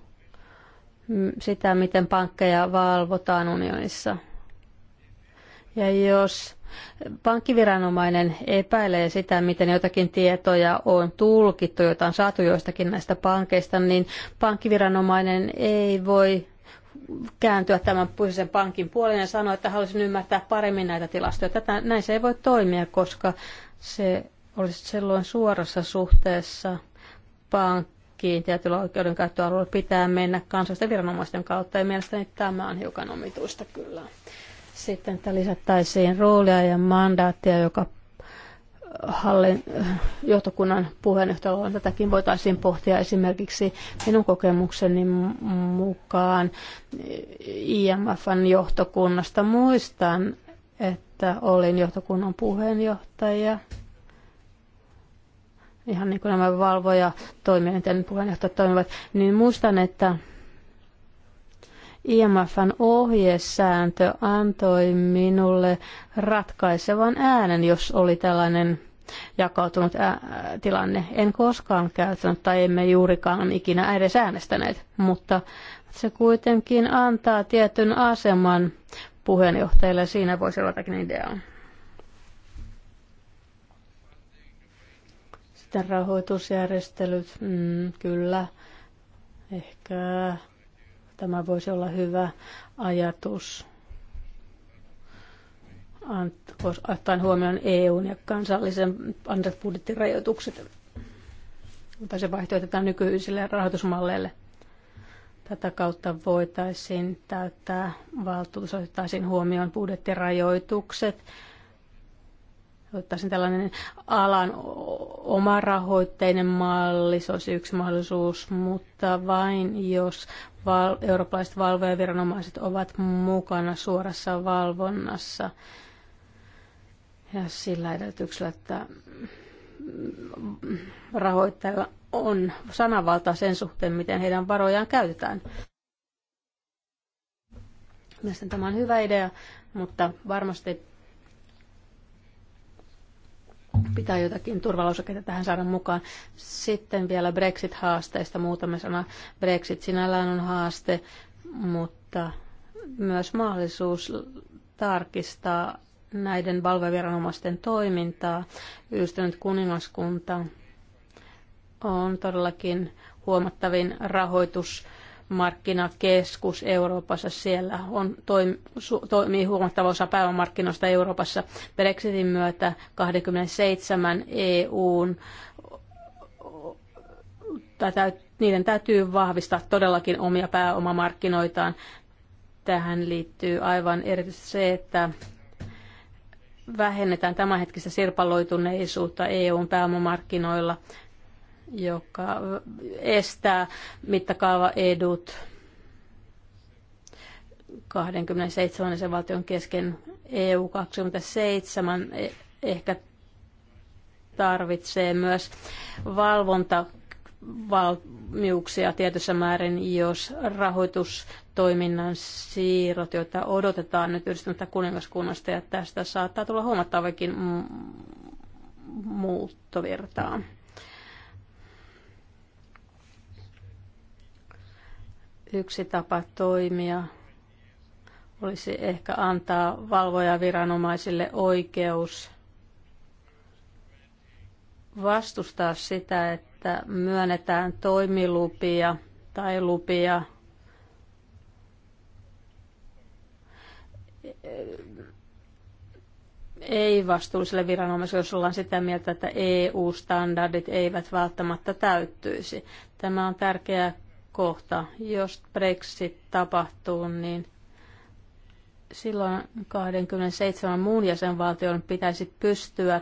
sitä, miten pankkeja valvotaan unionissa. Ja jos pankkiviranomainen epäilee sitä, miten jotakin tietoja on tulkittu, joita on saatu joistakin näistä pankeista, niin pankkiviranomainen ei voi kääntyä tämän puisen pankin puoleen ja sanoa, että haluaisin ymmärtää paremmin näitä tilastoja. Tätä, näin se ei voi toimia, koska se olisi silloin suorassa suhteessa pankkiin tietyllä oikeudenkäyttöalueella pitää mennä kansallisten viranomaisten kautta ja mielestäni tämä on hiukan omituista kyllä. Sitten, että lisättäisiin roolia ja mandaattia, joka hallin, johtokunnan puheenjohtajalla on tätäkin voitaisiin pohtia esimerkiksi minun kokemukseni mukaan IMFn johtokunnasta. Muistan, että olin johtokunnan puheenjohtaja. Ihan niin kuin nämä valvoja toimijoiden puheenjohtajat toimivat, niin muistan, että IMFn ohjesääntö antoi minulle ratkaisevan äänen, jos oli tällainen jakautunut tilanne. En koskaan käyttänyt tai emme juurikaan ikinä edes äänestäneet, mutta se kuitenkin antaa tietyn aseman puheenjohtajalle. Siinä voisi olla jotakin ideaa. Sitten rahoitusjärjestelyt, mm, kyllä, ehkä Tämä voisi olla hyvä ajatus ottaen huomioon EUn ja kansallisen budjettirajoitukset mutta se vaihtoehto tämän nykyisille rahoitusmalleille. Tätä kautta voitaisiin täyttää valtuutus, otettaisiin huomioon budjettirajoitukset ottaisin tällainen alan rahoitteinen malli, se olisi yksi mahdollisuus, mutta vain jos val- eurooppalaiset valvojaviranomaiset ovat mukana suorassa valvonnassa. Ja sillä edellytyksellä, että rahoittajilla on sananvaltaa sen suhteen, miten heidän varojaan käytetään. Mielestäni tämä on hyvä idea, mutta varmasti pitää jotakin turvalausekkeita tähän saada mukaan. Sitten vielä Brexit-haasteista muutama sana. Brexit sinällään on haaste, mutta myös mahdollisuus tarkistaa näiden valveviranomaisten toimintaa. Yhdistynyt kuningaskunta on todellakin huomattavin rahoitus pääomamarkkinakeskus Euroopassa. Siellä on, toimii huomattava osa pääomamarkkinoista Euroopassa. Brexitin myötä 27 EUn tätä, niiden täytyy vahvistaa todellakin omia pääomamarkkinoitaan. Tähän liittyy aivan erityisesti se, että vähennetään tämänhetkistä sirpaloituneisuutta EUn pääomamarkkinoilla joka estää mittakaavaedut 27 valtion kesken EU 27 e- ehkä tarvitsee myös valvonta valmiuksia tietyssä määrin, jos rahoitustoiminnan siirrot, joita odotetaan nyt yhdistämättä kuningaskunnasta, ja tästä saattaa tulla huomattavakin muuttovirtaa. Yksi tapa toimia olisi ehkä antaa valvojaviranomaisille oikeus vastustaa sitä, että myönnetään toimilupia tai lupia ei-vastuulliselle viranomaiselle, jos ollaan sitä mieltä, että EU-standardit eivät välttämättä täyttyisi. Tämä on tärkeää kohta. Jos Brexit tapahtuu, niin silloin 27 muun jäsenvaltion pitäisi pystyä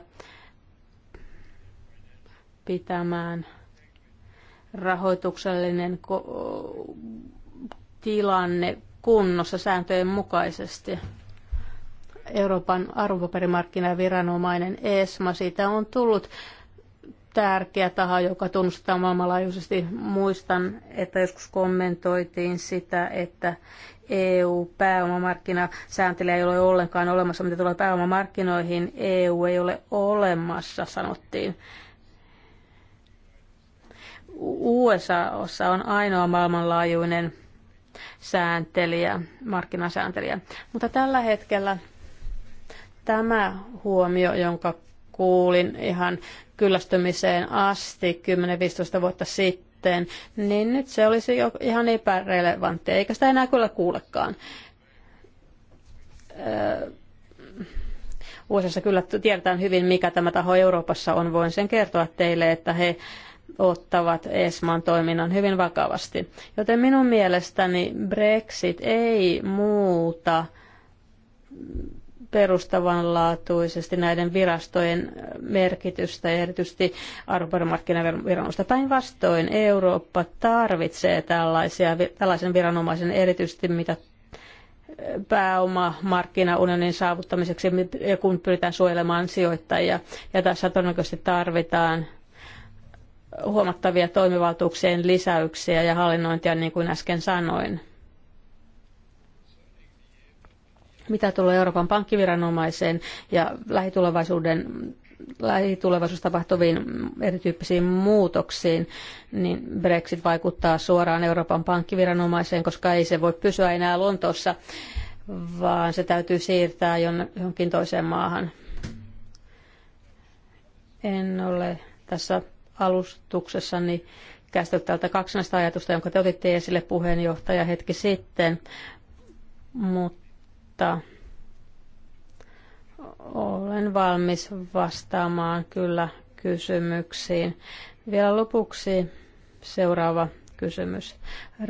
pitämään rahoituksellinen tilanne kunnossa sääntöjen mukaisesti. Euroopan arvopaperimarkkinaviranomainen ESMA, siitä on tullut tärkeä taho, joka tunnustetaan maailmanlaajuisesti. Muistan, että joskus kommentoitiin sitä, että eu pääomamarkkinasääntelyä ei ole ollenkaan olemassa. Mitä tulee pääomamarkkinoihin, EU ei ole olemassa, sanottiin. USA on ainoa maailmanlaajuinen sääntelijä, markkinasääntelijä. Mutta tällä hetkellä tämä huomio, jonka kuulin ihan kyllästymiseen asti 10-15 vuotta sitten, niin nyt se olisi jo ihan epärelevanttia, eikä sitä enää kyllä kuulekaan. Öö, kyllä tiedetään hyvin, mikä tämä taho Euroopassa on. Voin sen kertoa teille, että he ottavat ESMAn toiminnan hyvin vakavasti. Joten minun mielestäni Brexit ei muuta perustavanlaatuisesti näiden virastojen merkitystä ja erityisesti arvopaperimarkkinaviranomaista. Päinvastoin Eurooppa tarvitsee tällaisia, tällaisen viranomaisen erityisesti mitä eh, pääoma markkinaunionin saavuttamiseksi, kun pyritään suojelemaan sijoittajia. Ja tässä todennäköisesti tarvitaan huomattavia toimivaltuuksien lisäyksiä ja hallinnointia, niin kuin äsken sanoin. Mitä tulee Euroopan pankkiviranomaiseen ja lähitulevaisuuden lähitulevaisuudessa tapahtuviin erityyppisiin muutoksiin, niin Brexit vaikuttaa suoraan Euroopan pankkiviranomaiseen, koska ei se voi pysyä enää Lontoossa, vaan se täytyy siirtää johonkin toiseen maahan. En ole tässä alustuksessani käsitellyt tältä kaksinaista ajatusta, jonka te otitte esille puheenjohtaja hetki sitten, mutta mutta olen valmis vastaamaan kyllä kysymyksiin. Vielä lopuksi seuraava kysymys.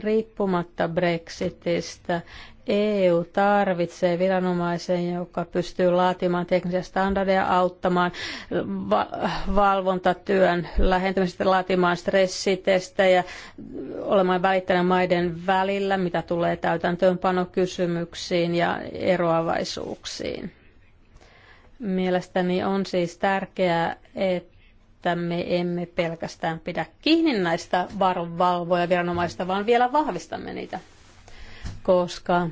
Riippumatta Brexitistä EU tarvitsee viranomaisen, joka pystyy laatimaan teknisiä standardeja, auttamaan va- valvontatyön lähentämistä, laatimaan stressitestejä, olemaan välittäjänä maiden välillä, mitä tulee täytäntöönpanokysymyksiin ja eroavaisuuksiin. Mielestäni on siis tärkeää, että että me emme pelkästään pidä kiinni näistä valvoja viranomaista, vaan vielä vahvistamme niitä koska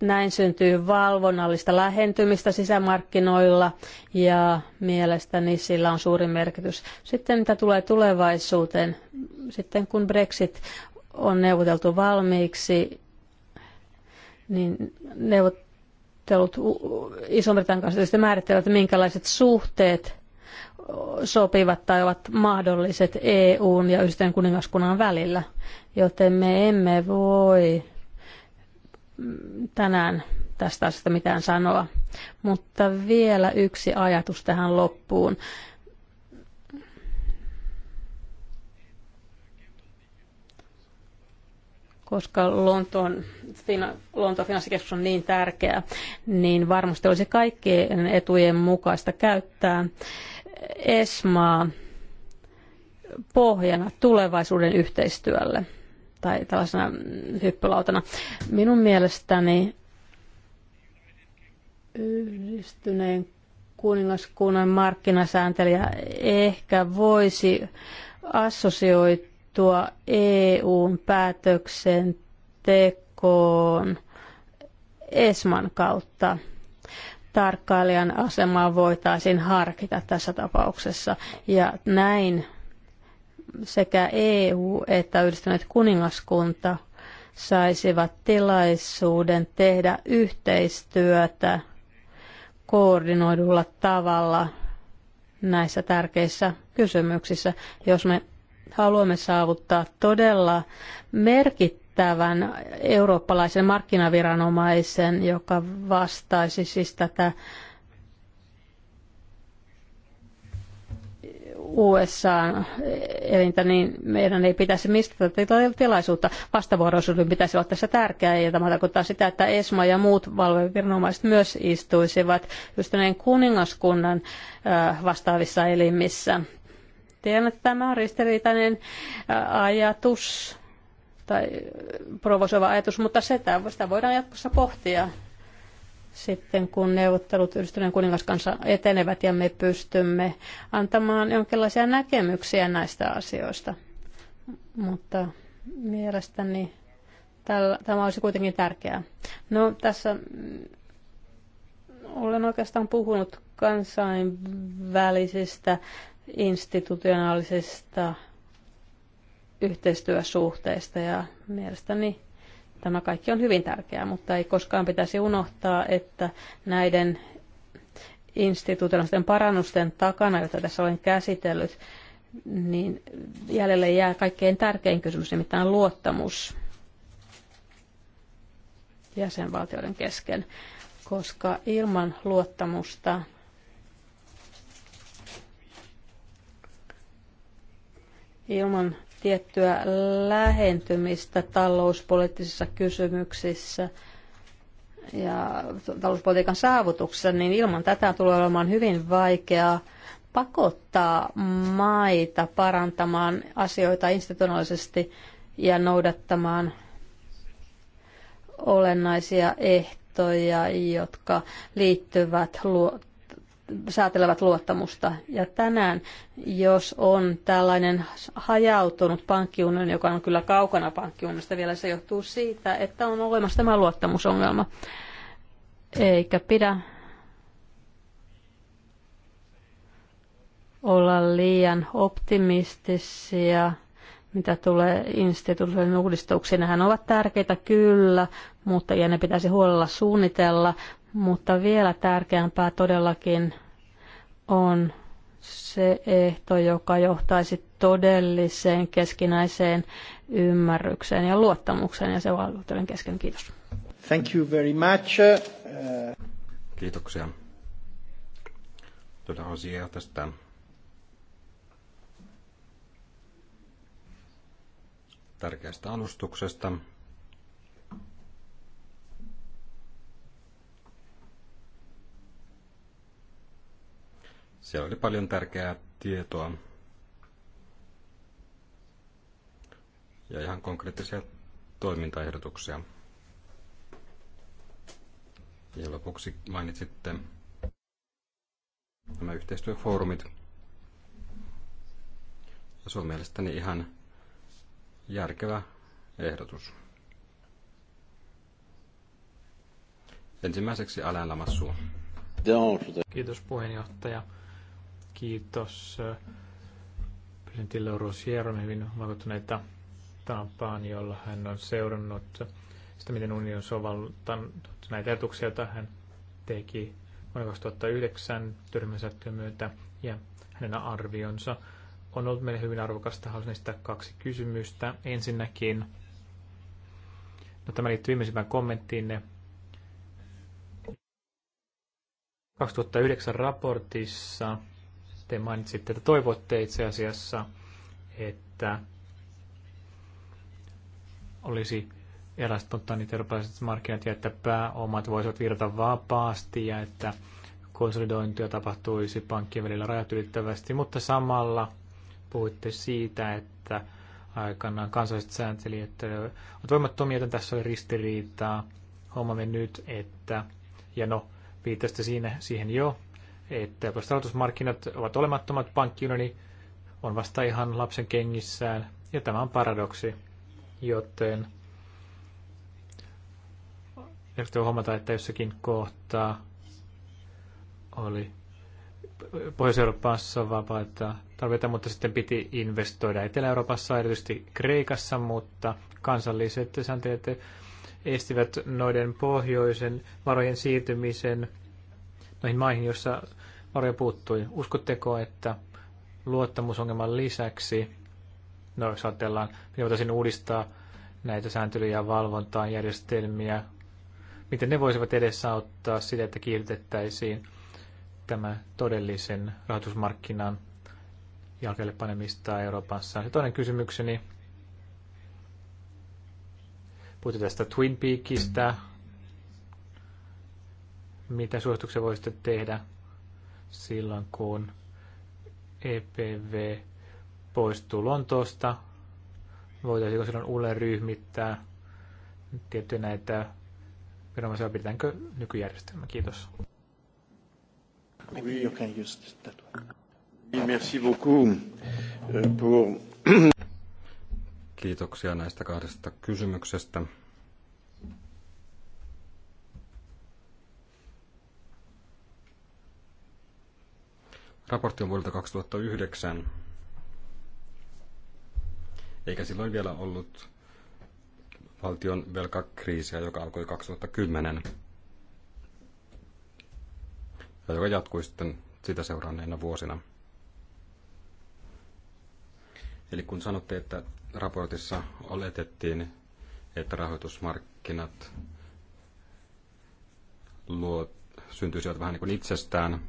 näin syntyy valvonnallista lähentymistä sisämarkkinoilla ja mielestäni sillä on suuri merkitys. Sitten mitä tulee tulevaisuuteen, sitten kun Brexit on neuvoteltu valmiiksi, niin neuvottelut Iso-Britannian kanssa määrittelevät, minkälaiset suhteet sopivat tai ovat mahdolliset EUn ja Yhdistyneen kuningaskunnan välillä, joten me emme voi tänään tästä asiasta mitään sanoa. Mutta vielä yksi ajatus tähän loppuun. koska Lontoon, Lontoon finanssikeskus on niin tärkeä, niin varmasti olisi kaikkien etujen mukaista käyttää ESMAa pohjana tulevaisuuden yhteistyölle tai tällaisena hyppylautana. Minun mielestäni yhdistyneen kuningaskunnan markkinasääntelijä ehkä voisi assosioitua EUn päätöksentekoon ESMAn kautta tarkkailijan asemaa voitaisiin harkita tässä tapauksessa. Ja näin sekä EU että yhdistyneet kuningaskunta saisivat tilaisuuden tehdä yhteistyötä koordinoidulla tavalla näissä tärkeissä kysymyksissä, jos me haluamme saavuttaa todella merkittävää riittävän eurooppalaisen markkinaviranomaisen, joka vastaisi siis tätä USA elintä, niin meidän ei pitäisi mistä tätä tilaisuutta. Vastavuoroisuuden pitäisi olla tässä tärkeää, ja tämä tarkoittaa sitä, että ESMA ja muut valvoviranomaiset myös istuisivat ystävien kuningaskunnan vastaavissa elimissä. Tiedän, että tämä on ristiriitainen ajatus tai provosoiva ajatus, mutta sitä, sitä voidaan jatkossa pohtia sitten, kun neuvottelut yhdistyneen kuningaskansa etenevät ja me pystymme antamaan jonkinlaisia näkemyksiä näistä asioista. Mutta mielestäni tämä olisi kuitenkin tärkeää. No tässä olen oikeastaan puhunut kansainvälisistä institutionaalisista yhteistyösuhteista ja mielestäni tämä kaikki on hyvin tärkeää, mutta ei koskaan pitäisi unohtaa, että näiden instituutioiden parannusten takana, joita tässä olen käsitellyt, niin jäljelle jää kaikkein tärkein kysymys, nimittäin luottamus jäsenvaltioiden kesken, koska ilman luottamusta ilman tiettyä lähentymistä talouspoliittisissa kysymyksissä ja talouspolitiikan saavutuksessa, niin ilman tätä tulee olemaan hyvin vaikeaa pakottaa maita parantamaan asioita institutionaalisesti ja noudattamaan olennaisia ehtoja, jotka liittyvät luo- säätelevät luottamusta. Ja tänään, jos on tällainen hajautunut pankkiunioni, joka on kyllä kaukana pankkiunionista vielä, se johtuu siitä, että on olemassa tämä luottamusongelma. Eikä pidä olla liian optimistisia, mitä tulee instituutioiden uudistuksiin. Nehän ovat tärkeitä kyllä, mutta ja ne pitäisi huolella suunnitella, mutta vielä tärkeämpää todellakin on se ehto, joka johtaisi todelliseen keskinäiseen ymmärrykseen ja luottamukseen ja se valtuuden kesken. Kiitos. Thank you very much. Uh... Kiitoksia. Tuota asiaa tästä tärkeästä alustuksesta. Siellä oli paljon tärkeää tietoa ja ihan konkreettisia toimintaehdotuksia. Ja lopuksi mainitsitte nämä yhteistyöfoorumit. Ja se on mielestäni ihan järkevä ehdotus. Ensimmäiseksi Alain Lamassu. Kiitos puheenjohtaja. Kiitos eh, presidentti Lauro Sierron hyvin vaikuttuneita tapaan, jolla hän on seurannut sitä, miten union on sovaltanut näitä etuksia, joita hän teki vuonna 2009 tyrmäsäättöön myötä, ja hänen arvionsa on ollut meille hyvin arvokasta. Haluaisin esittää kaksi kysymystä. Ensinnäkin, no tämä liittyy viimeisimpään kommenttiinne. 2009 raportissa te mainitsitte, että toivotte itse asiassa, että olisi eräät spontaanit eurooppalaiset markkinat ja että pääomat voisivat virta vapaasti ja että konsolidointia tapahtuisi pankkien välillä rajat ylittävästi, mutta samalla puhuitte siitä, että aikanaan kansalliset sääntelijät ovat voimattomia, että tässä oli ristiriitaa. Huomaamme nyt, että, ja no, viittasitte siinä, siihen jo, että jos rahoitusmarkkinat ovat olemattomat, pankkiunioni on vasta ihan lapsen kengissään, ja tämä on paradoksi, joten ehkä huomata, että jossakin kohtaa oli Pohjois-Euroopassa vapaita tarvita, mutta sitten piti investoida Etelä-Euroopassa, erityisesti Kreikassa, mutta kansalliset sääntelijät estivät noiden pohjoisen varojen siirtymisen noihin maihin, joissa varoja puuttui. Uskotteko, että luottamusongelman lisäksi, no jos ajatellaan, miten niin voitaisiin uudistaa näitä sääntelyjä ja valvontaa, järjestelmiä, miten ne voisivat edesauttaa sitä, että kiirtettäisiin tämä todellisen rahoitusmarkkinan jalkeelle panemista Euroopassa. Ja toinen kysymykseni, puhutte tästä Twin Peakista, mitä suosituksia voisitte tehdä silloin, kun EPV poistuu Lontoosta? Voitaisiinko silloin uudelleen ryhmittää tiettyjä näitä viranomaisia? Pidetäänkö nykyjärjestelmä? Kiitos. Oui, okay, that one. Merci beaucoup euh, pour... Kiitoksia näistä kahdesta kysymyksestä. Raportti on vuodelta 2009, eikä silloin vielä ollut valtion velkakriisiä, joka alkoi 2010 ja joka jatkui sitten sitä seuranneena vuosina. Eli kun sanotte, että raportissa oletettiin, että rahoitusmarkkinat luo, syntyisivät vähän niin kuin itsestään,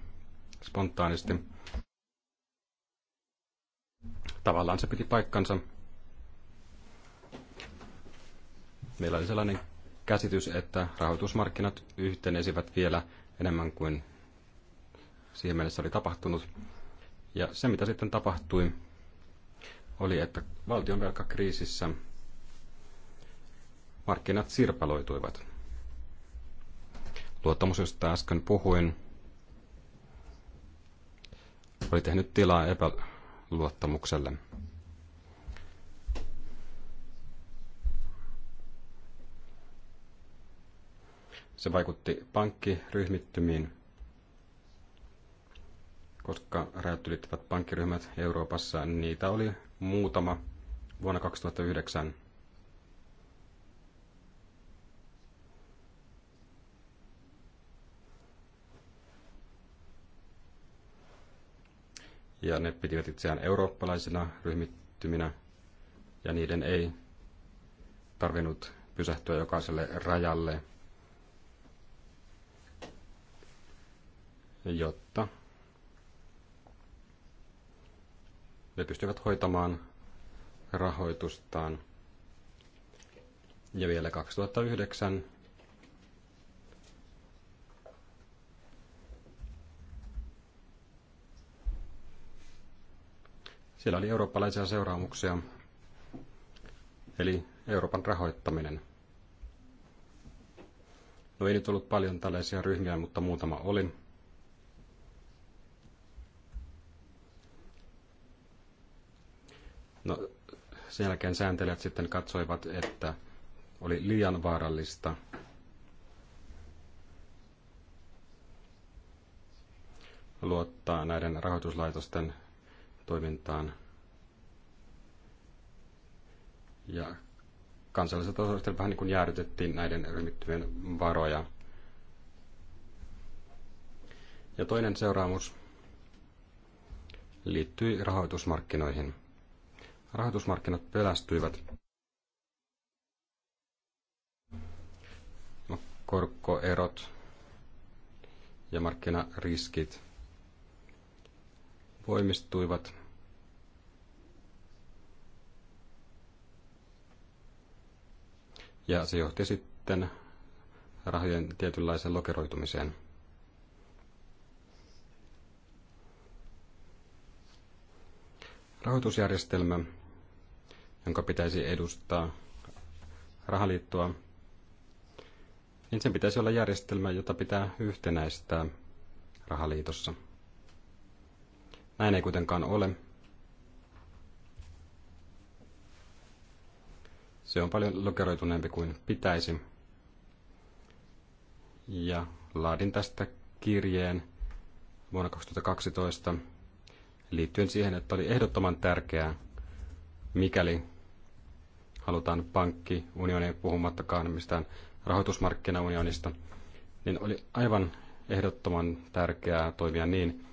spontaanisti. Tavallaan se piti paikkansa. Meillä oli sellainen käsitys, että rahoitusmarkkinat yhtenesivät vielä enemmän kuin siihen mennessä oli tapahtunut. Ja se, mitä sitten tapahtui, oli, että valtionvelkakriisissä markkinat sirpaloituivat. Luottamus, josta äsken puhuin, oli tehnyt tilaa epäluottamukselle. Se vaikutti pankkiryhmittymiin, koska rajat ylittävät pankkiryhmät Euroopassa, niitä oli muutama vuonna 2009. ja ne pitivät itseään eurooppalaisina ryhmittyminä, ja niiden ei tarvinnut pysähtyä jokaiselle rajalle, jotta ne pystyvät hoitamaan rahoitustaan. Ja vielä 2009 Siellä oli eurooppalaisia seuraamuksia, eli Euroopan rahoittaminen. No ei nyt ollut paljon tällaisia ryhmiä, mutta muutama oli. No, sen jälkeen sääntelijät sitten katsoivat, että oli liian vaarallista luottaa näiden rahoituslaitosten toimintaan. Ja kansallisella tasolla vähän niin kuin jäädytettiin näiden ryhmittyvien varoja. Ja toinen seuraamus liittyi rahoitusmarkkinoihin. Rahoitusmarkkinat pelästyivät. No, korkoerot ja markkinariskit – voimistuivat. Ja se johti sitten rahojen tietynlaiseen lokeroitumiseen. Rahoitusjärjestelmä, jonka pitäisi edustaa rahaliittoa, niin sen pitäisi olla järjestelmä, jota pitää yhtenäistää rahaliitossa. Näin ei kuitenkaan ole. Se on paljon lokeroituneempi kuin pitäisi. Ja laadin tästä kirjeen vuonna 2012 liittyen siihen, että oli ehdottoman tärkeää, mikäli halutaan pankki unionia puhumattakaan mistään rahoitusmarkkinaunionista, niin oli aivan ehdottoman tärkeää toimia niin,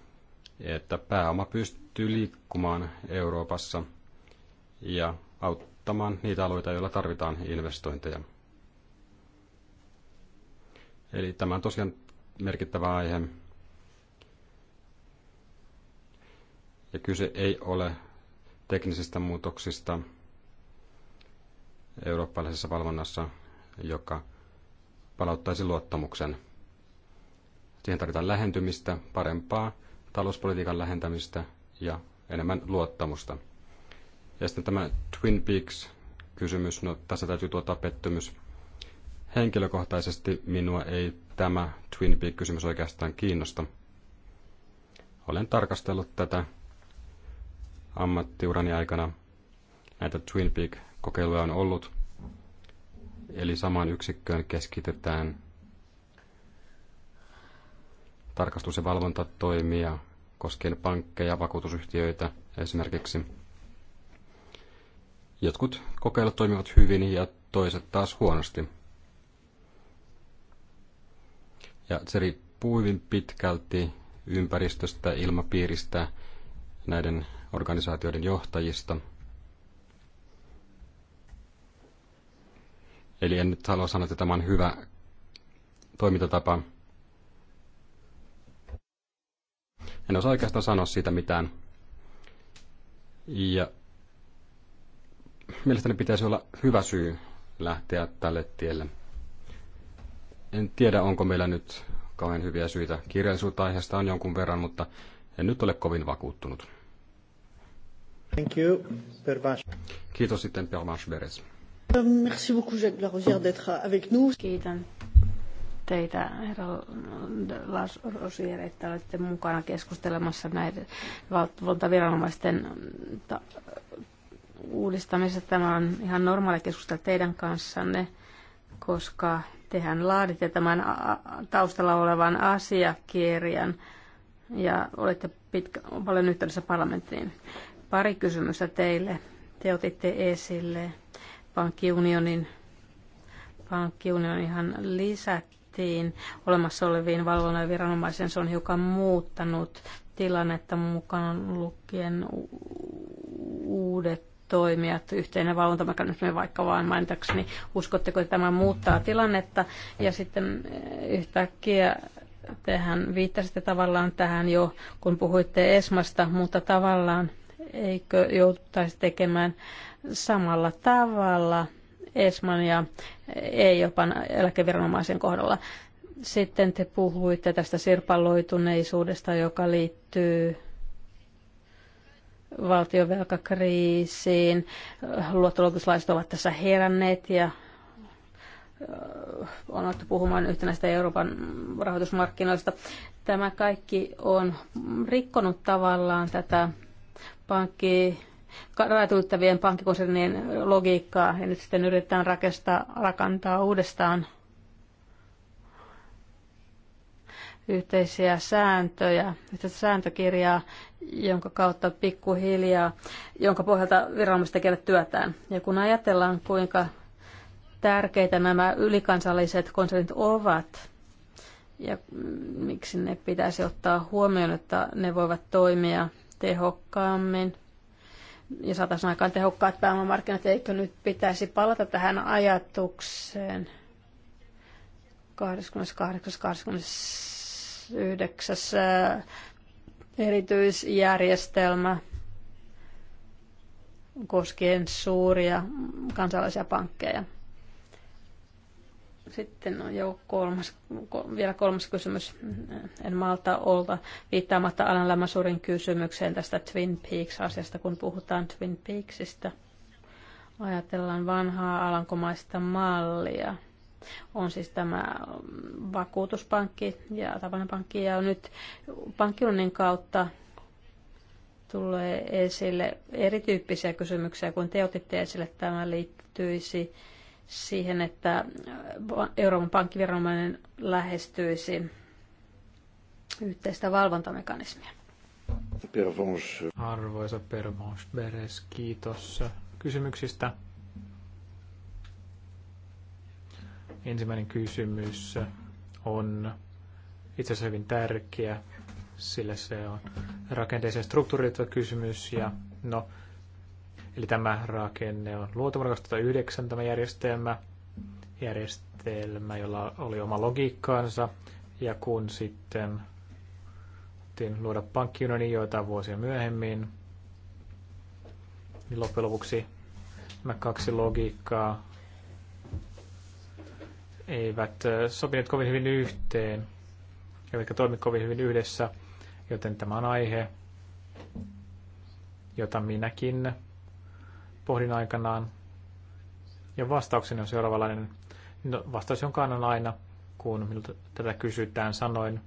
että pääoma pystyy liikkumaan Euroopassa ja auttamaan niitä alueita, joilla tarvitaan investointeja. Eli tämä on tosiaan merkittävä aihe. Ja kyse ei ole teknisistä muutoksista eurooppalaisessa valvonnassa, joka palauttaisi luottamuksen. Siihen tarvitaan lähentymistä, parempaa talouspolitiikan lähentämistä ja enemmän luottamusta. Ja sitten tämä Twin Peaks-kysymys, no tässä täytyy tuottaa pettymys. Henkilökohtaisesti minua ei tämä Twin Peaks kysymys oikeastaan kiinnosta. Olen tarkastellut tätä ammattiurani aikana. Näitä Twin Peak-kokeiluja on ollut. Eli samaan yksikköön keskitetään tarkastus- ja valvontatoimia koskien pankkeja, vakuutusyhtiöitä esimerkiksi. Jotkut kokeilut toimivat hyvin ja toiset taas huonosti. Ja se riippuu hyvin pitkälti ympäristöstä, ilmapiiristä, näiden organisaatioiden johtajista. Eli en nyt halua sanoa, että tämä on hyvä toimintatapa, En osaa oikeastaan sanoa siitä mitään. Ja mielestäni pitäisi olla hyvä syy lähteä tälle tielle. En tiedä, onko meillä nyt kauhean hyviä syitä. Kirjallisuutta aiheesta on jonkun verran, mutta en nyt ole kovin vakuuttunut. Thank you, Kiitos sitten, Pervash Beres. Merci beaucoup, Jacques Larosière, d'être avec nous. Kiitän teitä, herra Lars Rosier, että olette mukana keskustelemassa näiden valtaviranomaisten ta- uudistamisesta. Tämä on ihan normaali keskustella teidän kanssanne, koska tehän laaditte tämän taustalla olevan asiakirjan ja olette pitkä, paljon yhteydessä parlamenttiin. Pari kysymystä teille. Te otitte esille pankkiunionin ihan lisätty budjettiin olemassa oleviin valvonnan viranomaisen. Se on hiukan muuttanut tilannetta mukaan lukien uudet toimijat, yhteinen valvontamekanismi vaikka vain mainitakseni. Uskotteko, että tämä muuttaa tilannetta? Ja sitten eh, yhtäkkiä tehän viittasitte tavallaan tähän jo, kun puhuitte Esmasta, mutta tavallaan eikö jouduttaisi tekemään samalla tavalla – ESMAN ja EIOPan eläkeviranomaisen kohdalla. Sitten te puhuitte tästä sirpaloituneisuudesta, joka liittyy valtiovelkakriisiin. Luottoluokituslaiset ovat tässä heränneet ja on otettu puhumaan yhtenäistä Euroopan rahoitusmarkkinoista. Tämä kaikki on rikkonut tavallaan tätä pankki rajatulittavien pankkikonsernien logiikkaa ja nyt sitten yritetään rakentaa, rakentaa uudestaan yhteisiä sääntöjä, yhteistä sääntökirjaa, jonka kautta pikkuhiljaa, jonka pohjalta viranomaiset tekevät työtään. Ja kun ajatellaan, kuinka tärkeitä nämä ylikansalliset konsernit ovat ja miksi ne pitäisi ottaa huomioon, että ne voivat toimia tehokkaammin ja saataisiin aikaan tehokkaat pääomamarkkinat, eikö nyt pitäisi palata tähän ajatukseen 28.29. erityisjärjestelmä koskien suuria kansallisia pankkeja. Sitten on jo kolmas, vielä kolmas kysymys. En malta olla viittaamatta Alan Lamasurin kysymykseen tästä Twin Peaks-asiasta, kun puhutaan Twin Peaksista. Ajatellaan vanhaa alankomaista mallia. On siis tämä vakuutuspankki ja tavallinen pankki. Ja nyt pankkiunnin kautta tulee esille erityyppisiä kysymyksiä, kun te otitte esille. Tämä liittyisi siihen, että Euroopan pankkiviranomainen lähestyisi yhteistä valvontamekanismia. Arvoisa Pervons Beres, kiitos kysymyksistä. Ensimmäinen kysymys on itse asiassa hyvin tärkeä, sillä se on rakenteeseen struktuuriin kysymys ja no, Eli tämä rakenne on luotu vuonna 2009 tämä järjestelmä, järjestelmä, jolla oli oma logiikkaansa. Ja kun sitten otin luoda pankkiunioni joitain vuosia myöhemmin, niin loppujen lopuksi nämä kaksi logiikkaa eivät äh, sopineet kovin hyvin yhteen, eivätkä toimi kovin hyvin yhdessä, joten tämä on aihe, jota minäkin pohdin aikanaan. Ja vastaukseni on seuraavanlainen. No, vastaus, jonka annan aina, kun minulta tätä kysytään, sanoin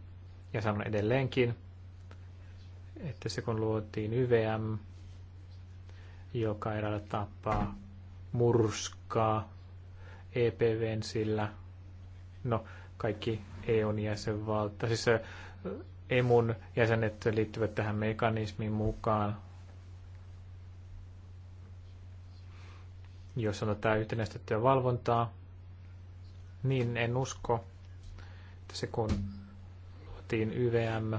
ja sanon edelleenkin, että se kun luotiin YVM, joka eräällä tapaa murskaa EPVn sillä, no kaikki EUn jäsenvalta, siis EMUn e jäsenet liittyvät tähän mekanismiin mukaan, jos on tätä yhtenäistettyä valvontaa, niin en usko, että se kun luotiin YVM,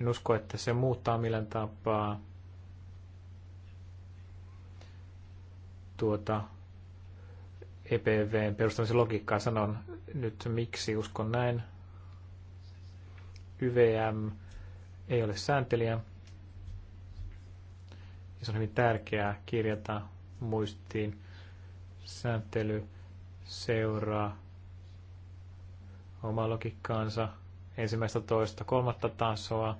en usko, että se muuttaa millään tapaa tuota EPVn perustamisen logiikkaa. Sanon nyt, miksi uskon näin. YVM ei ole sääntelijä, ja se on hyvin tärkeää kirjata muistiin. Sääntely seuraa oma logikkaansa ensimmäistä, toista, kolmatta tasoa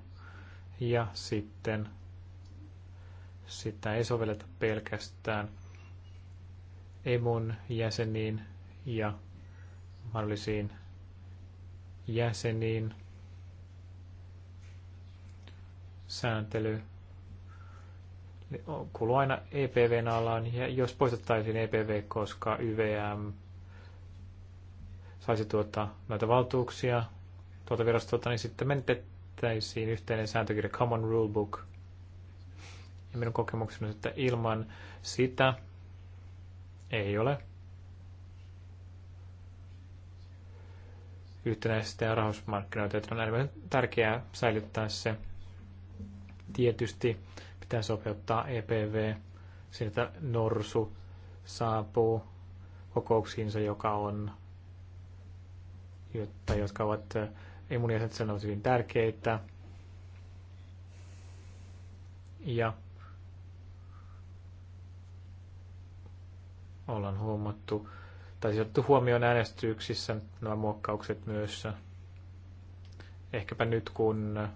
ja sitten sitä ei sovelleta pelkästään emun jäseniin ja mahdollisiin jäseniin. Sääntely kuuluu aina EPVn alaan, ja jos poistettaisiin EPV, koska YVM saisi tuota, näitä valtuuksia tuolta virastolta, niin sitten menetettäisiin yhteinen sääntökirja Common Rulebook. Ja minun kokemukseni on, että ilman sitä ei ole yhtenäisistä ja rahoitusmarkkinoita, että on äärimmäisen tärkeää säilyttää se. Tietysti pitää sopeuttaa EPV, sieltä norsu saapuu kokouksiinsa, joka on, tai jotka ovat äh, immuniaset sanovat hyvin tärkeitä. Ja ollaan huomattu, tai siis otettu huomioon äänestyksissä nämä muokkaukset myös. Ehkäpä nyt kun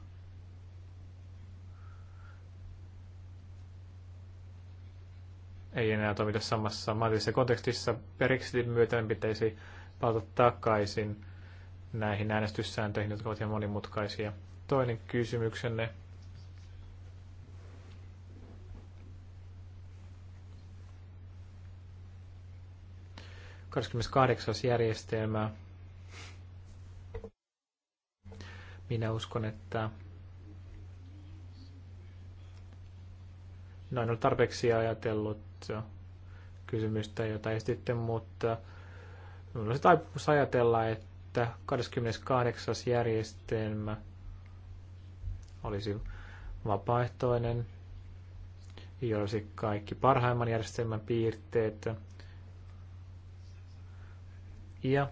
ei enää toimita samassa mahdollisessa kontekstissa. Brexitin myötä pitäisi palata takaisin näihin äänestyssääntöihin, jotka ovat ihan monimutkaisia. Toinen kysymyksenne. kahdeksas järjestelmä. Minä uskon, että No en ole tarpeeksi ajatellut kysymystä, jota sitten mutta minulla se taipumus ajatella, että 28. järjestelmä olisi vapaaehtoinen, jolla olisi kaikki parhaimman järjestelmän piirteet. Ja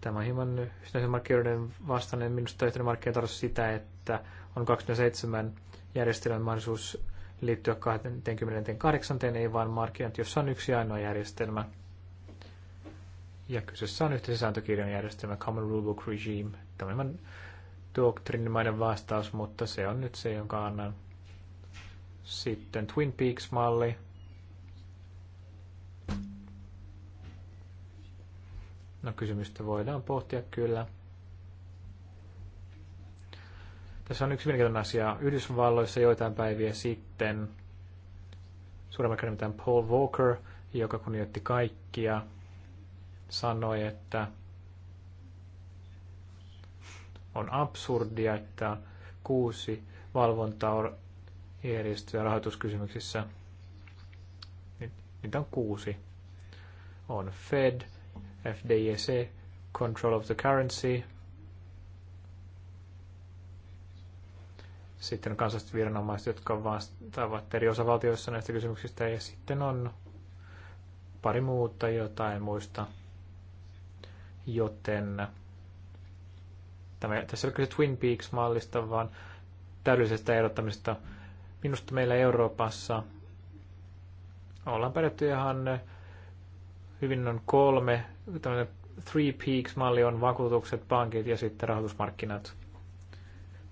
tämä on hieman sinänsä markkinoiden vastainen. Minusta yhtenä markkinoiden sitä, että on 27 järjestelmän mahdollisuus liittyä 28, ei vaan markkinat, jossa on yksi ainoa järjestelmä. Ja kyseessä on yhteisen sääntökirjan järjestelmä, Common Rulebook Regime. Tämä on doktrinimainen vastaus, mutta se on nyt se, jonka annan. Sitten Twin Peaks-malli. No kysymystä voidaan pohtia kyllä. Tässä on yksi mielenkiintoinen asia. Yhdysvalloissa joitain päiviä sitten suuremman Paul Walker, joka kunnioitti kaikkia, sanoi, että on absurdia, että kuusi valvontaa järjestöjä rahoituskysymyksissä. Niitä on kuusi. On Fed, FDIC, Control of the Currency, Sitten on kansalliset viranomaiset, jotka vastaavat eri osavaltioissa näistä kysymyksistä. Ja sitten on pari muuta jotain muista. Joten tämä, tässä ei ole kyse Twin Peaks-mallista, vaan täydellisestä erottamisesta. Minusta meillä Euroopassa ollaan pärjätty ihan hyvin on kolme. Tämmöinen Three Peaks-malli on vakuutukset, pankit ja sitten rahoitusmarkkinat.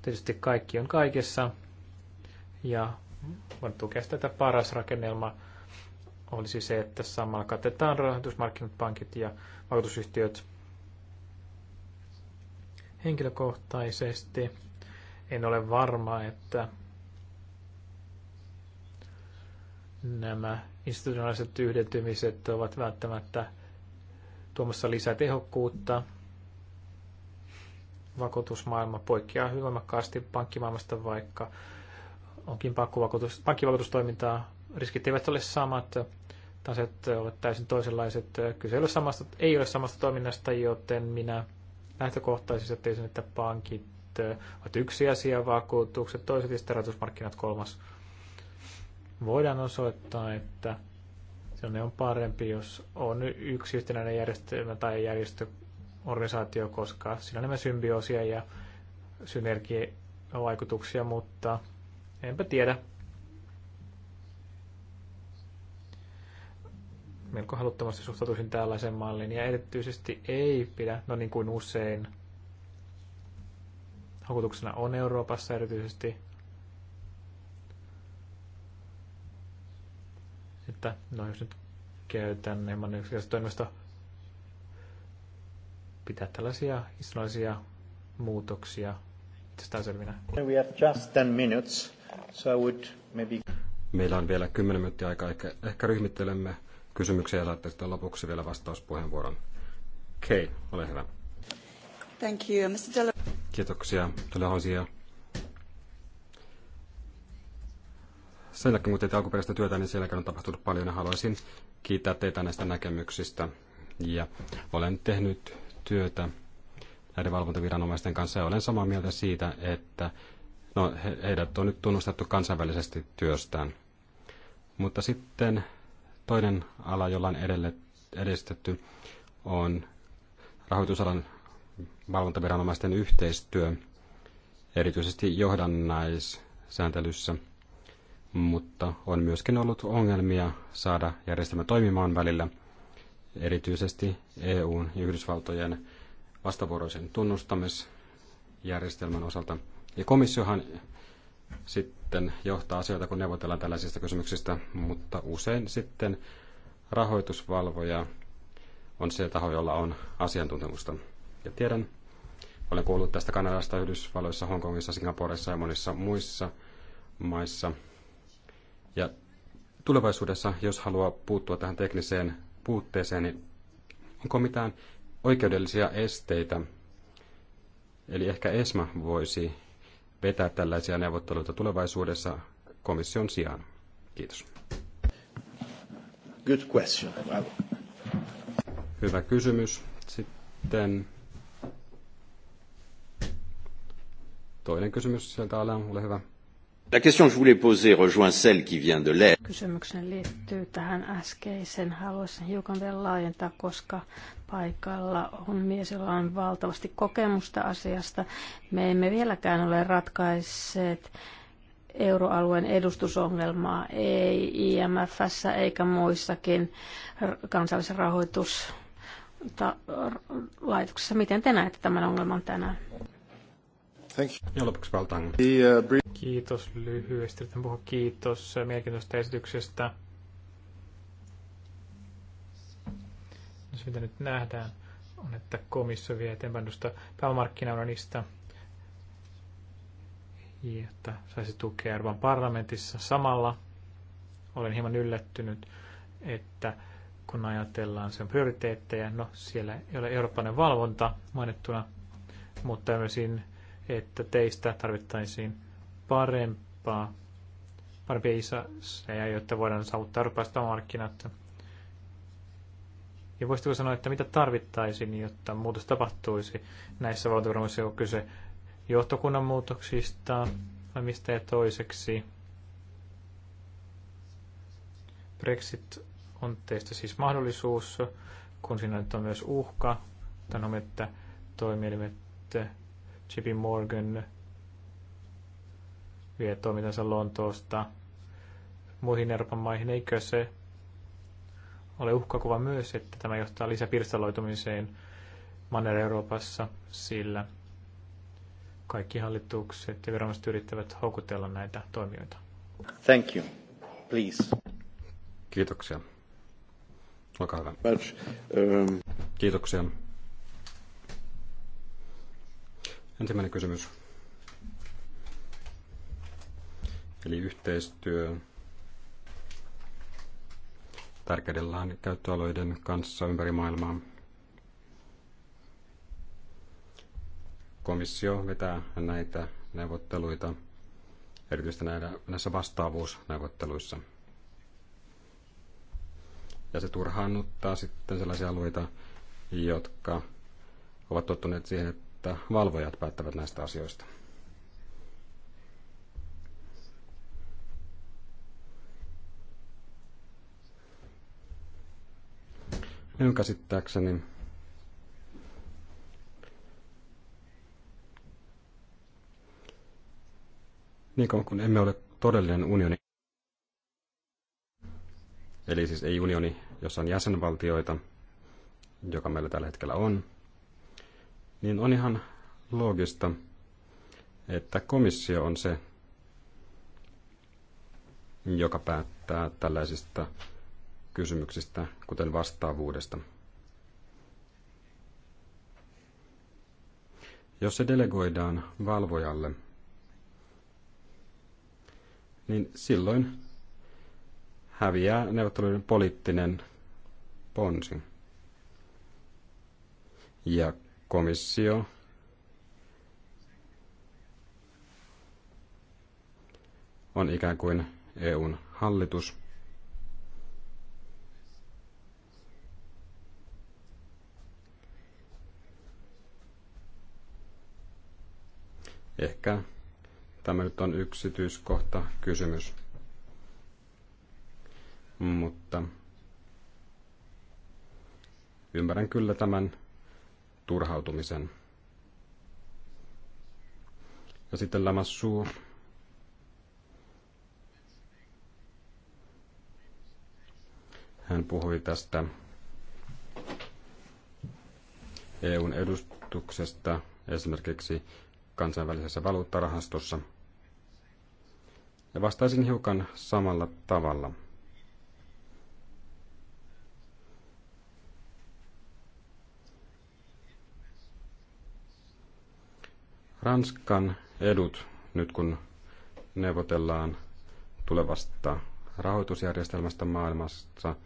Tietysti kaikki on kaikessa ja voin tukea tätä paras rakennelma olisi se, että samalla katetaan rahoitusmarkkinat, pankit ja vakuutusyhtiöt henkilökohtaisesti. En ole varma, että nämä institutionaaliset yhdentymiset ovat välttämättä tuomassa lisää tehokkuutta vakuutusmaailma poikkeaa hyvin voimakkaasti pankkimaailmasta, vaikka onkin pankkivakuutus, pankkivakuutustoimintaa. Riskit eivät ole samat, taset ovat täysin toisenlaiset. Kyse ei ole samasta, ei ole samasta toiminnasta, joten minä lähtökohtaisesti ajattelisin, että pankit ovat yksi asia, vakuutukset toiset ja sitten rahoitusmarkkinat kolmas. Voidaan osoittaa, että se on parempi, jos on yksi yhtenäinen järjestelmä tai järjestö organisaatio, koska siinä on nämä symbioosia ja synergiavaikutuksia, mutta enpä tiedä. Melko haluttomasti suhtautuisin tällaisen mallin ja erityisesti ei pidä, no niin kuin usein, houkutuksena on Euroopassa erityisesti, että no jos nyt käytän hieman yksinkertaisesta toimesta pitää tällaisia islamilaisia muutoksia itsestäänselvinä. We have just 10 minutes, so I would maybe... Meillä on vielä 10 minuuttia aikaa. Ehkä, ehkä ryhmittelemme kysymyksiä ja saatte sitten lopuksi vielä vastauspuheenvuoron. Kei, ole hyvä. Thank you, Mr. Dele- Kiitoksia, Telehoisia. Sen jälkeen, kun teitä alkuperäistä työtä, niin sielläkin on tapahtunut paljon ja haluaisin kiittää teitä näistä näkemyksistä. Ja olen tehnyt työtä näiden valvontaviranomaisten kanssa. Ja olen samaa mieltä siitä, että no, he, heidät on nyt tunnustettu kansainvälisesti työstään. Mutta sitten toinen ala, jolla on edelle, edistetty, on rahoitusalan valvontaviranomaisten yhteistyö, erityisesti johdannaissääntelyssä, mutta on myöskin ollut ongelmia saada järjestelmä toimimaan välillä – erityisesti EUn ja Yhdysvaltojen vastavuoroisen tunnustamisjärjestelmän osalta. Ja komissiohan sitten johtaa asioita, kun neuvotellaan tällaisista kysymyksistä, mutta usein sitten rahoitusvalvoja on se taho, jolla on asiantuntemusta. Ja tiedän, olen kuullut tästä Kanadasta, Yhdysvalloissa, Hongkongissa, Singaporessa ja monissa muissa maissa. Ja tulevaisuudessa, jos haluaa puuttua tähän tekniseen puutteeseen, niin onko mitään oikeudellisia esteitä? Eli ehkä ESMA voisi vetää tällaisia neuvotteluita tulevaisuudessa komission sijaan. Kiitos. Good question. Hyvä kysymys. Sitten toinen kysymys sieltä alle, ole hyvä. La question que je voulais poser rejoint celle qui vient de l'air. Kysymyksen liittyy tähän äskeiseen. Haluaisin hiukan vielä laajentaa, koska paikalla on mies, jolla on valtavasti kokemusta asiasta. Me emme vieläkään ole ratkaisseet euroalueen edustusongelmaa, ei IMFssä eikä muissakin kansallisen rahoituslaitoksissa. Miten te näette tämän ongelman tänään? Thank you. Ja lopuksi uh, brief... Kiitos lyhyesti. Yritän puhua kiitos mielenkiintoisesta esityksestä. No se mitä nyt nähdään on, että komissio vie eteenpäin tuosta pääomarkkinaunionista että saisi tukea Euroopan parlamentissa. Samalla olen hieman yllättynyt, että kun ajatellaan sen prioriteetteja, no siellä ei ole eurooppalainen valvonta mainittuna, mutta tämmöisiin että teistä tarvittaisiin parempaa, parempia isäsejä, jotta voidaan saavuttaa rupeasta markkinat. Ja voisitko sanoa, että mitä tarvittaisiin, jotta muutos tapahtuisi näissä valtaviranomaisissa, on kyse johtokunnan muutoksista vai mistä ja toiseksi? Brexit on teistä siis mahdollisuus, kun siinä on myös uhka. Sanomme, että toimielimet JP Morgan vie toimintansa Lontoosta muihin Euroopan maihin, eikö se ole uhkakuva myös, että tämä johtaa lisäpirstaloitumiseen Manner-Euroopassa, sillä kaikki hallitukset ja viranomaiset yrittävät houkutella näitä toimijoita. Thank you. Please. Kiitoksia. Olkaa hyvä. Um, Kiitoksia. Ensimmäinen kysymys. Eli yhteistyö tärkeiden käyttöalueiden kanssa ympäri maailmaa. Komissio vetää näitä neuvotteluita, erityisesti näissä vastaavuusneuvotteluissa. Ja se turhaannuttaa sitten sellaisia alueita, jotka ovat tottuneet siihen, että että valvojat päättävät näistä asioista. Minun käsittääkseni niin kauan kuin emme ole todellinen unioni, eli siis ei unioni, jossa on jäsenvaltioita, joka meillä tällä hetkellä on, niin on ihan loogista, että komissio on se, joka päättää tällaisista kysymyksistä, kuten vastaavuudesta. Jos se delegoidaan valvojalle, niin silloin häviää neuvotteluiden poliittinen ponsi. Ja komissio on ikään kuin EUn hallitus. Ehkä tämä nyt on yksityiskohta kysymys, mutta ymmärrän kyllä tämän turhautumisen. Ja sitten Lamassu hän puhui tästä EUn edustuksesta esimerkiksi kansainvälisessä valuuttarahastossa. Ja vastaisin hiukan samalla tavalla – Ranskan edut nyt kun neuvotellaan tulevasta rahoitusjärjestelmästä maailmassa,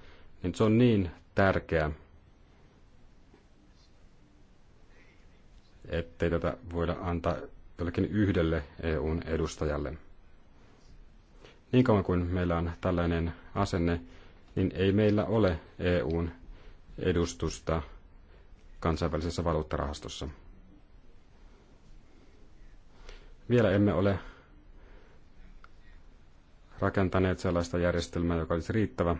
niin se on niin tärkeä, ettei tätä voida antaa jollekin yhdelle EUn edustajalle. Niin kauan kuin meillä on tällainen asenne, niin ei meillä ole EUn edustusta kansainvälisessä valuuttarahastossa vielä emme ole rakentaneet sellaista järjestelmää, joka olisi riittävä.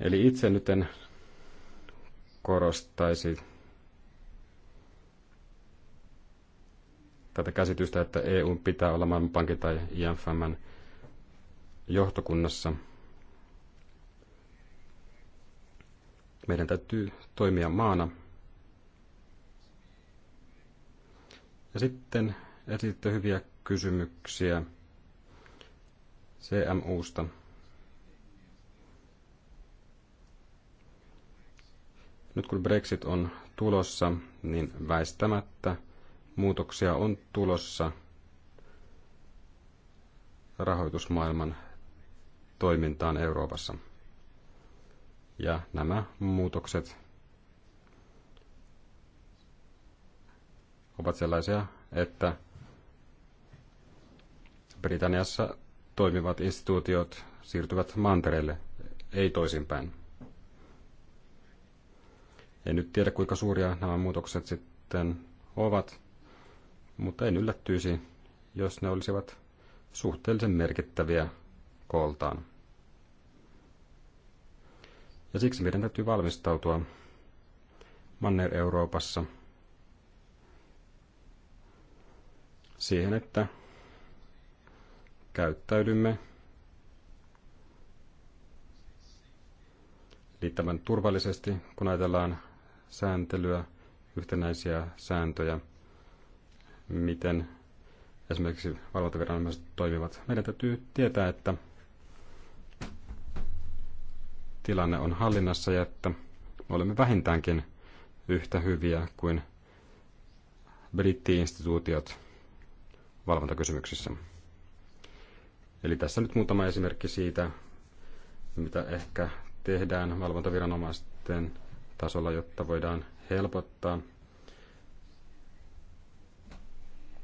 Eli itse nyt en korostaisi tätä käsitystä, että EU pitää olla Maailmanpankin tai IMFn johtokunnassa. Meidän täytyy toimia maana, Ja sitten esitte hyviä kysymyksiä CMUsta. Nyt kun Brexit on tulossa, niin väistämättä muutoksia on tulossa rahoitusmaailman toimintaan Euroopassa. Ja nämä muutokset ovat sellaisia, että Britanniassa toimivat instituutiot siirtyvät mantereelle, ei toisinpäin. En nyt tiedä, kuinka suuria nämä muutokset sitten ovat, mutta en yllättyisi, jos ne olisivat suhteellisen merkittäviä kooltaan. Ja siksi meidän täytyy valmistautua Manner-Euroopassa – siihen, että käyttäydymme riittävän turvallisesti, kun ajatellaan sääntelyä, yhtenäisiä sääntöjä, miten esimerkiksi valvontaviranomaiset toimivat. Meidän täytyy tietää, että tilanne on hallinnassa ja että me olemme vähintäänkin yhtä hyviä kuin brittiinstituutiot valvontakysymyksissä. Eli tässä nyt muutama esimerkki siitä, mitä ehkä tehdään valvontaviranomaisten tasolla, jotta voidaan helpottaa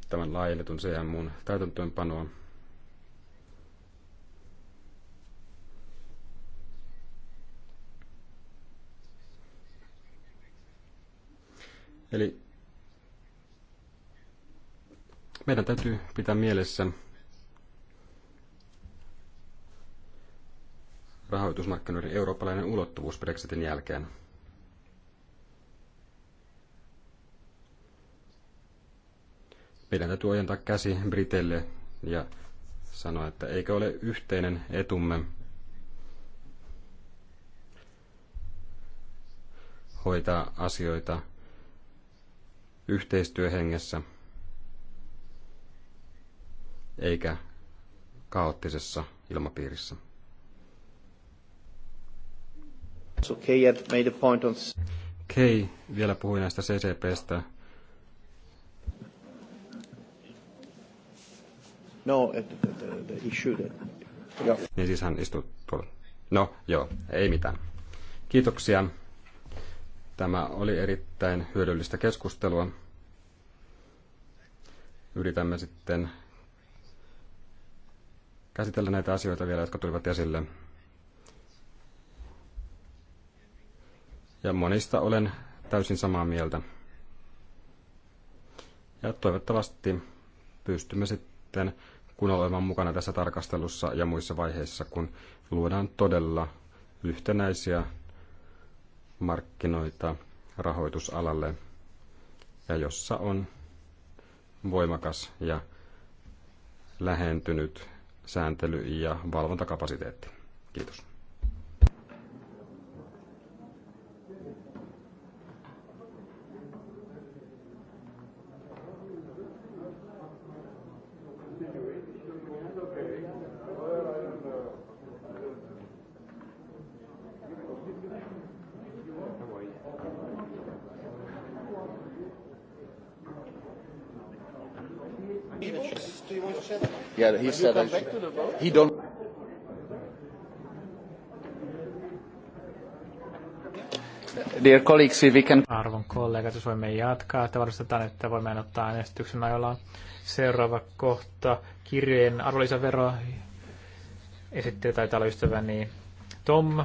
tämän laajennetun CMUn täytäntöönpanoa. Eli meidän täytyy pitää mielessä rahoitusmarkkinoiden eurooppalainen ulottuvuus Brexitin jälkeen. Meidän täytyy ojentaa käsi Britelle ja sanoa, että eikö ole yhteinen etumme hoitaa asioita yhteistyöhengessä – eikä kaoottisessa ilmapiirissä. Kei on... vielä puhui näistä CCPstä. No, uh, the issue that... Joo. Niin siis hän istui tuolla. No, joo, ei mitään. Kiitoksia. Tämä oli erittäin hyödyllistä keskustelua. Yritämme sitten käsitellä näitä asioita vielä, jotka tulivat esille. Ja monista olen täysin samaa mieltä. Ja toivottavasti pystymme sitten kun olemaan mukana tässä tarkastelussa ja muissa vaiheissa, kun luodaan todella yhtenäisiä markkinoita rahoitusalalle ja jossa on voimakas ja lähentynyt sääntely- ja valvontakapasiteetti. Kiitos. he said I should. He don't. Dear colleagues, if we can... Arvon kollegat, jos voimme jatkaa, että varustetaan, että voimme ottaa äänestyksen ajalla seuraava kohta. Kirjojen arvonlisävero esittely taitaa olla ystäväni Tom.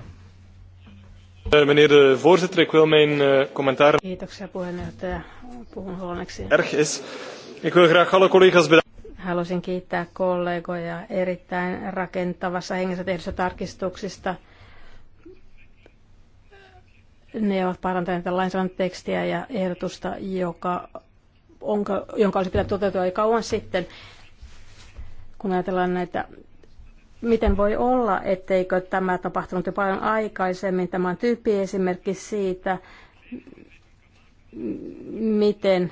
Eh, meneer eh, voorzitter, ik wil mijn eh, commentaar... Kiitoksia puheenjohtaja. Puhun huoneksi. Erg is. Ik wil graag alle collega's bedanken. Haluaisin kiittää kollegoja erittäin rakentavassa hengessä tehdyistä tarkistuksista. Ne ovat parantaneet tekstiä ja ehdotusta, joka onko jonka olisi pitänyt toteutua jo kauan sitten, kun ajatellaan näitä miten voi olla, etteikö tämä tapahtunut jo paljon aikaisemmin. Tämä on esimerkki siitä, miten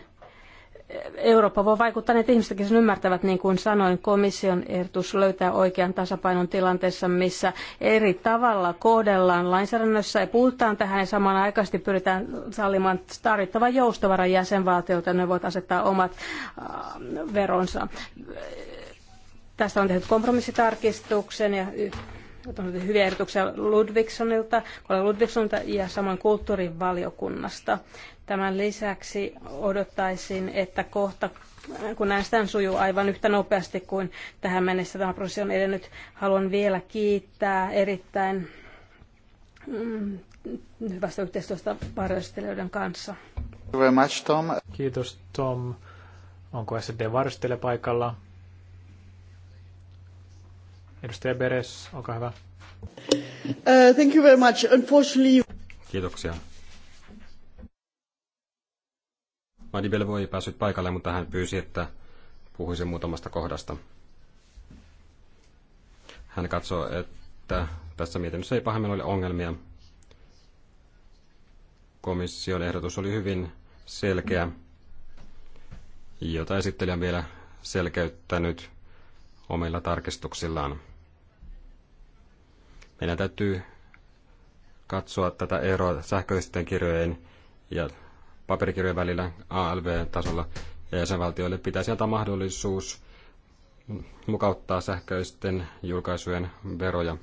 Eurooppa voi vaikuttaa, niin että ihmisetkin sen ymmärtävät, niin kuin sanoin, komission ehdotus löytää oikean tasapainon tilanteessa, missä eri tavalla kohdellaan lainsäädännössä ja puhutaan tähän ja samanaikaisesti pyritään sallimaan tarvittava joustovara jäsenvaltiolta, ne voivat asettaa omat äh, veronsa. Tästä on tehty kompromissitarkistuksen ja hyviä ehdotuksia Ludvigsonilta, Ludvigsonilta ja samoin kulttuurivaliokunnasta. Tämän lisäksi odottaisin, että kohta, kun näistä sujuu aivan yhtä nopeasti kuin tähän mennessä tämä prosessi on edennyt, haluan vielä kiittää erittäin mm, hyvästä yhteistyöstä varjostelijoiden kanssa. Very much, Tom. Kiitos Tom. Onko SD varjostelija paikalla? Edustaja Beres, olkaa hyvä. Uh, thank you very much. Unfortunately... Kiitoksia Madi Belvoi ei päässyt paikalle, mutta hän pyysi, että puhuisin muutamasta kohdasta. Hän katsoo, että tässä mietinnössä ei pahemmin ole ongelmia. Komission ehdotus oli hyvin selkeä, jota esittelijä on vielä selkeyttänyt omilla tarkistuksillaan. Meidän täytyy katsoa tätä eroa sähköisten kirjojen ja paperikirjojen välillä ALV-tasolla ja jäsenvaltioille pitäisi antaa mahdollisuus mukauttaa sähköisten julkaisujen veroja.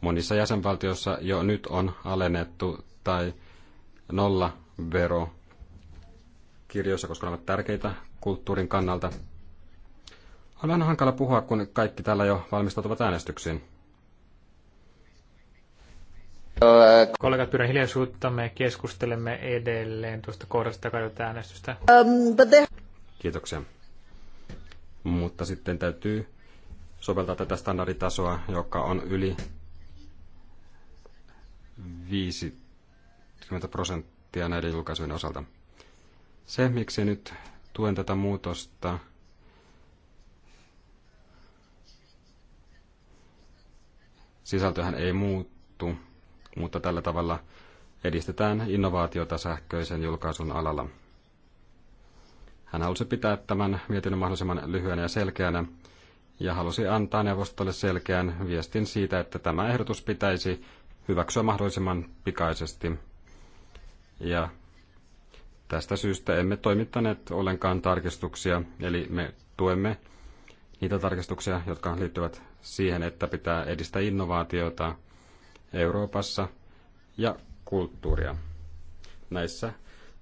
Monissa jäsenvaltioissa jo nyt on alennettu tai nolla vero kirjoissa, koska ne ovat tärkeitä kulttuurin kannalta. On vähän hankala puhua, kun kaikki täällä jo valmistautuvat äänestyksiin. Kollegat, pyydän hiljaisuutta. Me keskustelemme edelleen tuosta kohdasta, joka äänestystä. Um, Kiitoksia. Mutta sitten täytyy soveltaa tätä standarditasoa, joka on yli 50 prosenttia näiden julkaisujen osalta. Se, miksi nyt tuen tätä muutosta, sisältöhän ei muuttu mutta tällä tavalla edistetään innovaatiota sähköisen julkaisun alalla. Hän halusi pitää tämän mietinnön mahdollisimman lyhyenä ja selkeänä, ja halusi antaa neuvostolle selkeän viestin siitä, että tämä ehdotus pitäisi hyväksyä mahdollisimman pikaisesti. Ja tästä syystä emme toimittaneet ollenkaan tarkistuksia, eli me tuemme niitä tarkistuksia, jotka liittyvät siihen, että pitää edistää innovaatiota Euroopassa ja kulttuuria. Näissä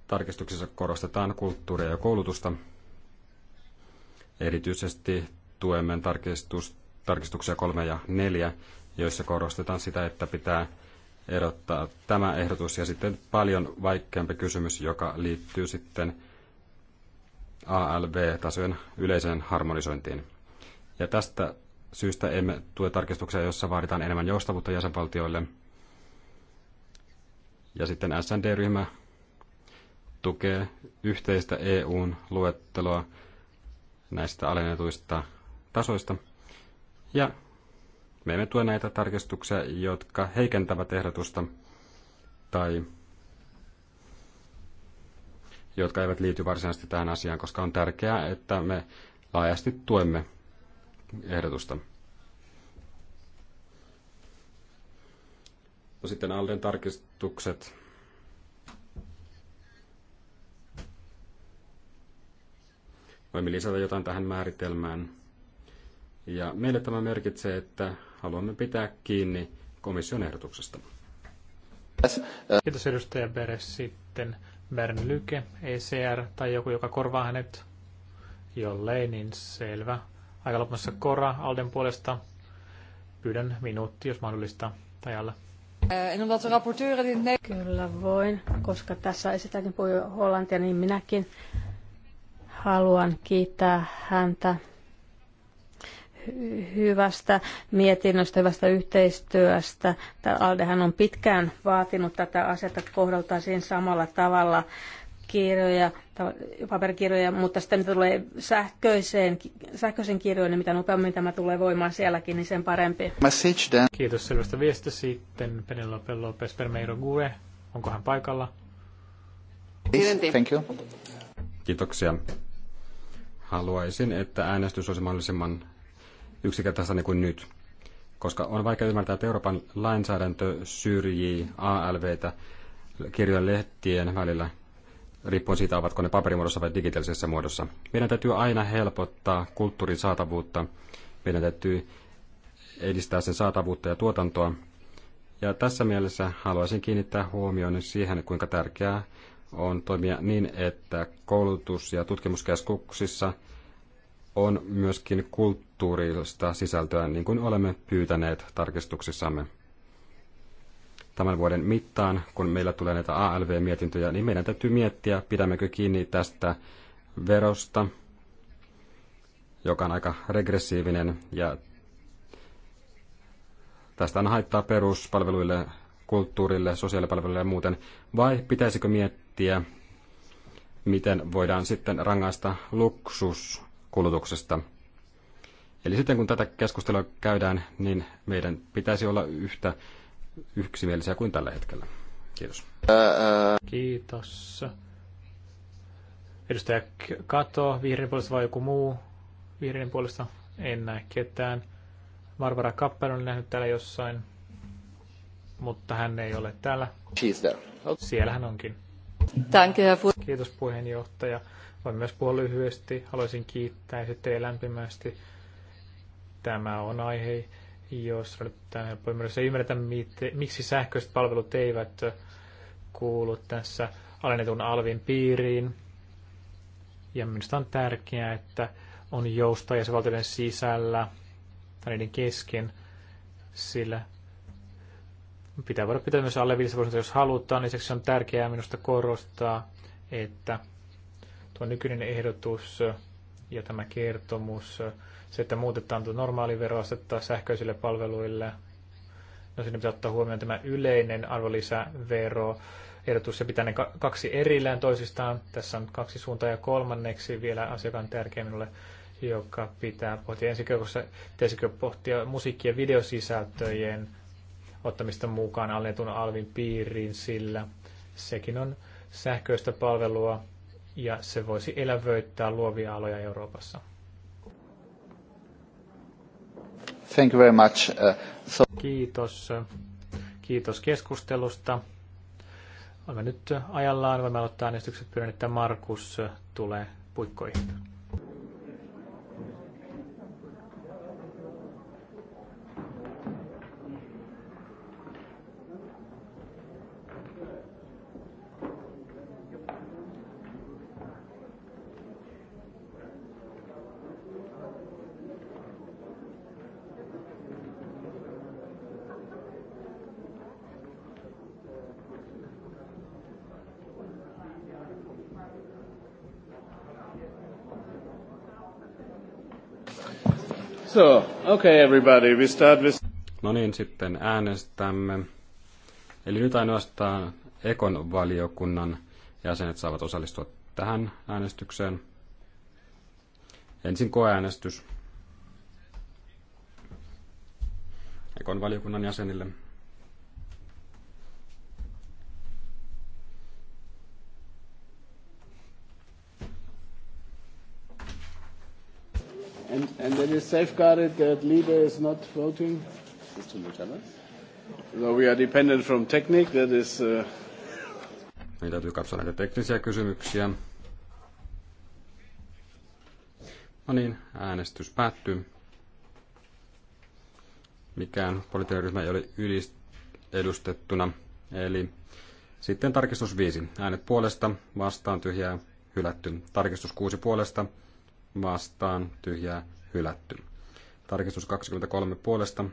tarkistuksissa korostetaan kulttuuria ja koulutusta. Erityisesti tuemme tarkistus, tarkistuksia kolme ja neljä, joissa korostetaan sitä, että pitää erottaa tämä ehdotus ja sitten paljon vaikeampi kysymys, joka liittyy sitten ALV-tasojen yleiseen harmonisointiin. Ja tästä syystä emme tue tarkistuksia, jossa vaaditaan enemmän joustavuutta jäsenvaltioille. Ja sitten SND-ryhmä tukee yhteistä EUn luetteloa näistä alennetuista tasoista. Ja me emme tue näitä tarkistuksia, jotka heikentävät ehdotusta tai jotka eivät liity varsinaisesti tähän asiaan, koska on tärkeää, että me laajasti tuemme ehdotusta. No sitten Alden tarkistukset. Voimme lisätä jotain tähän määritelmään. Ja meille tämä merkitsee, että haluamme pitää kiinni komission ehdotuksesta. Kiitos edustaja Beres. Sitten Bern Lyke, ECR tai joku, joka korvaa hänet. Jollei, niin selvä. Aika loppumassa Kora Alden puolesta. Pyydän minuutti, jos mahdollista, eh, niin ne... Kyllä voin, koska tässä esitäkin puhuu hollantia, niin minäkin haluan kiittää häntä hyvästä mietinnöstä, hyvästä yhteistyöstä. Aldehan on pitkään vaatinut tätä asetta kohdaltaisiin samalla tavalla kirjoja, paperikirjoja, mutta sitten tulee sähköiseen, sähköisen kirjoihin, niin mitä nopeammin tämä tulee voimaan sielläkin, niin sen parempi. Kiitos selvästä viestistä sitten Penelope Lopez Permeiro Gue. Onko hän paikalla? Thank you. Kiitoksia. Haluaisin, että äänestys olisi mahdollisimman yksinkertaisempi kuin nyt, koska on vaikea ymmärtää, että Euroopan lainsäädäntö syrjii ALVtä kirjojen lehtien välillä riippuen siitä, ovatko ne paperimuodossa vai digitaalisessa muodossa. Meidän täytyy aina helpottaa kulttuurin saatavuutta. Meidän täytyy edistää sen saatavuutta ja tuotantoa. Ja tässä mielessä haluaisin kiinnittää huomioon siihen, kuinka tärkeää on toimia niin, että koulutus- ja tutkimuskeskuksissa on myöskin kulttuurista sisältöä, niin kuin olemme pyytäneet tarkistuksissamme tämän vuoden mittaan, kun meillä tulee näitä ALV-mietintöjä, niin meidän täytyy miettiä, pidämmekö kiinni tästä verosta, joka on aika regressiivinen ja tästä on haittaa peruspalveluille, kulttuurille, sosiaalipalveluille ja muuten, vai pitäisikö miettiä, miten voidaan sitten rangaista luksuskulutuksesta. Eli sitten kun tätä keskustelua käydään, niin meidän pitäisi olla yhtä yksimielisiä kuin tällä hetkellä. Kiitos. Kiitos. Edustaja Kato, vihreän puolesta vai joku muu? Vihreän puolesta en näe ketään. Barbara Kappel on nähnyt täällä jossain, mutta hän ei ole täällä. She's there. Okay. Siellä hän onkin. Kiitos puheenjohtaja. Voin myös puhua lyhyesti. Haluaisin kiittää ja lämpimästi. Tämä on aihe, jos yritetään helppo ei ymmärretä, miksi sähköiset palvelut eivät kuulu tässä alennetun alvin piiriin. Ja minusta on tärkeää, että on ja se valtioiden sisällä tai niiden kesken, sillä pitää voida pitää myös alle 5 prosenttia, jos halutaan. Lisäksi on tärkeää minusta korostaa, että tuo nykyinen ehdotus ja tämä kertomus se, että muutetaan tuo normaali veroastetta sähköisille palveluille. No siinä pitää ottaa huomioon tämä yleinen arvonlisävero. Ehdotus se pitää ne kaksi erillään toisistaan. Tässä on kaksi suuntaa ja kolmanneksi vielä asiakkaan tärkeä minulle joka pitää pohtia ensi kerrassa, pitäisikö pohtia musiikki- ja videosisältöjen ottamista mukaan alennetun alvin piiriin, sillä sekin on sähköistä palvelua ja se voisi elävöittää luovia aloja Euroopassa. Thank you very much. Uh, so... Kiitos. Kiitos keskustelusta. Olemme nyt ajallaan. Voimme aloittaa äänestykset. Pyydän, että Markus tulee puikkoihin. So, okay everybody, we start with... No niin, sitten äänestämme. Eli nyt ainoastaan Ekon valiokunnan jäsenet saavat osallistua tähän äänestykseen. Ensin koeäänestys Ekon valiokunnan jäsenille. is safeguarded that Liebe is not voting? Is No, we are dependent from technique, that is... Uh... Meidän täytyy katsoa näitä teknisiä kysymyksiä. No niin, äänestys päättyy. Mikään poliittinen ryhmä ei ole yliedustettuna. Eli sitten tarkistus 5. Äänet puolesta, vastaan tyhjää, hylätty. Tarkistus 6 puolesta, vastaan tyhjää, hylätty. Tarkistus 23 puolesta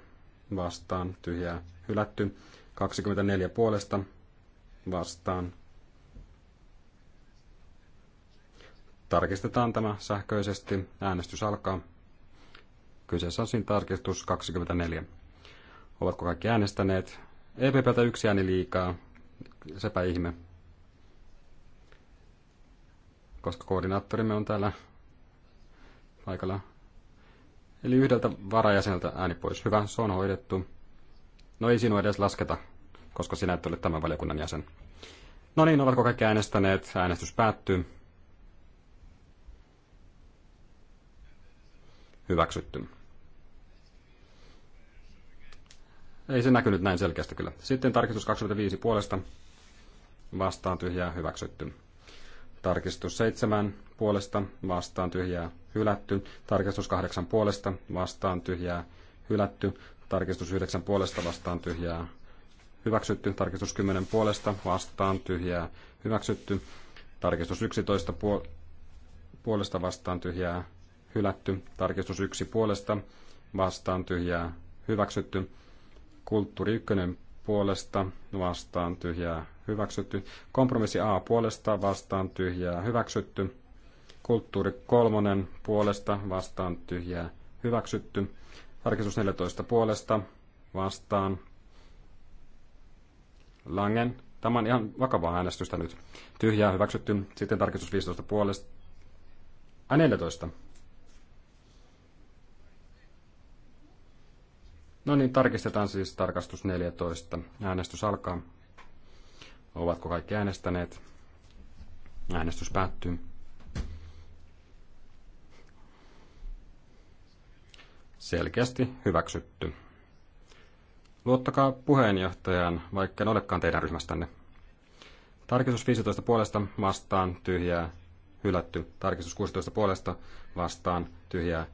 vastaan tyhjää hylätty. 24 puolesta vastaan. Tarkistetaan tämä sähköisesti. Äänestys alkaa. Kyseessä on siis tarkistus 24. Ovatko kaikki äänestäneet? EPPltä yksi ääni liikaa. Sepä ihme. Koska koordinaattorimme on täällä paikalla Eli yhdeltä varajäseneltä ääni pois. Hyvä, se on hoidettu. No ei sinua edes lasketa, koska sinä et ole tämän valiokunnan jäsen. No niin, ovatko kaikki äänestäneet? Äänestys päättyy. Hyväksytty. Ei se näkynyt näin selkeästi kyllä. Sitten tarkistus 25 puolesta vastaan tyhjää hyväksytty. Tarkistus 7 puolesta vastaan tyhjää hylätty. Tarkistus 8 puolesta vastaan tyhjää hylätty. Tarkistus 9 puolesta vastaan tyhjää hyväksytty. Tarkistus 10 puolesta vastaan tyhjää hyväksytty. Tarkistus 11 puolesta vastaan tyhjää hylätty. Tarkistus 1 puolesta vastaan tyhjää hyväksytty. Kulttuuri 1 puolesta vastaan tyhjää hyväksytty. Kompromissi A puolesta vastaan tyhjää hyväksytty. Kulttuuri kolmonen puolesta vastaan tyhjää hyväksytty. Tarkistus 14 puolesta vastaan Langen. Tämä on ihan vakavaa äänestystä nyt. Tyhjää hyväksytty. Sitten tarkistus 15 puolesta. A 14. No niin, tarkistetaan siis tarkastus 14. Äänestys alkaa. Ovatko kaikki äänestäneet? Äänestys päättyy. Selkeästi hyväksytty. Luottakaa puheenjohtajan, vaikka en olekaan teidän ryhmästänne. Tarkistus 15 puolesta vastaan tyhjää hylätty. Tarkistus 16 puolesta vastaan tyhjää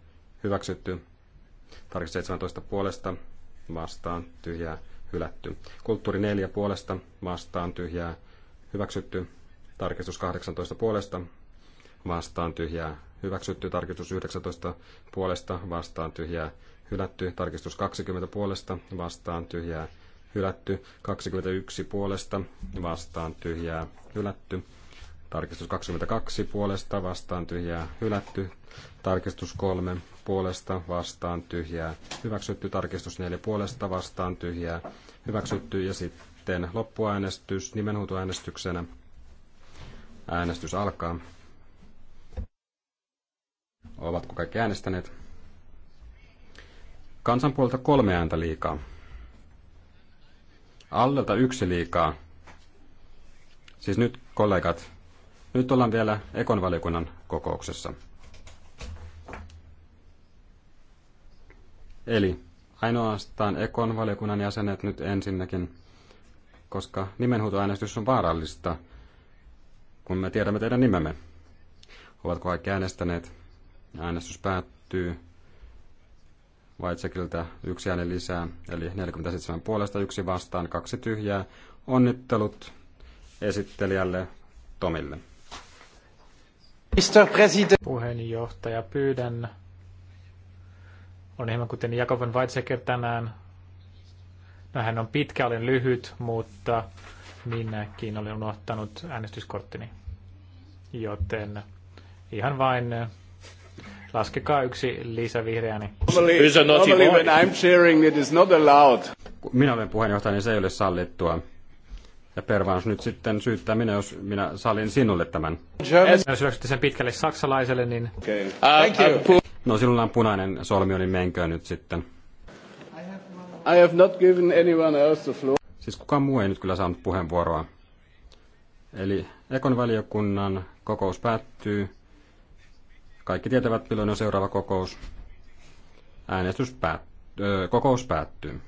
hyväksytty. Tarkistus 17 puolesta vastaan tyhjää hylätty. Kulttuuri 4 puolesta vastaan tyhjää hyväksytty. Tarkistus 18 puolesta vastaan tyhjää hyväksytty. Tarkistus 19 puolesta vastaan tyhjää hylätty. Tarkistus 20 puolesta vastaan tyhjää hylätty. 21 puolesta vastaan tyhjää hylätty. Tarkistus 22 puolesta vastaan tyhjää hylätty. Tarkistus 3 puolesta vastaan tyhjää hyväksytty. Tarkistus 4 puolesta vastaan tyhjää hyväksytty. Ja sitten loppuäänestys nimenhuutoäänestyksenä. Äänestys alkaa. Ovatko kaikki äänestäneet? Kansan puolta kolme ääntä liikaa. Allelta yksi liikaa. Siis nyt kollegat, nyt ollaan vielä ekonvaliokunnan kokouksessa. Eli ainoastaan Ekon valiokunnan jäsenet nyt ensinnäkin, koska nimenhuutoäänestys on vaarallista, kun me tiedämme teidän nimemme. Ovatko kaikki äänestäneet? Äänestys päättyy. Vaitsekiltä yksi ääni lisää, eli 47 puolesta yksi vastaan, kaksi tyhjää. Onnittelut esittelijälle Tomille. Mr. President. Puheenjohtaja, pyydän. On hieman kuten Jakovan Weizsäcker tänään. No hän on pitkä, olen lyhyt, mutta minäkin olen unohtanut äänestyskorttini. Joten ihan vain eh, laskekaa yksi lisävihreäni. Normally, normally when I'm sharing, it is not allowed. Minä olen puheenjohtaja, niin se ei ole sallittua. Ja Pervans nyt sitten syyttää minä, jos minä salin sinulle tämän. German. Jos hyväksytte sen pitkälle saksalaiselle, niin... Okay. Uh, Thank you. Uh, no sinulla on punainen solmi, niin menkö nyt sitten. I have not given anyone else the floor. Siis kukaan muu ei nyt kyllä saanut puheenvuoroa. Eli Ekon valiokunnan kokous päättyy. Kaikki tietävät, milloin on seuraava kokous. Äänestys päät- kokous päättyy.